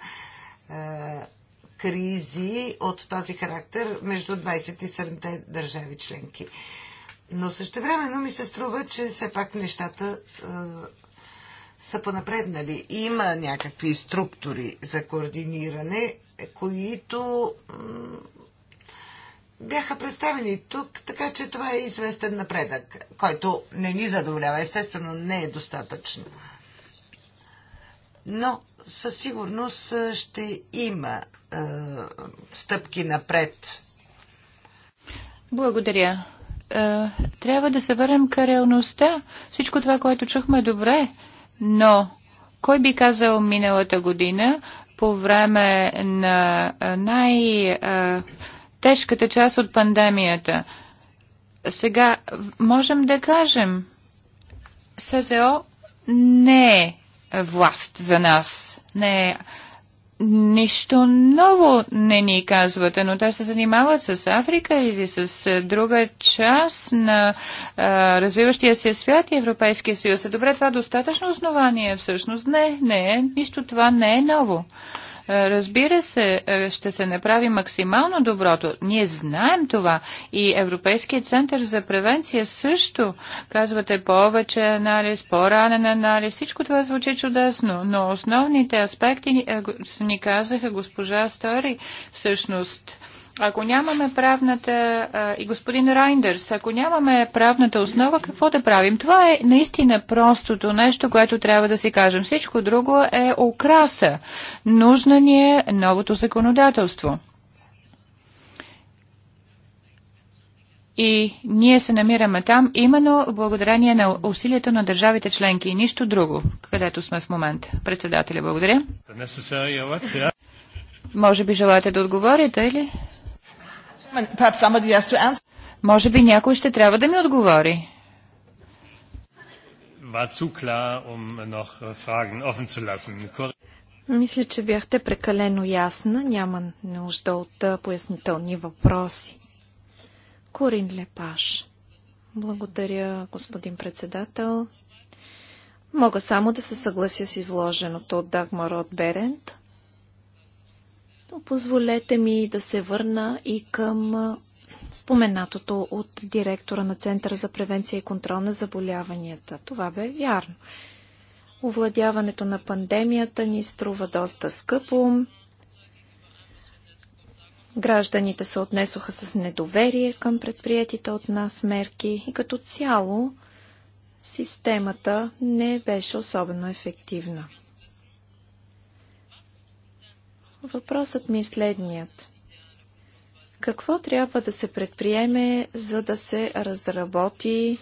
кризи от този характер между 27-те държави членки. Но същевременно ми се струва, че все пак нещата а, са понапреднали. Има някакви структури за координиране, които бяха представени тук, така че това е известен напредък, който не ни задоволява. Естествено, не е достатъчно. Но със сигурност ще има а, стъпки напред. Благодаря. Е, трябва да се върнем към реалността. Всичко това, което чухме е добре, но кой би казал миналата година по време на е, най-тежката е, част от пандемията? Сега можем да кажем, СЗО не е власт за нас, не е Нищо ново не ни казвате, но те се занимават с Африка или с е, друга част на а, е, развиващия се свят и Европейския съюз. Е, добре, това достатъчно основание всъщност? Не, не е. Нищо това не е ново. Е, разбира се, е, ще се направи максимално доброто. Ние знаем това. И Европейският център за превенция също. Казвате повече анализ, по-ранен анализ. Всичко това звучи чудесно. Но основните аспекти е, ни, казаха госпожа Стори. Всъщност, ако нямаме правната, и господин Райндърс, ако нямаме правната основа, какво да правим? Това е наистина простото нещо, което трябва да си кажем. Всичко друго е окраса. Нужна ни е новото законодателство. И ние се намираме там именно благодарение на усилията на държавите членки и нищо друго, където сме в момента. Председателя, благодаря. Може би желаете да отговорите или? Може би някой ще трябва да ми отговори. Um äh, Мисля, че бяхте прекалено ясна. Няма нужда от пояснителни въпроси. Корин Лепаш. Благодаря, господин председател. Мога само да се съглася с изложеното от Дагмар от Берент. То позволете ми да се върна и към споменатото от директора на Центъра за превенция и контрол на заболяванията. Това бе вярно. Овладяването на пандемията ни струва доста скъпо. Гражданите се отнесоха с недоверие към предприятите от нас мерки и като цяло системата не беше особено ефективна. Въпросът ми е следният. Какво трябва да се предприеме, за да се разработи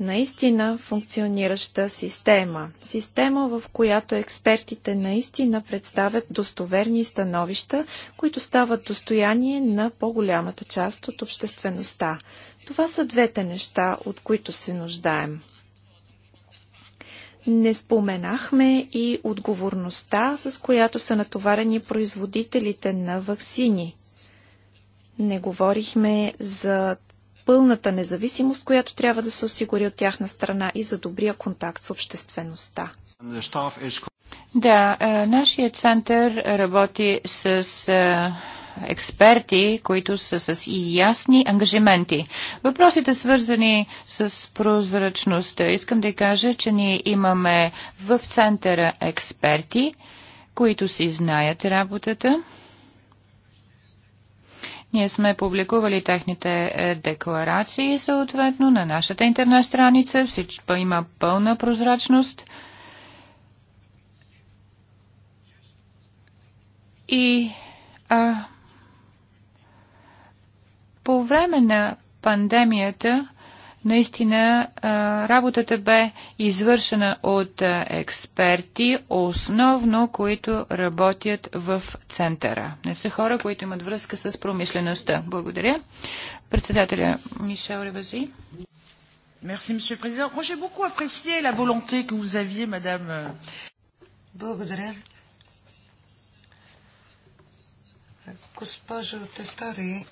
наистина функционираща система. Система, в която експертите наистина представят достоверни становища, които стават достояние на по-голямата част от обществеността. Това са двете неща, от които се нуждаем. Не споменахме и отговорността, с която са натоварени производителите на ваксини. Не говорихме за пълната независимост, която трябва да се осигури от тяхна страна и за добрия контакт с обществеността. Да, е, нашия център работи с е, експерти, които са с и ясни ангажименти. Въпросите свързани с прозрачността. Искам да кажа, че ние имаме в центъра експерти, които си знаят работата. Ние сме публикували техните е, декларации съответно на нашата интернет страница. Всичко има пълна прозрачност. И а, по време на пандемията, наистина работата бе извършена от експерти, основно които работят в центъра. Не са хора, които имат връзка с промишлеността. Благодаря. Председателя Мишел Ревази. Merci, Monsieur le Président. Moi, j'ai beaucoup apprécié la volonté que vous aviez, Madame. Euh, Благодаря. Госпожо Тестари,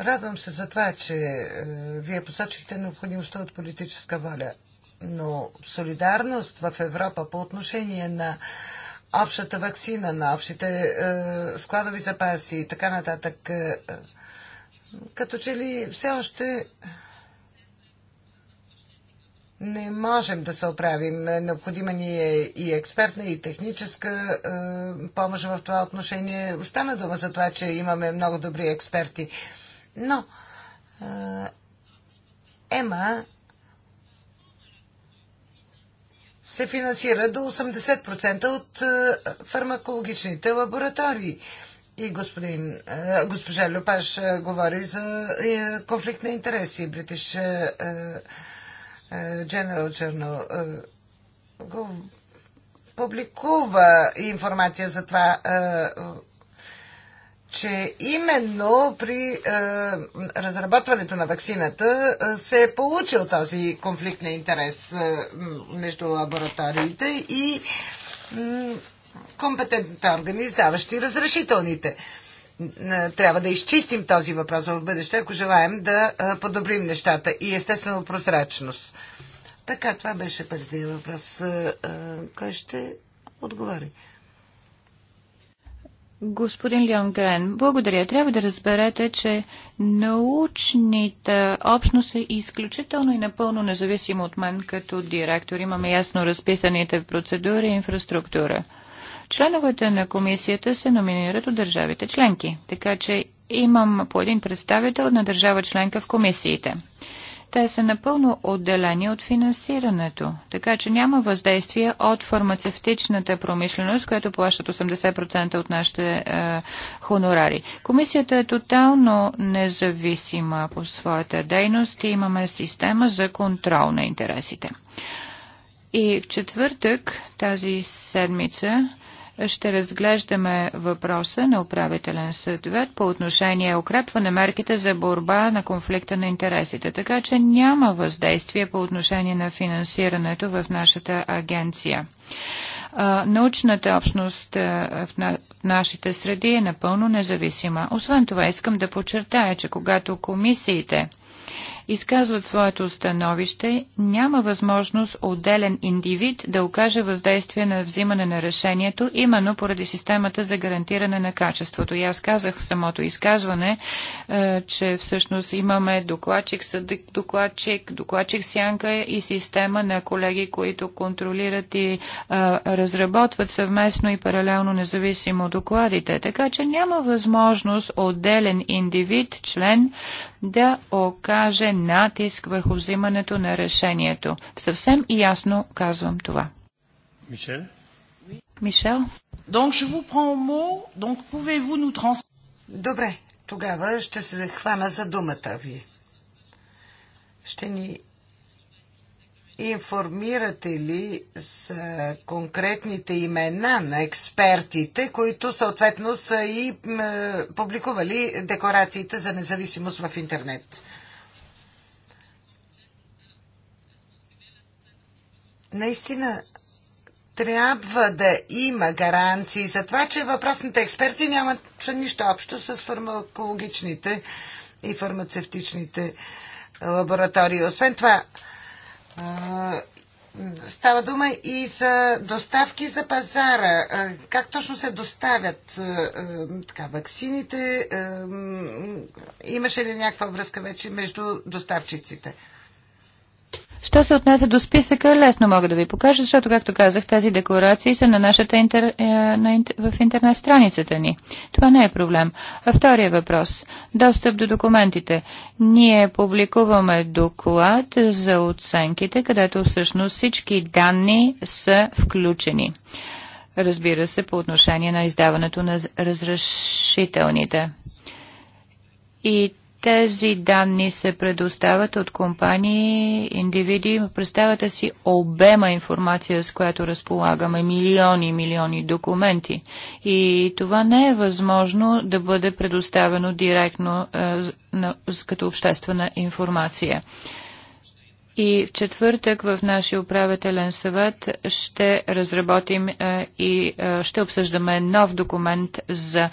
Радвам се за това, че е, вие посочихте необходимостта от политическа воля. Но солидарност в Европа по отношение на общата вакцина, на общите е, складови запаси и така нататък, е, като че ли все още не можем да се оправим. Необходима ни е и експертна, и техническа е, помощ в това отношение. Остана дума за това, че имаме много добри експерти. Но ЕМА се финансира до 80% от фармакологичните лаборатории. И господин, госпожа Люпаш говори за е, конфликт на интереси. Бритиш Дженерал Черно го публикува информация за това че именно при е, разработването на вакцината е, се е получил този конфликт на интерес е, между лабораториите и е, компетентните органи, издаващи разрешителните. Е, трябва да изчистим този въпрос в бъдеще, ако желаем да е, подобрим нещата и естествено прозрачност. Така, това беше първият въпрос. Е, кой ще отговори? Господин Грен, благодаря. Трябва да разберете, че научните общност е изключително и напълно независимо от мен като директор. Имаме ясно разписаните процедури и инфраструктура. Членовете на комисията се номинират от държавите членки, така че имам по един представител на държава членка в комисиите. Те са напълно отделени от финансирането, така че няма въздействие от фармацевтичната промишленост, която плащат 80% от нашите е, хонорари. Комисията е тотално независима по своята дейност и имаме система за контрол на интересите. И в четвъртък тази седмица ще разглеждаме въпроса на управителен съдвет по отношение укрепване мерките за борба на конфликта на интересите, така че няма въздействие по отношение на финансирането в нашата агенция. научната общност в нашите среди е напълно независима. Освен това, искам да подчертая, че когато комисиите изказват своето становище, няма възможност отделен индивид да окаже въздействие на взимане на решението, именно поради системата за гарантиране на качеството. И аз казах в самото изказване, е, че всъщност имаме докладчик, съдък, докладчик, докладчик сянка и система на колеги, които контролират и е, разработват съвместно и паралелно независимо докладите. Така че няма възможност отделен индивид, член да окаже натиск върху взимането на решението. Съвсем и ясно казвам това. Мишел? Мишел? Donc, je vous prends au mot, donc pouvez-vous nous trans... Добре, тогава ще се хвана за думата ви. Ще ни информирате ли с конкретните имена на експертите, които съответно са и публикували декларациите за независимост в интернет? Наистина, трябва да има гаранции за това, че въпросните експерти нямат нищо общо с фармакологичните и фармацевтичните лаборатории. Освен това, Става дума и за доставки за пазара. Как точно се доставят така, ваксините? Имаше ли някаква връзка вече между доставчиците? Що се отнася до списъка, лесно мога да ви покажа, защото, както казах, тези декларации са на нашата интер... Е, на интер... в интернет страницата ни. Това не е проблем. А втория въпрос. Достъп до документите. Ние публикуваме доклад за оценките, където всъщност всички данни са включени. Разбира се, по отношение на издаването на разрешителните. И тези данни се предоставят от компании, индивиди. Представете си обема информация, с която разполагаме. Милиони, милиони документи. И това не е възможно да бъде предоставено директно е, на, като обществена информация. И в четвъртък в нашия управителен съвет ще разработим е, и е, ще обсъждаме нов документ за е,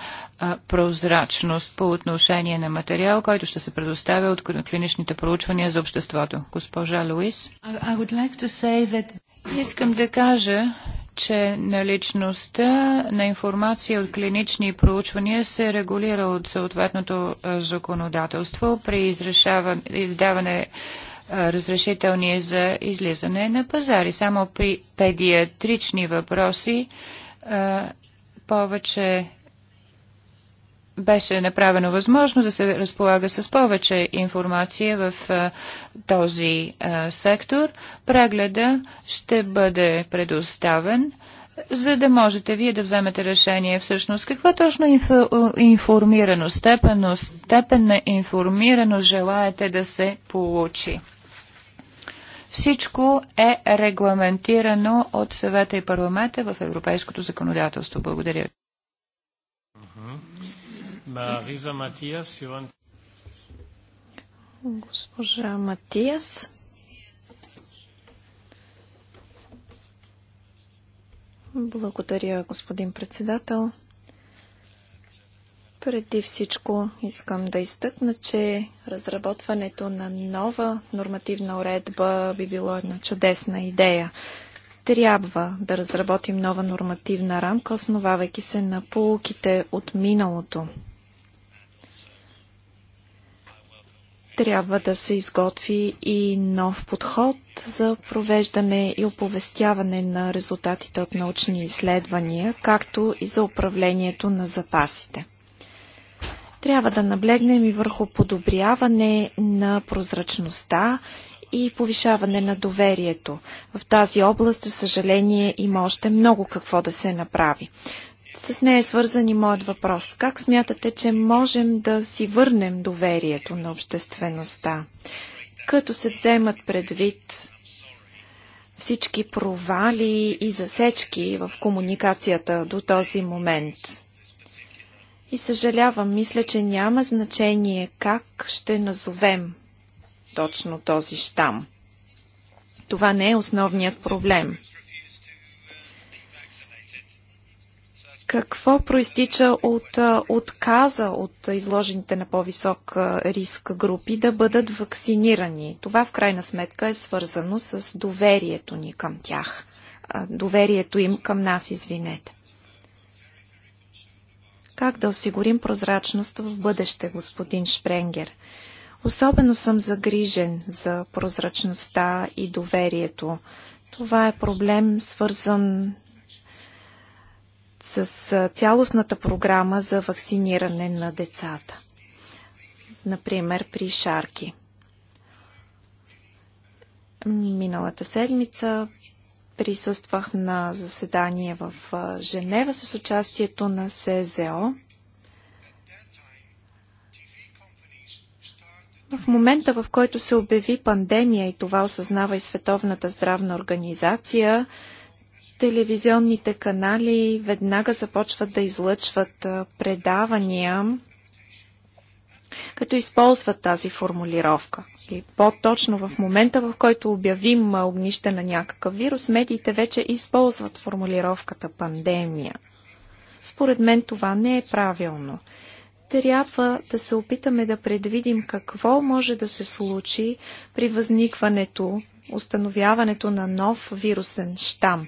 прозрачност по отношение на материал, който ще се предоставя от клиничните проучвания за обществото. Госпожа Луис. Искам да кажа, че наличността на информация от клинични проучвания се регулира от съответното законодателство при издаване разрешителни за излизане на пазари. Само при педиатрични въпроси повече беше направено възможно да се разполага с повече информация в този сектор. Прегледа ще бъде предоставен, за да можете вие да вземете решение всъщност каква точно инф... информираност, степен, степен на информираност желаете да се получи. Всичко е регламентирано от съвета и парламента в европейското законодателство. Благодаря. Мариза Матиас, Госпожа Матиас. Благодаря, господин председател. Преди всичко искам да изтъкна, че разработването на нова нормативна уредба би било една чудесна идея. Трябва да разработим нова нормативна рамка, основавайки се на полуките от миналото. Трябва да се изготви и нов подход за провеждане и оповестяване на резултатите от научни изследвания, както и за управлението на запасите. Трябва да наблегнем и върху подобряване на прозрачността и повишаване на доверието. В тази област, за съжаление, има още много какво да се направи. С нея е свързан и моят въпрос. Как смятате, че можем да си върнем доверието на обществеността, като се вземат предвид всички провали и засечки в комуникацията до този момент? И съжалявам, мисля, че няма значение как ще назовем точно този щам. Това не е основният проблем. Какво проистича от отказа от изложените на по-висок риск групи да бъдат вакцинирани? Това в крайна сметка е свързано с доверието ни към тях. Доверието им към нас, извинете. Как да осигурим прозрачност в бъдеще, господин Шпренгер? Особено съм загрижен за прозрачността и доверието. Това е проблем свързан с цялостната програма за вакциниране на децата. Например, при шарки. Миналата седмица Присъствах на заседание в Женева с участието на СЗО. В момента, в който се обяви пандемия и това осъзнава и Световната здравна организация, телевизионните канали веднага започват да излъчват предавания като използват тази формулировка. И по-точно в момента, в който обявим огнище на някакъв вирус, медиите вече използват формулировката пандемия. Според мен това не е правилно. Трябва да се опитаме да предвидим какво може да се случи при възникването, установяването на нов вирусен щам.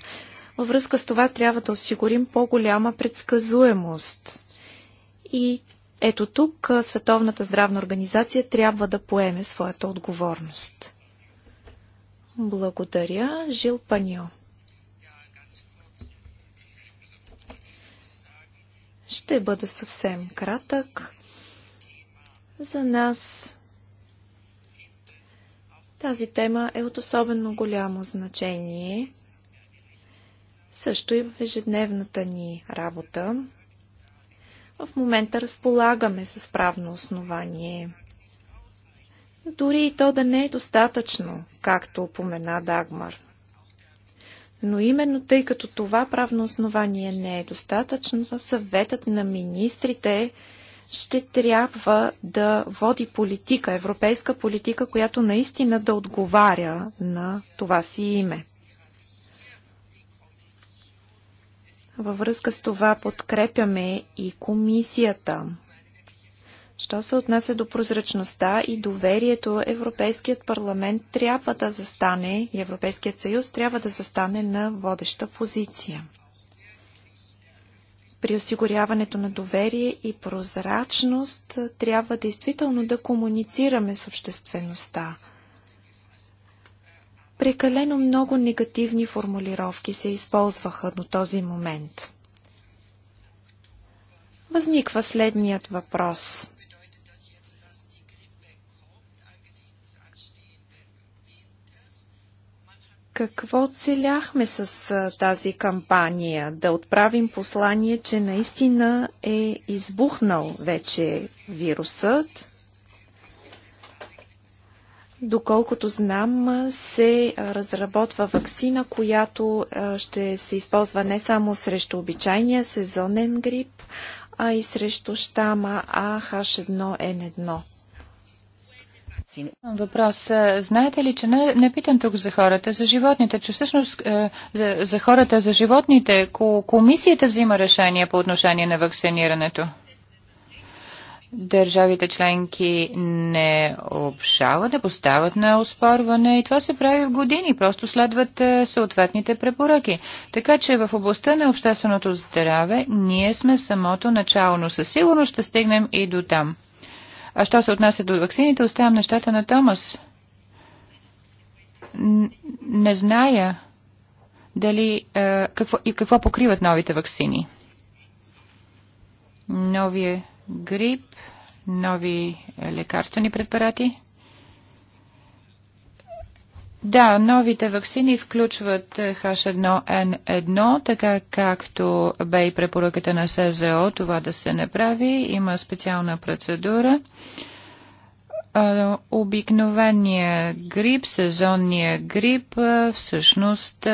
Във връзка с това трябва да осигурим по-голяма предсказуемост. И ето тук Световната здравна организация трябва да поеме своята отговорност. Благодаря, Жил Паньо. Ще бъда съвсем кратък. За нас тази тема е от особено голямо значение. Също и в ежедневната ни работа в момента разполагаме с правно основание. Дори и то да не е достатъчно, както упомена Дагмар. Но именно тъй като това правно основание не е достатъчно, съветът на министрите ще трябва да води политика, европейска политика, която наистина да отговаря на това си име. Във връзка с това подкрепяме и комисията. Що се отнася до прозрачността и доверието, Европейският парламент трябва да застане и Европейският съюз трябва да застане на водеща позиция. При осигуряването на доверие и прозрачност трябва действително да комуницираме с обществеността – Прекалено много негативни формулировки се използваха до този момент. Възниква следният въпрос. какво целяхме с тази кампания? Да отправим послание, че наистина е избухнал вече вирусът, Доколкото знам, се разработва вакцина, която ще се използва не само срещу обичайния сезонен грип, а и срещу щама АХ1Н1. Въпрос. Знаете ли, че не, не питам тук за хората, за животните, че всъщност е, за хората, за животните, комисията взима решение по отношение на вакцинирането? държавите членки не обжават, не поставят на оспорване и това се прави в години, просто следват е, съответните препоръки. Така че в областта на общественото здраве ние сме в самото начало, но със сигурност ще стигнем и до там. А що се отнася до вакцините, оставям нещата на Томас. Н не зная дали е, какво, и какво покриват новите вакцини. Новия грип, нови лекарствени препарати. Да, новите вакцини включват H1N1, така както бе и препоръката на СЗО това да се направи. Има специална процедура обикновения грип, сезонния грип, всъщност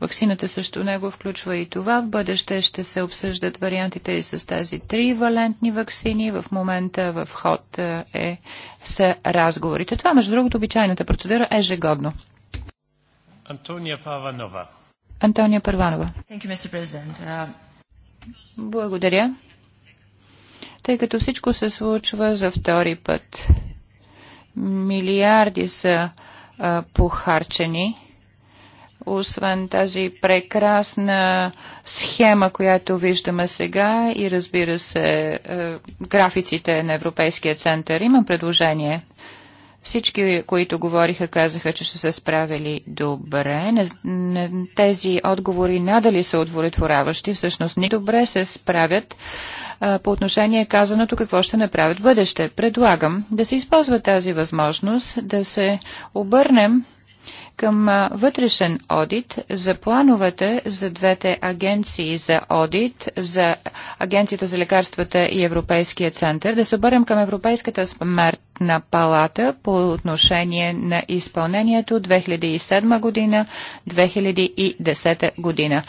вакцината срещу него включва и това. В бъдеще ще се обсъждат вариантите и с тези три валентни вакцини. В момента в ход е, са разговорите. Това, между другото, обичайната процедура е ежегодно. Антония Паванова. Антония Първанова. Uh, Благодаря тъй като всичко се случва за втори път. Милиарди са а, похарчени. Освен тази прекрасна схема, която виждаме сега и разбира се а, графиците на Европейския център, имам предложение. Всички, които говориха, казаха, че ще се справили добре. Не, не, тези отговори надали са удовлетворяващи. Всъщност ни добре се справят по отношение казаното какво ще направят бъдеще. Предлагам да се използва тази възможност да се обърнем към вътрешен одит за плановете за двете агенции за одит, за Агенцията за лекарствата и Европейския център, да се обърнем към Европейската смертна палата по отношение на изпълнението 2007 година, 2010 година.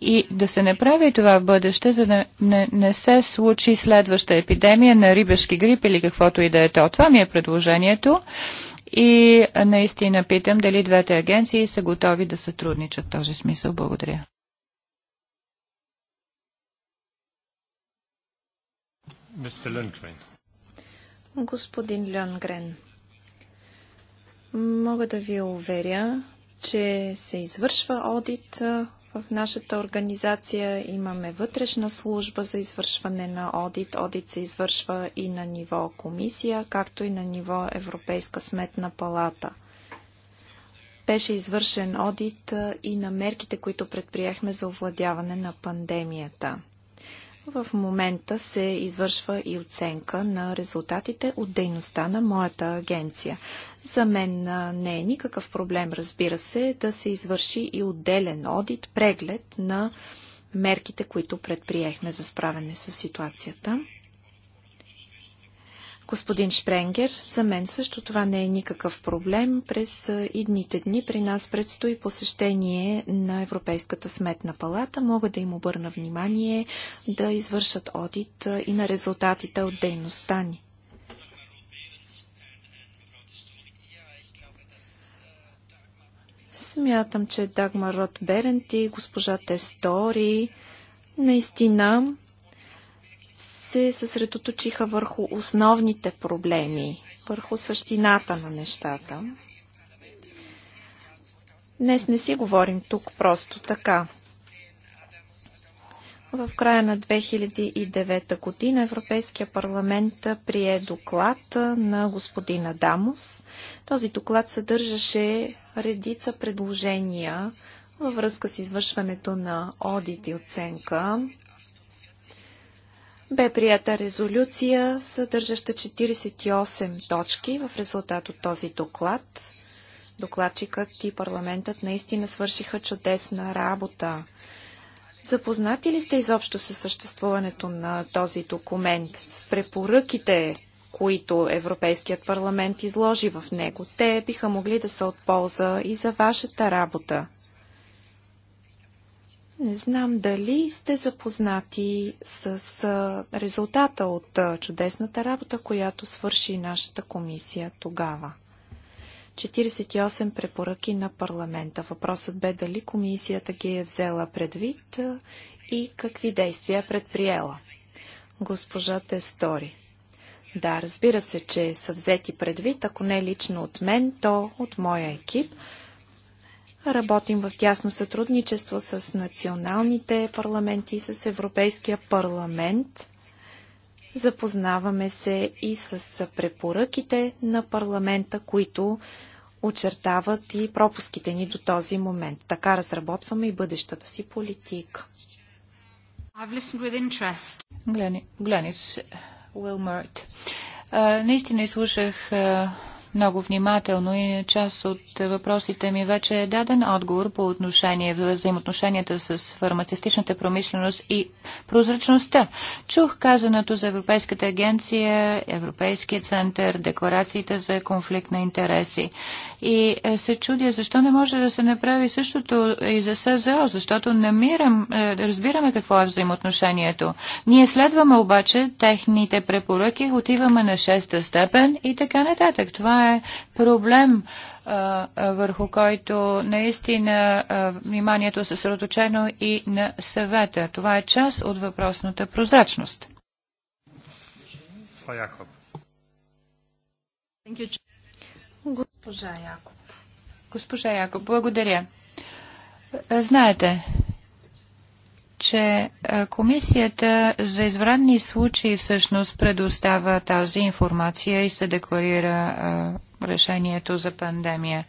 И да се направи това в бъдеще, за да не, не се случи следваща епидемия на рибешки грип или каквото и да е то. Това ми е предложението и наистина питам дали двете агенции са готови да сътрудничат в този смисъл. Благодаря. Господин Льонгрен, мога да ви уверя, че се извършва одит в нашата организация имаме вътрешна служба за извършване на одит. Одит се извършва и на ниво комисия, както и на ниво Европейска сметна палата. Беше извършен одит и на мерките, които предприехме за овладяване на пандемията. В момента се извършва и оценка на резултатите от дейността на моята агенция. За мен не е никакъв проблем, разбира се, да се извърши и отделен одит, преглед на мерките, които предприехме за справяне с ситуацията. Господин Шпренгер, за мен също това не е никакъв проблем. През идните дни при нас предстои посещение на Европейската сметна палата. Мога да им обърна внимание да извършат одит и на резултатите от дейността ни. Смятам, че Дагмар Рот Берент и госпожа Тестори наистина се съсредоточиха върху основните проблеми, върху същината на нещата. Днес не си говорим тук просто така. В края на 2009 година Европейския парламент прие доклад на господин Адамус. Този доклад съдържаше редица предложения във връзка с извършването на одит и оценка бе прията резолюция, съдържаща 48 точки в резултат от този доклад. Докладчикът и парламентът наистина свършиха чудесна работа. Запознати ли сте изобщо със съществуването на този документ, с препоръките, които Европейският парламент изложи в него? Те биха могли да са от полза и за вашата работа. Не знам дали сте запознати с резултата от чудесната работа, която свърши нашата комисия тогава. 48 препоръки на парламента. Въпросът бе дали комисията ги е взела предвид и какви действия е предприела. Госпожа Тестори. Да, разбира се, че са взети предвид, ако не лично от мен, то от моя екип – Работим в тясно сътрудничество с националните парламенти, и с Европейския парламент. Запознаваме се и с препоръките на парламента, които очертават и пропуските ни до този момент. Така разработваме и бъдещата си политика. Глени, Уилмърт. Наистина изслушах uh, много внимателно и част от въпросите ми вече е даден отговор по отношение взаимоотношенията с фармацевтичната промишленост и прозрачността. Чух казаното за Европейската агенция, Европейския център, декларациите за конфликт на интереси. И е, се чудя защо не може да се направи същото и за СЗО, защото намирам, е, разбираме какво е взаимоотношението. Ние следваме обаче техните препоръки, отиваме на шеста степен и така нататък. Това е е проблем, върху който наистина вниманието се съсредоточено и на съвета. Това е част от въпросната прозрачност. Госпожа Якоб. Госпожа Якоб, благодаря. Знаете, че е, комисията за извранни случаи всъщност предоставя тази информация и се декларира е, решението за пандемия.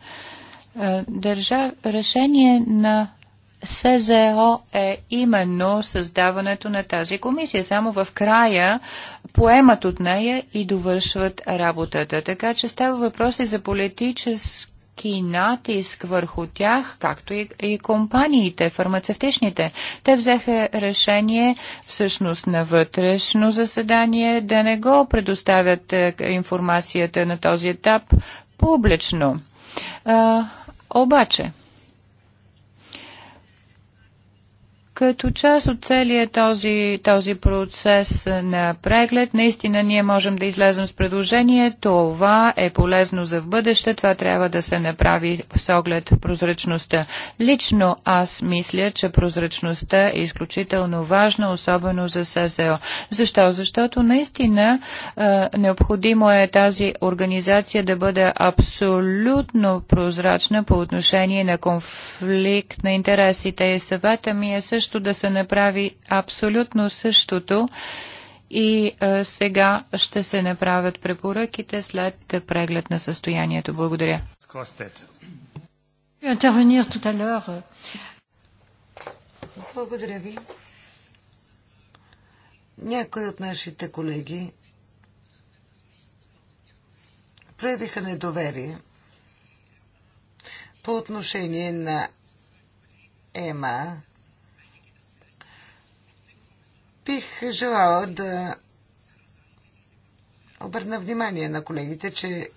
Е, държа... Решение на СЗО е именно създаването на тази комисия. Само в края поемат от нея и довършват работата. Така че става въпрос и за политически всеки натиск върху тях, както и, и компаниите, фармацевтичните. Те взеха решение всъщност на вътрешно заседание да не го предоставят е, информацията на този етап публично. А, обаче, Като част от целият този, този процес на преглед, наистина ние можем да излезем с предложение. Това е полезно за в бъдеще. Това трябва да се направи с оглед прозрачността. Лично аз мисля, че прозрачността е изключително важна, особено за СЗО. Защо? Защото наистина е, необходимо е тази организация да бъде абсолютно прозрачна по отношение на конфликт на интересите. И съвета ми е също също да се направи абсолютно същото и а, сега ще се направят препоръките след преглед на състоянието. Благодаря. Е, Благодаря ви. Някои от нашите колеги проявиха недоверие по отношение на ЕМА Бих желала да обърна внимание на колегите, че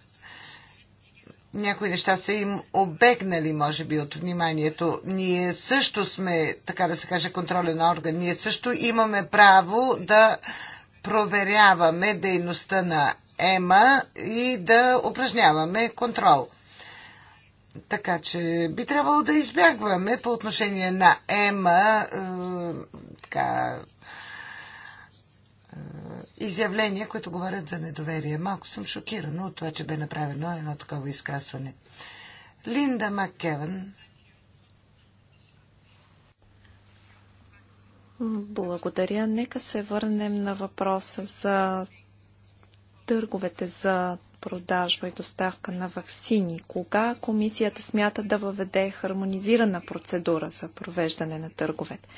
някои неща са им обегнали, може би, от вниманието. Ние също сме, така да се каже, контролен орган. Ние също имаме право да проверяваме дейността на ЕМА и да упражняваме контрол. Така че би трябвало да избягваме по отношение на ЕМА е, така, изявления, които говорят за недоверие. Малко съм шокирана от това, че бе направено едно такова изказване. Линда Маккевен. Благодаря. Нека се върнем на въпроса за търговете за продажба и доставка на ваксини. Кога комисията смята да въведе хармонизирана процедура за провеждане на търговете?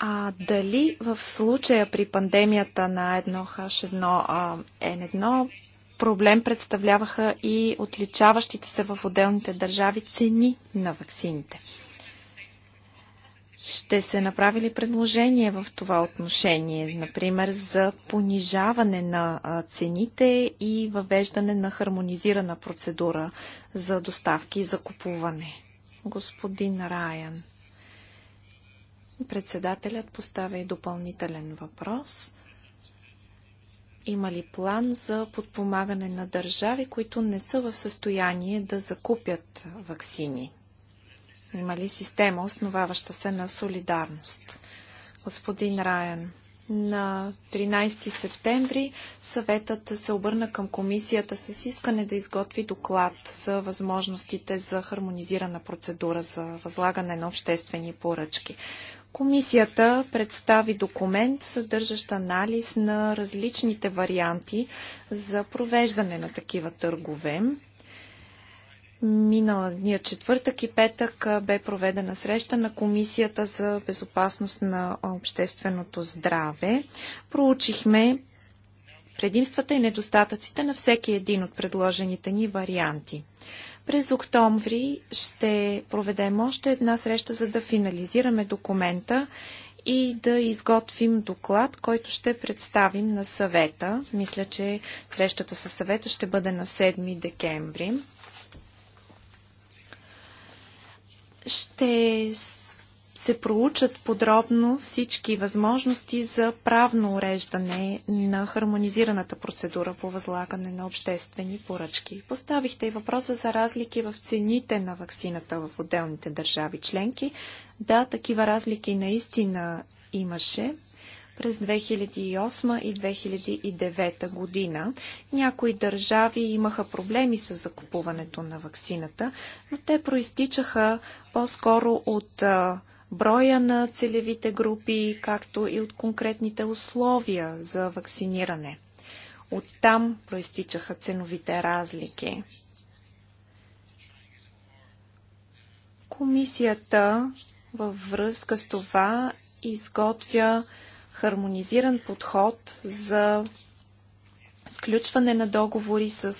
А дали в случая при пандемията на 1H1N1 проблем представляваха и отличаващите се в отделните държави цени на ваксините? Ще се направи ли предложение в това отношение, например за понижаване на цените и въвеждане на хармонизирана процедура за доставки и закупуване? Господин Райан. Председателят поставя и допълнителен въпрос. Има ли план за подпомагане на държави, които не са в състояние да закупят ваксини? Има ли система, основаваща се на солидарност? Господин Райан, на 13 септември съветът се обърна към комисията с искане да изготви доклад за възможностите за хармонизирана процедура за възлагане на обществени поръчки. Комисията представи документ, съдържащ анализ на различните варианти за провеждане на такива търгове. Минала дния четвъртък и петък бе проведена среща на Комисията за безопасност на общественото здраве. Проучихме предимствата и недостатъците на всеки един от предложените ни варианти. През октомври ще проведем още една среща, за да финализираме документа и да изготвим доклад, който ще представим на съвета. Мисля, че срещата със съвета ще бъде на 7 декември. Ще се проучат подробно всички възможности за правно уреждане на хармонизираната процедура по възлагане на обществени поръчки. Поставихте и въпроса за разлики в цените на ваксината в отделните държави членки. Да, такива разлики наистина имаше през 2008 и 2009 година. Някои държави имаха проблеми с закупуването на ваксината, но те проистичаха по-скоро от а, броя на целевите групи, както и от конкретните условия за вакциниране. Оттам проистичаха ценовите разлики. Комисията във връзка с това изготвя хармонизиран подход за сключване на договори с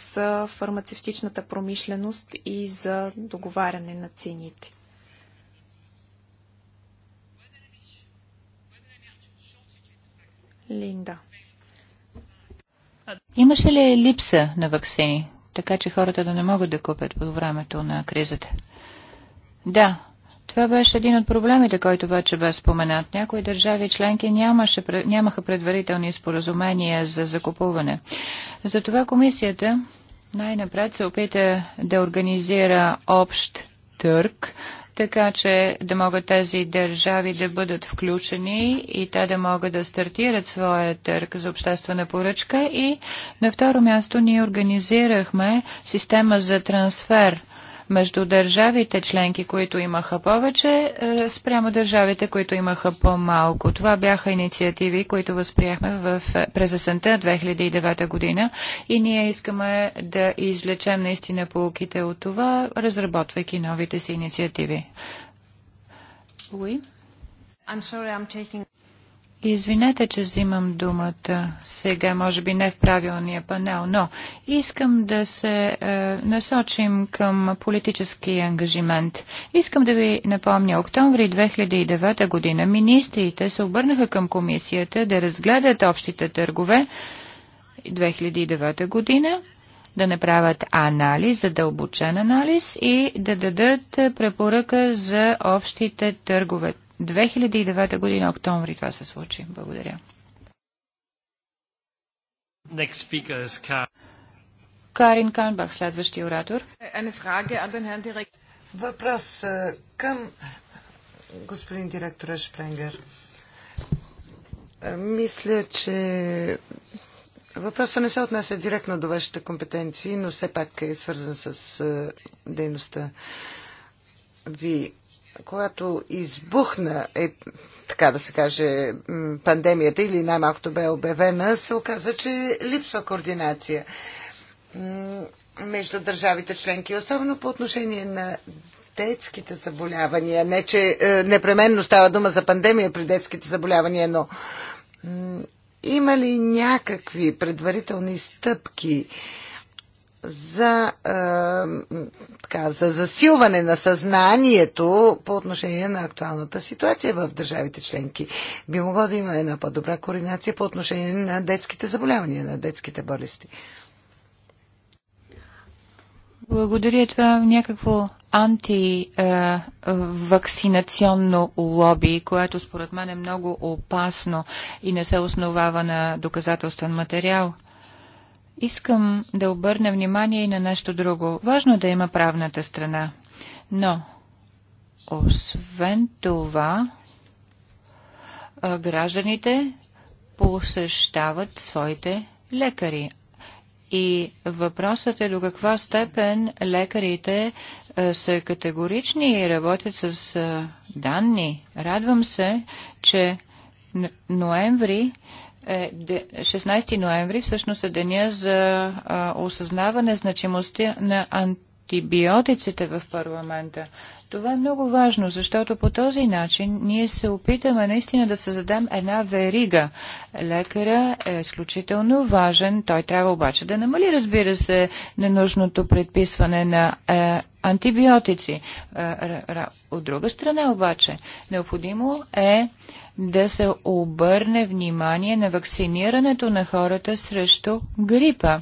фармацевтичната промишленост и за договаряне на цените. Линда. Имаше ли липса на вакцини, така че хората да не могат да купят по времето на кризата? Да, това беше един от проблемите, който обаче бе споменат. Някои държави членки нямаше, нямаха предварителни споразумения за закупуване. Затова комисията най-напред се опита да организира общ търк така че да могат тези държави да бъдат включени и те да могат да стартират своя търг за обществена поръчка. И на второ място ние организирахме система за трансфер между държавите членки, които имаха повече, е, спрямо държавите, които имаха по-малко. Това бяха инициативи, които възприехме в, през есента 2009 година и ние искаме да извлечем наистина полуките от това, разработвайки новите си инициативи. Oui. I'm sorry, I'm taking... Извинете, че взимам думата сега, може би не в правилния панел, но искам да се е, насочим към политически ангажимент. Искам да ви напомня, октомври 2009 година министрите се обърнаха към комисията да разгледат общите търгове 2009 година да направят анализ, задълбочен анализ и да дадат препоръка за общите търгове. 2009 година, октомври, това се случи. Благодаря. Карин Канбах, следващия оратор. Въпрос към господин директора Шпренгер. Мисля, че въпросът не се отнася директно до вашите компетенции, но все пак е свързан с дейността ви когато избухна, е, така да се каже, пандемията или най-малкото бе обявена, се оказа, че липсва координация между държавите членки, особено по отношение на детските заболявания. Не, че е, непременно става дума за пандемия при детските заболявания, но има ли някакви предварителни стъпки? за, така, за засилване на съзнанието по отношение на актуалната ситуация в държавите членки. Би могло да има една по-добра координация по отношение на детските заболявания, на детските болести. Благодаря това е някакво антивакцинационно лоби, което според мен е много опасно и не се основава на доказателствен материал. Искам да обърна внимание и на нещо друго. Важно да има правната страна. Но, освен това, гражданите посещават своите лекари. И въпросът е до каква степен лекарите са категорични и работят с данни. Радвам се, че ноември е 16 ноември, всъщност е деня за осъзнаване значимостта на антибиотиците в парламента. Това е много важно, защото по този начин ние се опитаме наистина да създадем една верига. Лекаря е изключително важен, той трябва обаче да намали, разбира се, ненужното предписване на е, антибиотици. Е, от друга страна обаче, необходимо е да се обърне внимание на вакцинирането на хората срещу грипа.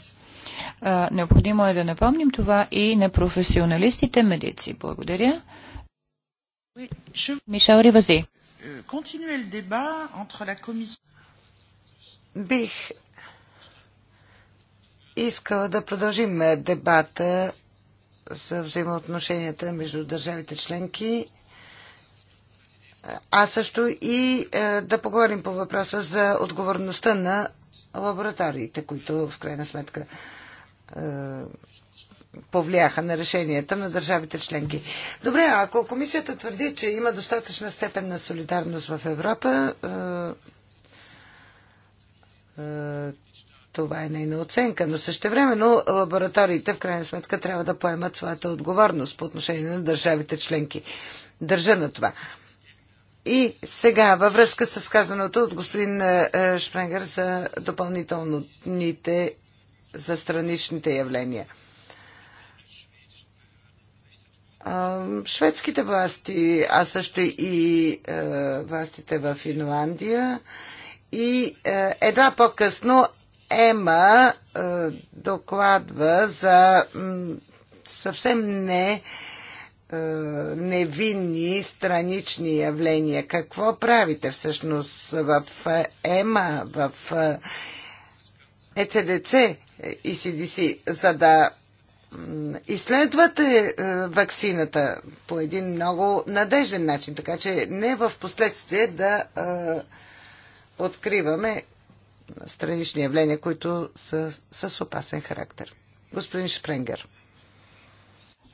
А, необходимо е да напомним това и на професионалистите медици. Благодаря. Мишел Ривази. Бих искала да продължим дебата за взаимоотношенията между държавите членки, а също и е, да поговорим по въпроса за отговорността на лабораториите, които в крайна сметка е, повлияха на решенията на държавите членки. Добре, ако комисията твърди, че има достатъчна степен на солидарност в Европа, е, е, това е нейна оценка, но времено лабораториите в крайна сметка трябва да поемат своята отговорност по отношение на държавите членки. Държа на това. И сега, във връзка с казаното от господин Шпренгер за допълнителните за страничните явления. Шведските власти, а също и е, властите в Финландия и е, една по-късно Ема е, докладва за съвсем не невинни странични явления. Какво правите всъщност в ЕМА, в ЕЦДЦ? И CDC. за да изследвате е, ваксината по един много надежден начин, така че не в последствие да е, откриваме странични явления, които са с опасен характер. Господин Шпренгер.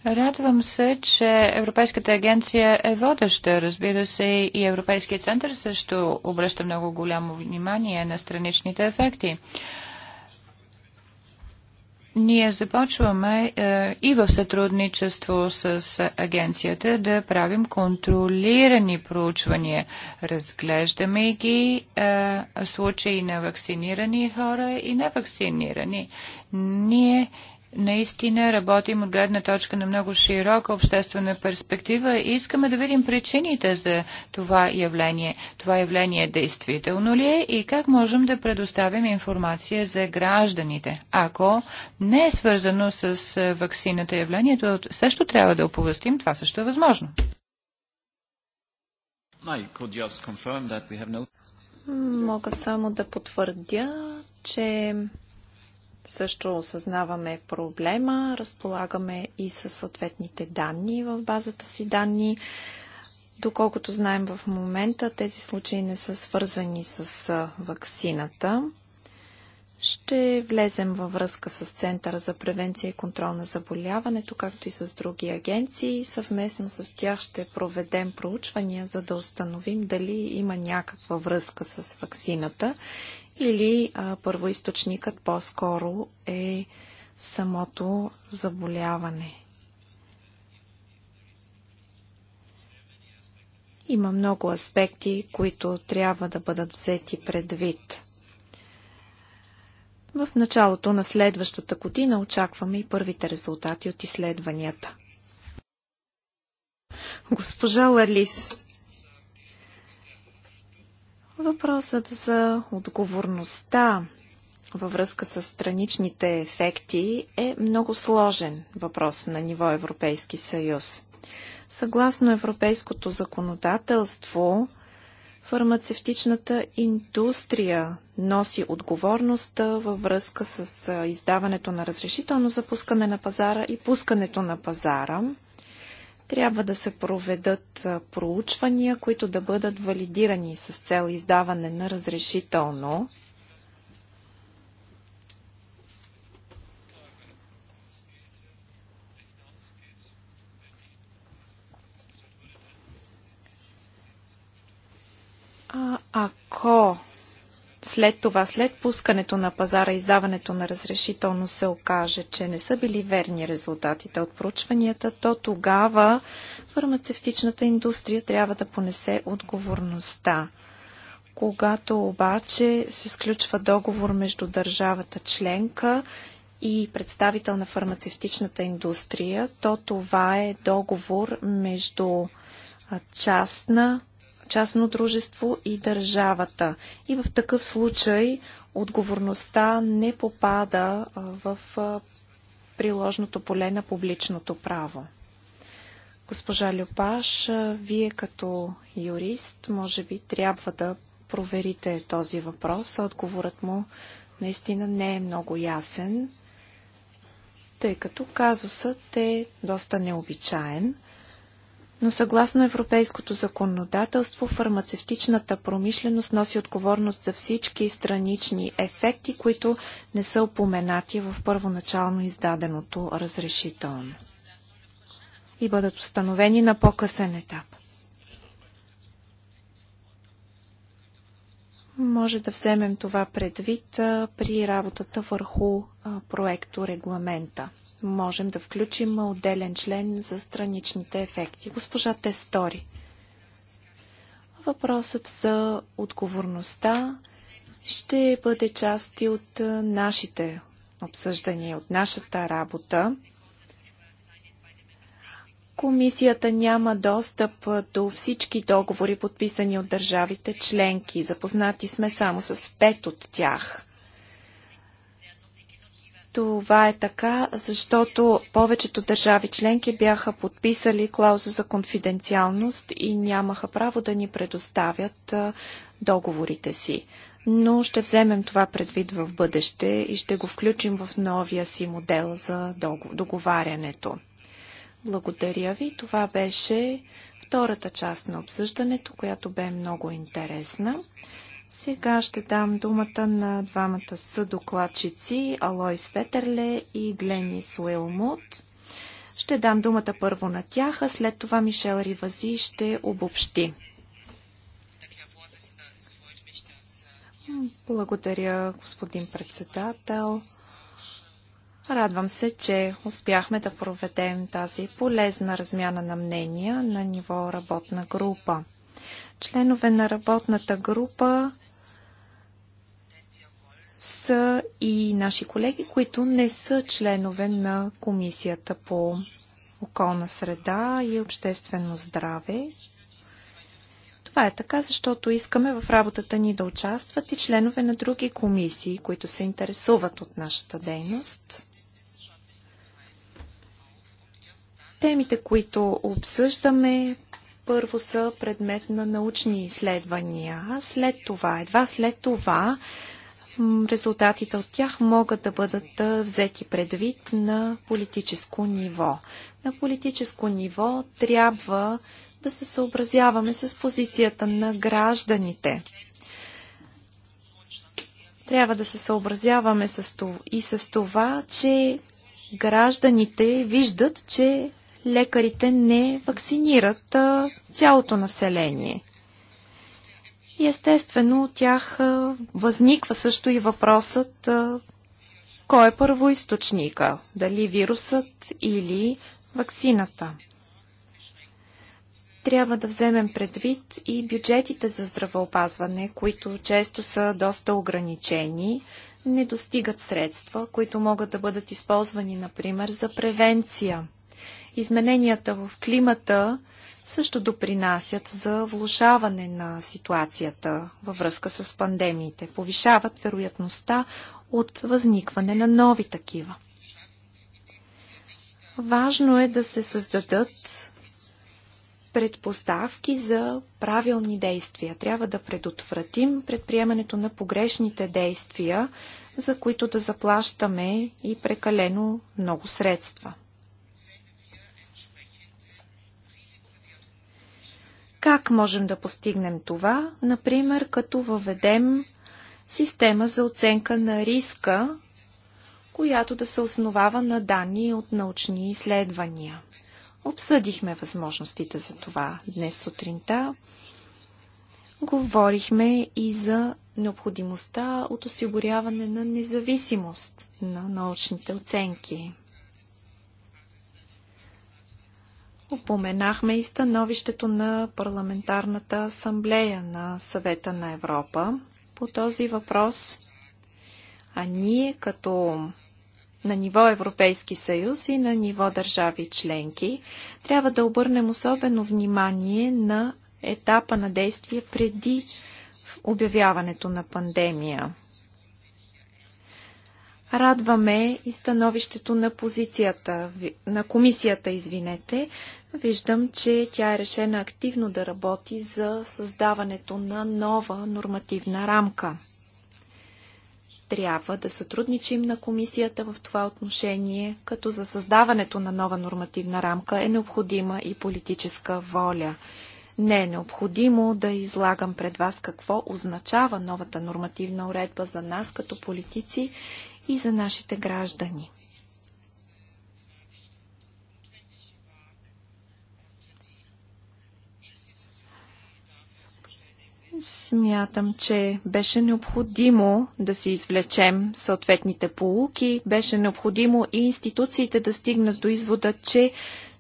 Радвам се, че Европейската агенция е водеща. Разбира се, и Европейския център също обръща много голямо внимание на страничните ефекти. Ние започваме е, и в сътрудничество с агенцията да правим контролирани проучвания. Разглеждаме ги е, случаи на вакцинирани хора и невакцинирани. Ние наистина работим от гледна точка на много широка обществена перспектива и искаме да видим причините за това явление. Това явление действително ли е и как можем да предоставим информация за гражданите? Ако не е свързано с вакцината явлението, също трябва да оповестим, това също е възможно. Мога само да потвърдя, че също осъзнаваме проблема, разполагаме и с съответните данни в базата си данни. Доколкото знаем в момента, тези случаи не са свързани с ваксината. Ще влезем във връзка с Центъра за превенция и контрол на заболяването, както и с други агенции. Съвместно с тях ще проведем проучвания, за да установим дали има някаква връзка с ваксината или а, първоисточникът по-скоро е самото заболяване. Има много аспекти, които трябва да бъдат взети предвид. В началото на следващата година очакваме и първите резултати от изследванията. Госпожа Лалис, Въпросът за отговорността във връзка с страничните ефекти е много сложен въпрос на ниво Европейски съюз. Съгласно европейското законодателство, фармацевтичната индустрия носи отговорността във връзка с издаването на разрешително за пускане на пазара и пускането на пазара – трябва да се проведат проучвания, които да бъдат валидирани с цел издаване на разрешително. А, ако след това, след пускането на пазара, издаването на разрешително се окаже, че не са били верни резултатите от проучванията, то тогава фармацевтичната индустрия трябва да понесе отговорността. Когато обаче се сключва договор между държавата членка и представител на фармацевтичната индустрия, то това е договор между частна частно дружество и държавата. И в такъв случай отговорността не попада в приложното поле на публичното право. Госпожа Люпаш, вие като юрист, може би трябва да проверите този въпрос. Отговорът му наистина не е много ясен, тъй като казусът е доста необичаен но съгласно европейското законодателство, фармацевтичната промишленост носи отговорност за всички странични ефекти, които не са упоменати в първоначално издаденото разрешително и бъдат установени на по-късен етап. Може да вземем това предвид при работата върху проекто регламента можем да включим отделен член за страничните ефекти. Госпожа Тестори. Въпросът за отговорността ще бъде част и от нашите обсъждания, от нашата работа. Комисията няма достъп до всички договори, подписани от държавите членки. Запознати сме само с пет от тях. Това е така, защото повечето държави членки бяха подписали клауза за конфиденциалност и нямаха право да ни предоставят договорите си. Но ще вземем това предвид в бъдеще и ще го включим в новия си модел за договарянето. Благодаря ви. Това беше втората част на обсъждането, която бе много интересна. Сега ще дам думата на двамата съдокладчици Алойс Петерле и Гленис Уилмут. Ще дам думата първо на тях, а след това Мишел Ривази ще обобщи. Благодаря, господин председател. Радвам се, че успяхме да проведем тази полезна размяна на мнения на ниво работна група. Членове на работната група са и наши колеги, които не са членове на Комисията по околна среда и обществено здраве. Това е така, защото искаме в работата ни да участват и членове на други комисии, които се интересуват от нашата дейност. Темите, които обсъждаме, първо са предмет на научни изследвания, а след това, едва след това, резултатите от тях могат да бъдат взети предвид на политическо ниво. На политическо ниво трябва да се съобразяваме с позицията на гражданите. Трябва да се съобразяваме с това, и с това, че гражданите виждат, че лекарите не вакцинират цялото население. И естествено от тях възниква също и въпросът кой е първоисточника – дали вирусът или ваксината. Трябва да вземем предвид и бюджетите за здравеопазване, които често са доста ограничени, не достигат средства, които могат да бъдат използвани, например, за превенция – Измененията в климата също допринасят за влушаване на ситуацията във връзка с пандемиите, повишават вероятността от възникване на нови такива. Важно е да се създадат предпоставки за правилни действия. Трябва да предотвратим предприемането на погрешните действия, за които да заплащаме и прекалено много средства. Как можем да постигнем това? Например, като въведем система за оценка на риска, която да се основава на данни от научни изследвания. Обсъдихме възможностите за това днес сутринта. Говорихме и за необходимостта от осигуряване на независимост на научните оценки. Упоменахме и становището на Парламентарната асамблея на Съвета на Европа по този въпрос. А ние като на ниво Европейски съюз и на ниво държави членки, трябва да обърнем особено внимание на етапа на действие преди обявяването на пандемия. Радваме и становището на позицията, на комисията, извинете. Виждам, че тя е решена активно да работи за създаването на нова нормативна рамка. Трябва да сътрудничим на комисията в това отношение, като за създаването на нова нормативна рамка е необходима и политическа воля. Не е необходимо да излагам пред вас какво означава новата нормативна уредба за нас като политици и за нашите граждани. Смятам, че беше необходимо да си извлечем съответните полуки, беше необходимо и институциите да стигнат до извода, че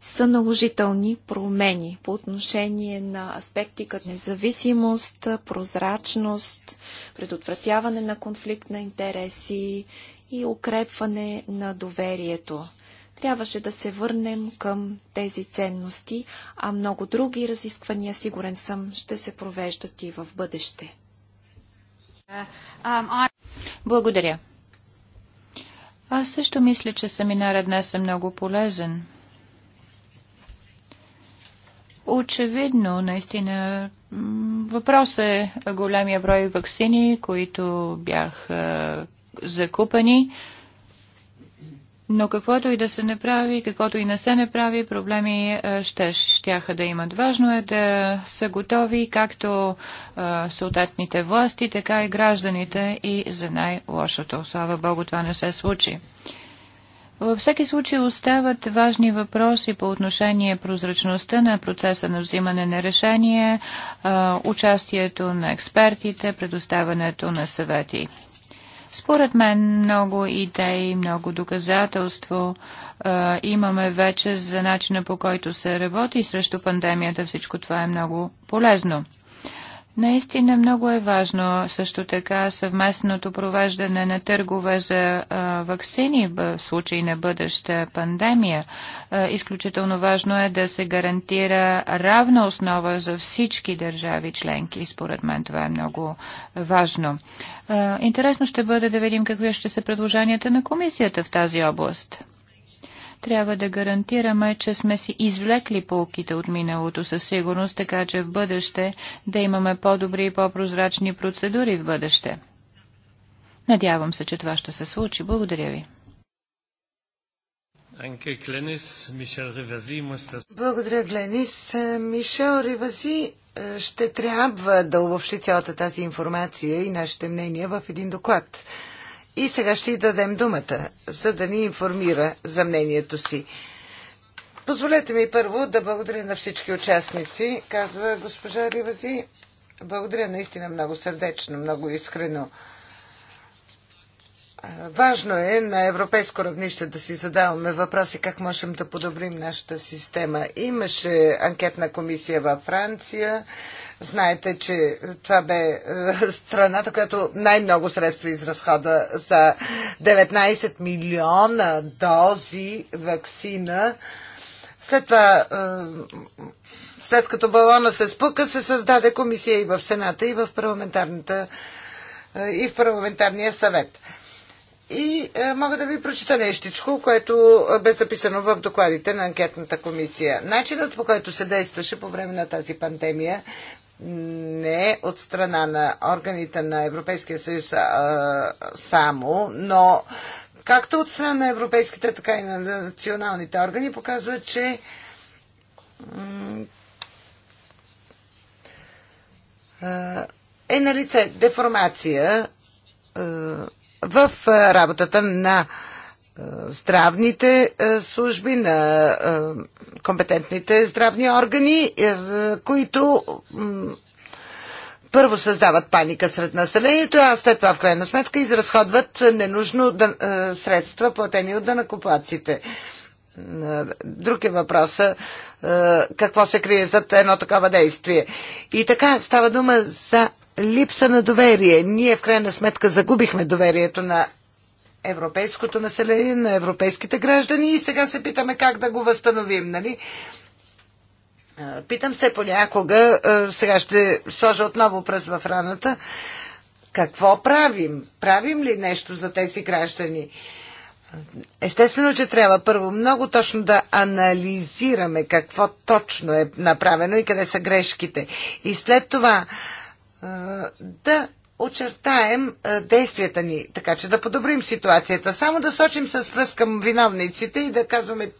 са наложителни промени по отношение на аспекти като независимост, прозрачност, предотвратяване на конфликт на интереси и укрепване на доверието. Трябваше да се върнем към тези ценности, а много други разисквания, сигурен съм, ще се провеждат и в бъдеще. Um, Благодаря. Аз също мисля, че семинарът днес е много полезен. Очевидно, наистина, въпрос е големия брой вакцини, които бяха закупени. Но каквото и да се направи, каквото и не се направи, проблеми ще щяха да имат. Важно е да са готови както съответните власти, така и гражданите и за най-лошото. Слава Богу, това не се случи. Във всеки случай остават важни въпроси по отношение прозрачността на процеса на взимане на решение, участието на експертите, предоставянето на съвети. Според мен много идеи, много доказателство а, имаме вече за начина по който се работи срещу пандемията. Всичко това е много полезно. Наистина много е важно също така съвместното провеждане на търгове за а, вакцини в случай на бъдеща пандемия. А, изключително важно е да се гарантира равна основа за всички държави членки. Според мен това е много важно. А, интересно ще бъде да видим какви ще са предложенията на комисията в тази област трябва да гарантираме, че сме си извлекли полките от миналото със сигурност, така че в бъдеще да имаме по-добри и по-прозрачни процедури в бъдеще. Надявам се, че това ще се случи. Благодаря ви. Благодаря, Гленис. Мишел Ривази е, ще трябва да обобщи цялата тази информация и нашите мнения в един доклад. И сега ще й дадем думата, за да ни информира за мнението си. Позволете ми първо да благодаря на всички участници, казва госпожа Ривази. Благодаря наистина много сърдечно, много искрено. Важно е на европейско равнище да си задаваме въпроси как можем да подобрим нашата система. Имаше анкетна комисия във Франция, Знаете, че това бе е, страната, която най-много средства изразхода за 19 милиона дози вакцина. След това, е, след като балона се спука, се създаде комисия и в Сената, и в, парламентарната, е, и в парламентарния съвет. И е, мога да ви прочита нещичко, което бе записано в докладите на анкетната комисия. Начинът по който се действаше по време на тази пандемия не е от страна на органите на Европейския съюз а, само, но както от страна на европейските, така и на националните органи, показва, че е на лице деформация в работата на е, здравните е, служби, на е, компетентните здравни органи, които първо създават паника сред населението, а след това в крайна сметка изразходват ненужно средства, платени от данакоплаците. Друг е въпросът какво се крие зад едно такова действие. И така става дума за липса на доверие. Ние в крайна сметка загубихме доверието на европейското население, на европейските граждани и сега се питаме как да го възстановим, нали? Питам се понякога, сега ще сложа отново пръст в раната, какво правим? Правим ли нещо за тези граждани? Естествено, че трябва първо много точно да анализираме какво точно е направено и къде са грешките. И след това да очертаем е, действията ни, така че да подобрим ситуацията. Само да сочим с пръст към виновниците и да казваме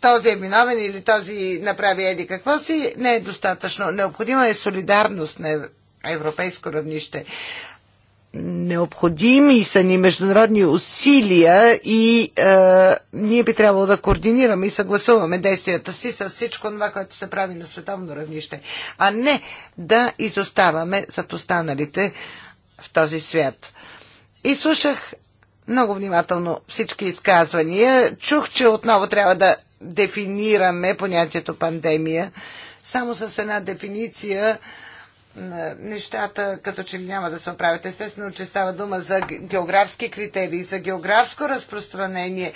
този е виновен или този направи еди какво си, не е достатъчно. Необходима е солидарност на европейско равнище. Необходими са ни международни усилия и е, ние би трябвало да координираме и съгласуваме действията си с всичко това, което се прави на световно равнище, а не да изоставаме зад останалите в този свят. И слушах много внимателно всички изказвания. Чух, че отново трябва да дефинираме понятието пандемия. Само с една дефиниция нещата като че ли няма да се оправят. Естествено, че става дума за географски критерии, за географско разпространение.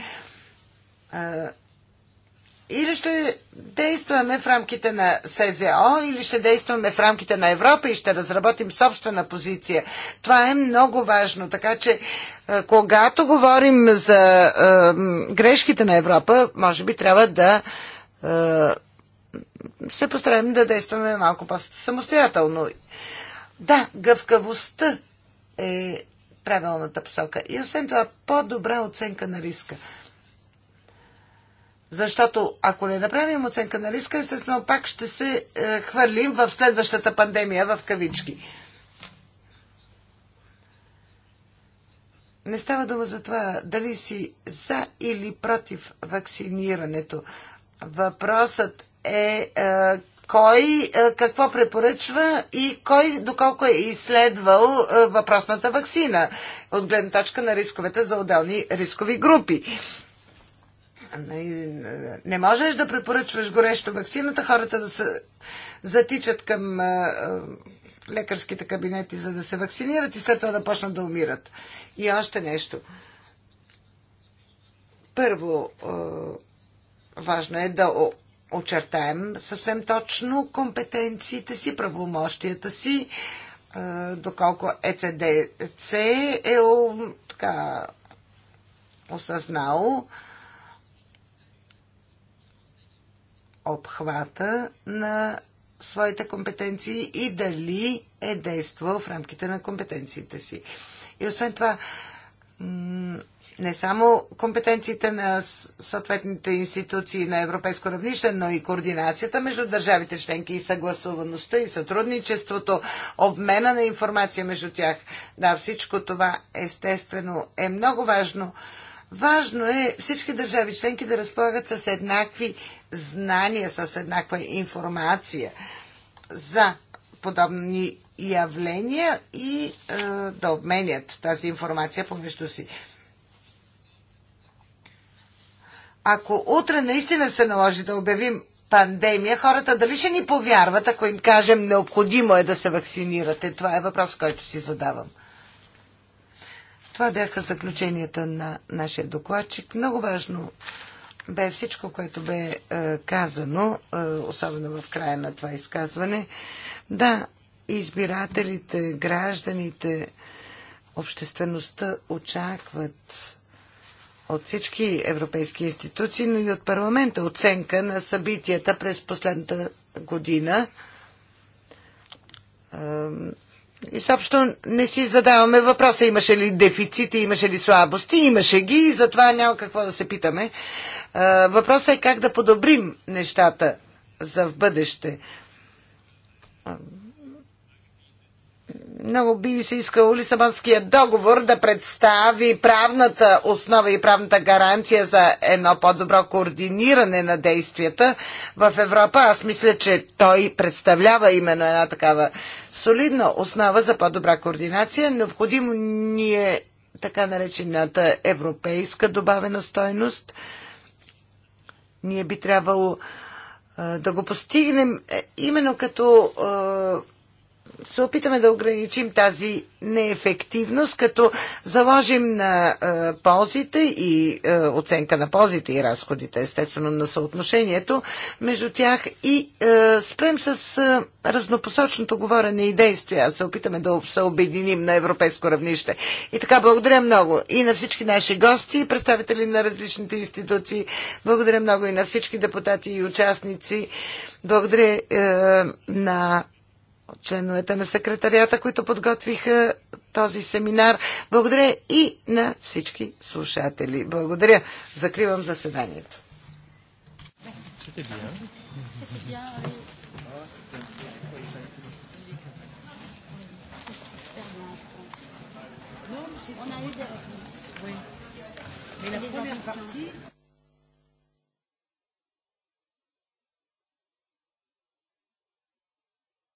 Или ще действаме в рамките на СЗО, или ще действаме в рамките на Европа и ще разработим собствена позиция. Това е много важно. Така че, когато говорим за грешките на Европа, може би трябва да се постараем да действаме малко по-самостоятелно. Да, гъвкавостта е правилната посока. И освен това, по-добра оценка на риска. Защото ако не направим оценка на риска, естествено пак ще се е, хвърлим в следващата пандемия в кавички. Не става дума за това дали си за или против вакцинирането. Въпросът е, е кой е, какво препоръчва и кой доколко е изследвал е, въпросната вакцина от гледна точка на рисковете за отделни рискови групи. Нали, не можеш да препоръчваш горещо вакцината, хората да се затичат към лекарските кабинети, за да се вакцинират и след това да почнат да умират. И още нещо. Първо, важно е да очертаем съвсем точно компетенциите си, правомощията си, доколко ЕЦДЦ е, е така, осъзнал обхвата на своите компетенции и дали е действал в рамките на компетенциите си. И освен това, не само компетенциите на съответните институции на европейско равнище, но и координацията между държавите членки и съгласуваността и сътрудничеството, обмена на информация между тях. Да, всичко това естествено е много важно. Важно е всички държави членки да разполагат с еднакви знания, с еднаква информация за подобни явления и е, да обменят тази информация помежду си. ако утре наистина се наложи да обявим пандемия, хората дали ще ни повярват, ако им кажем необходимо е да се вакцинирате? Това е въпрос, който си задавам. Това бяха заключенията на нашия докладчик. Много важно бе всичко, което бе е, казано, е, особено в края на това изказване. Да, избирателите, гражданите, обществеността очакват от всички европейски институции, но и от парламента оценка на събитията през последната година. И съобщо не си задаваме въпроса, имаше ли дефицити, имаше ли слабости, имаше ги и затова няма какво да се питаме. Въпросът е как да подобрим нещата за в бъдеще много би се искал Лисабонския договор да представи правната основа и правната гаранция за едно по-добро координиране на действията в Европа. Аз мисля, че той представлява именно една такава солидна основа за по-добра координация. Необходимо ни е така наречената европейска добавена стойност. Ние би трябвало да го постигнем е, именно като се опитаме да ограничим тази неефективност, като заложим на ползите и оценка на ползите и разходите, естествено на съотношението между тях и спрем с разнопосочното говорене и действия. се опитаме да се обединим на европейско равнище. И така, благодаря много и на всички наши гости, представители на различните институции. Благодаря много и на всички депутати и участници. Благодаря е, на членовете на секретарията, които подготвиха този семинар. Благодаря и на всички слушатели. Благодаря. Закривам заседанието. On a eu des réponses. Oui. Mais la première partie.